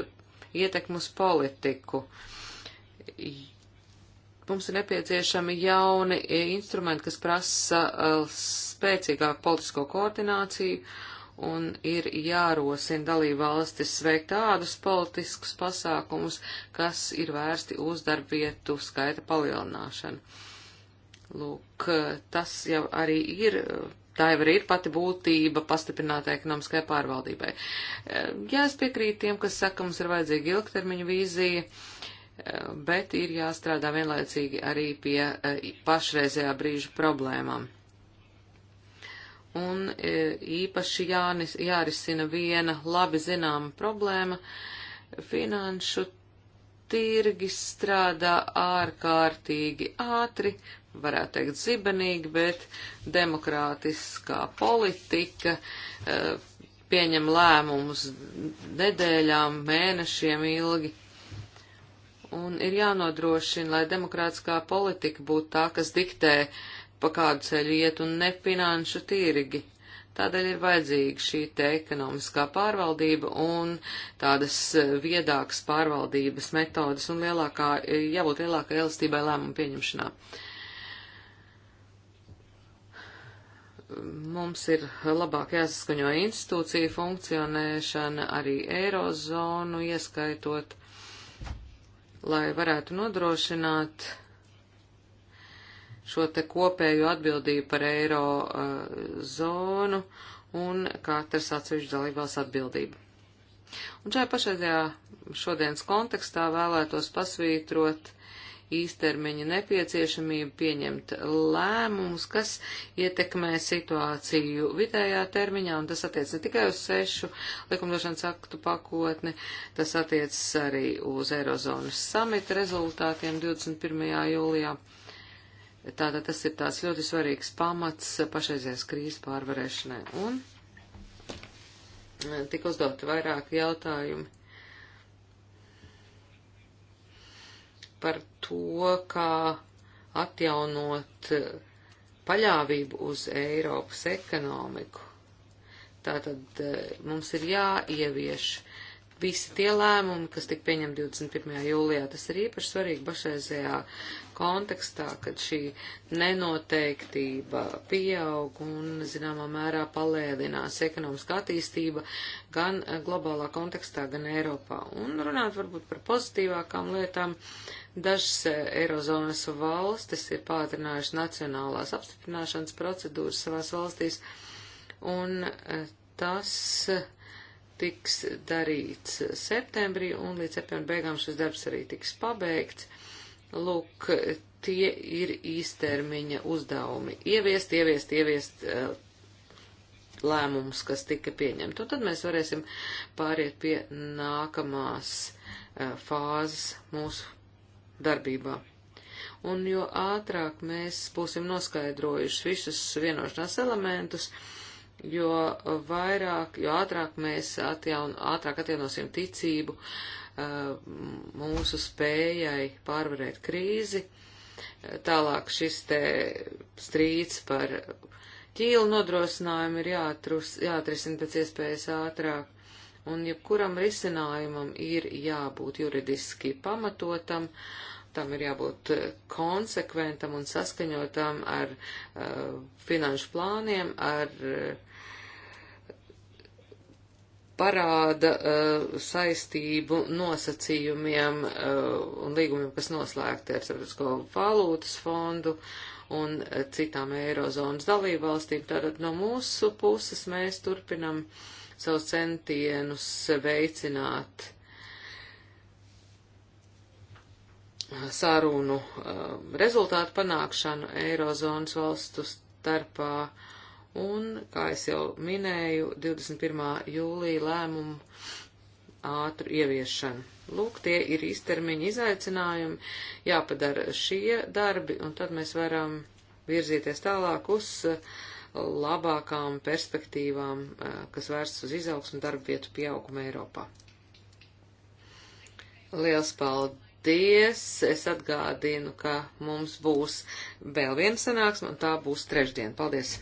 ietekmu uz politiku mums ir nepieciešami jauni instrumenti, kas prasa uh, spēcīgāku politisko koordināciju un ir jārosina dalība valstis veikt tādus politiskus pasākumus, kas ir vērsti uz darbvietu skaita palielināšanu. Lūk, uh, tas jau arī ir uh, Tā jau arī ir pati būtība pastiprinātai ekonomiskajai pārvaldībai. Jā, es piekrītu tiem, kas saka, mums ir vajadzīga ilgtermiņa vīzija, bet ir jāstrādā vienlaicīgi arī pie eh, pašreizējā brīža problēmām. Un eh, īpaši jānis, jārisina viena labi zināma problēma - finanšu tirgi strādā ārkārtīgi ātri, varētu teikt zibenīgi, bet demokrātiskā politika eh, pieņem lēmumus nedēļām, mēnešiem ilgi un ir jānodrošina, lai demokrātiskā politika būtu tā, kas diktē, pa kādu ceļu iet, un ne finanšu tirgi. Tādēļ ir vajadzīga šī te ekonomiskā pārvaldība un tādas eh, viedākas pārvaldības metodas un lielākā, eh, jābūt lielākai elastībai lēmumu pieņemšanā. Mums ir labāk jāsaskaņo institūcija funkcionēšana, arī eirozonu ieskaitot, lai varētu nodrošināt šo te kopējo atbildību par eiro uh, zonu un katras atsevišķu dalībās atbildību. Un šajā pašreizajā šodienas kontekstā vēlētos pasvītrot īstermiņa nepieciešamību pieņemt lēmumus, kas ietekmē situāciju vidējā termiņā, un tas attiec ne tikai uz sešu likumdošanas aktu pakotni, tas attiec arī uz Eirozonas samita rezultātiem 21. jūlijā. Tātad tas ir tāds ļoti svarīgs pamats pašreizējās krīzes pārvarēšanai. Un eh, tika uzdoti vairāki jautājumi par to, kā atjaunot paļāvību uz Eiropas ekonomiku. Tātad e, mums ir jāievieš visi tie lēmumi, kas tika pieņemti 21. jūlijā. Tas ir īpaši svarīgi pašreizējā kontekstā, kad šī nenoteiktība pieaug un, zināmā mērā, palēdinās ekonomiskā attīstība gan eh, globālā kontekstā, gan Eiropā. Un runāt varbūt par pozitīvākām lietām, dažas eh, Eirozonas valstis ir pātrinājušas nacionālās apstiprināšanas procedūras savās valstīs, un eh, tas tiks darīts septembrī, un līdz septembra beigām šis darbs arī tiks pabeigts. Lūk, tie ir īstermiņa uzdevumi. Ieviest, ieviest, ieviest eh, lēmumus, kas tika pieņemti. Un tad mēs varēsim pāriet pie nākamās eh, fāzes mūsu darbībā. Un jo ātrāk mēs būsim noskaidrojuši visus vienošanās elementus, jo vairāk, jo ātrāk mēs atjaun, ātrāk atjaunosim ticību uh, Uh, mūsu spējai pārvarēt krīzi. Tālāk šis te strīds par ķīlu nodrosinājumu ir jāatrus, jāatrisina pēc iespējas ātrāk, un jebkuram risinājumam ir jābūt juridiski pamatotam, tam ir jābūt uh, konsekventam un saskaņotam ar uh, finanšu plāniem, ar uh, parāda uh, saistību nosacījumiem uh, un līgumiem, kas noslēgti ar Starptautisko valūtas fondu un uh, citām Eirozonas dalībvalstīm. Tātad no mūsu puses mēs turpinam savus centienus veicināt sarunu uh, rezultātu panākšanu Eirozonas valstu starpā. Uh, un, kā es jau minēju, 21. jūlija lēmumu ātru ieviešanu. Lūk, tie ir īstermiņa izaicinājumi, jāpadara šie darbi, un tad mēs varam virzīties tālāk uz uh, labākām perspektīvām, uh, kas vērsts uz izaugsmu darba vietu pieaugumu Eiropā. Liels paldies! paldies! Es atgādinu, ka mums būs vēl viena sanāksme, un tā būs trešdien. Paldies!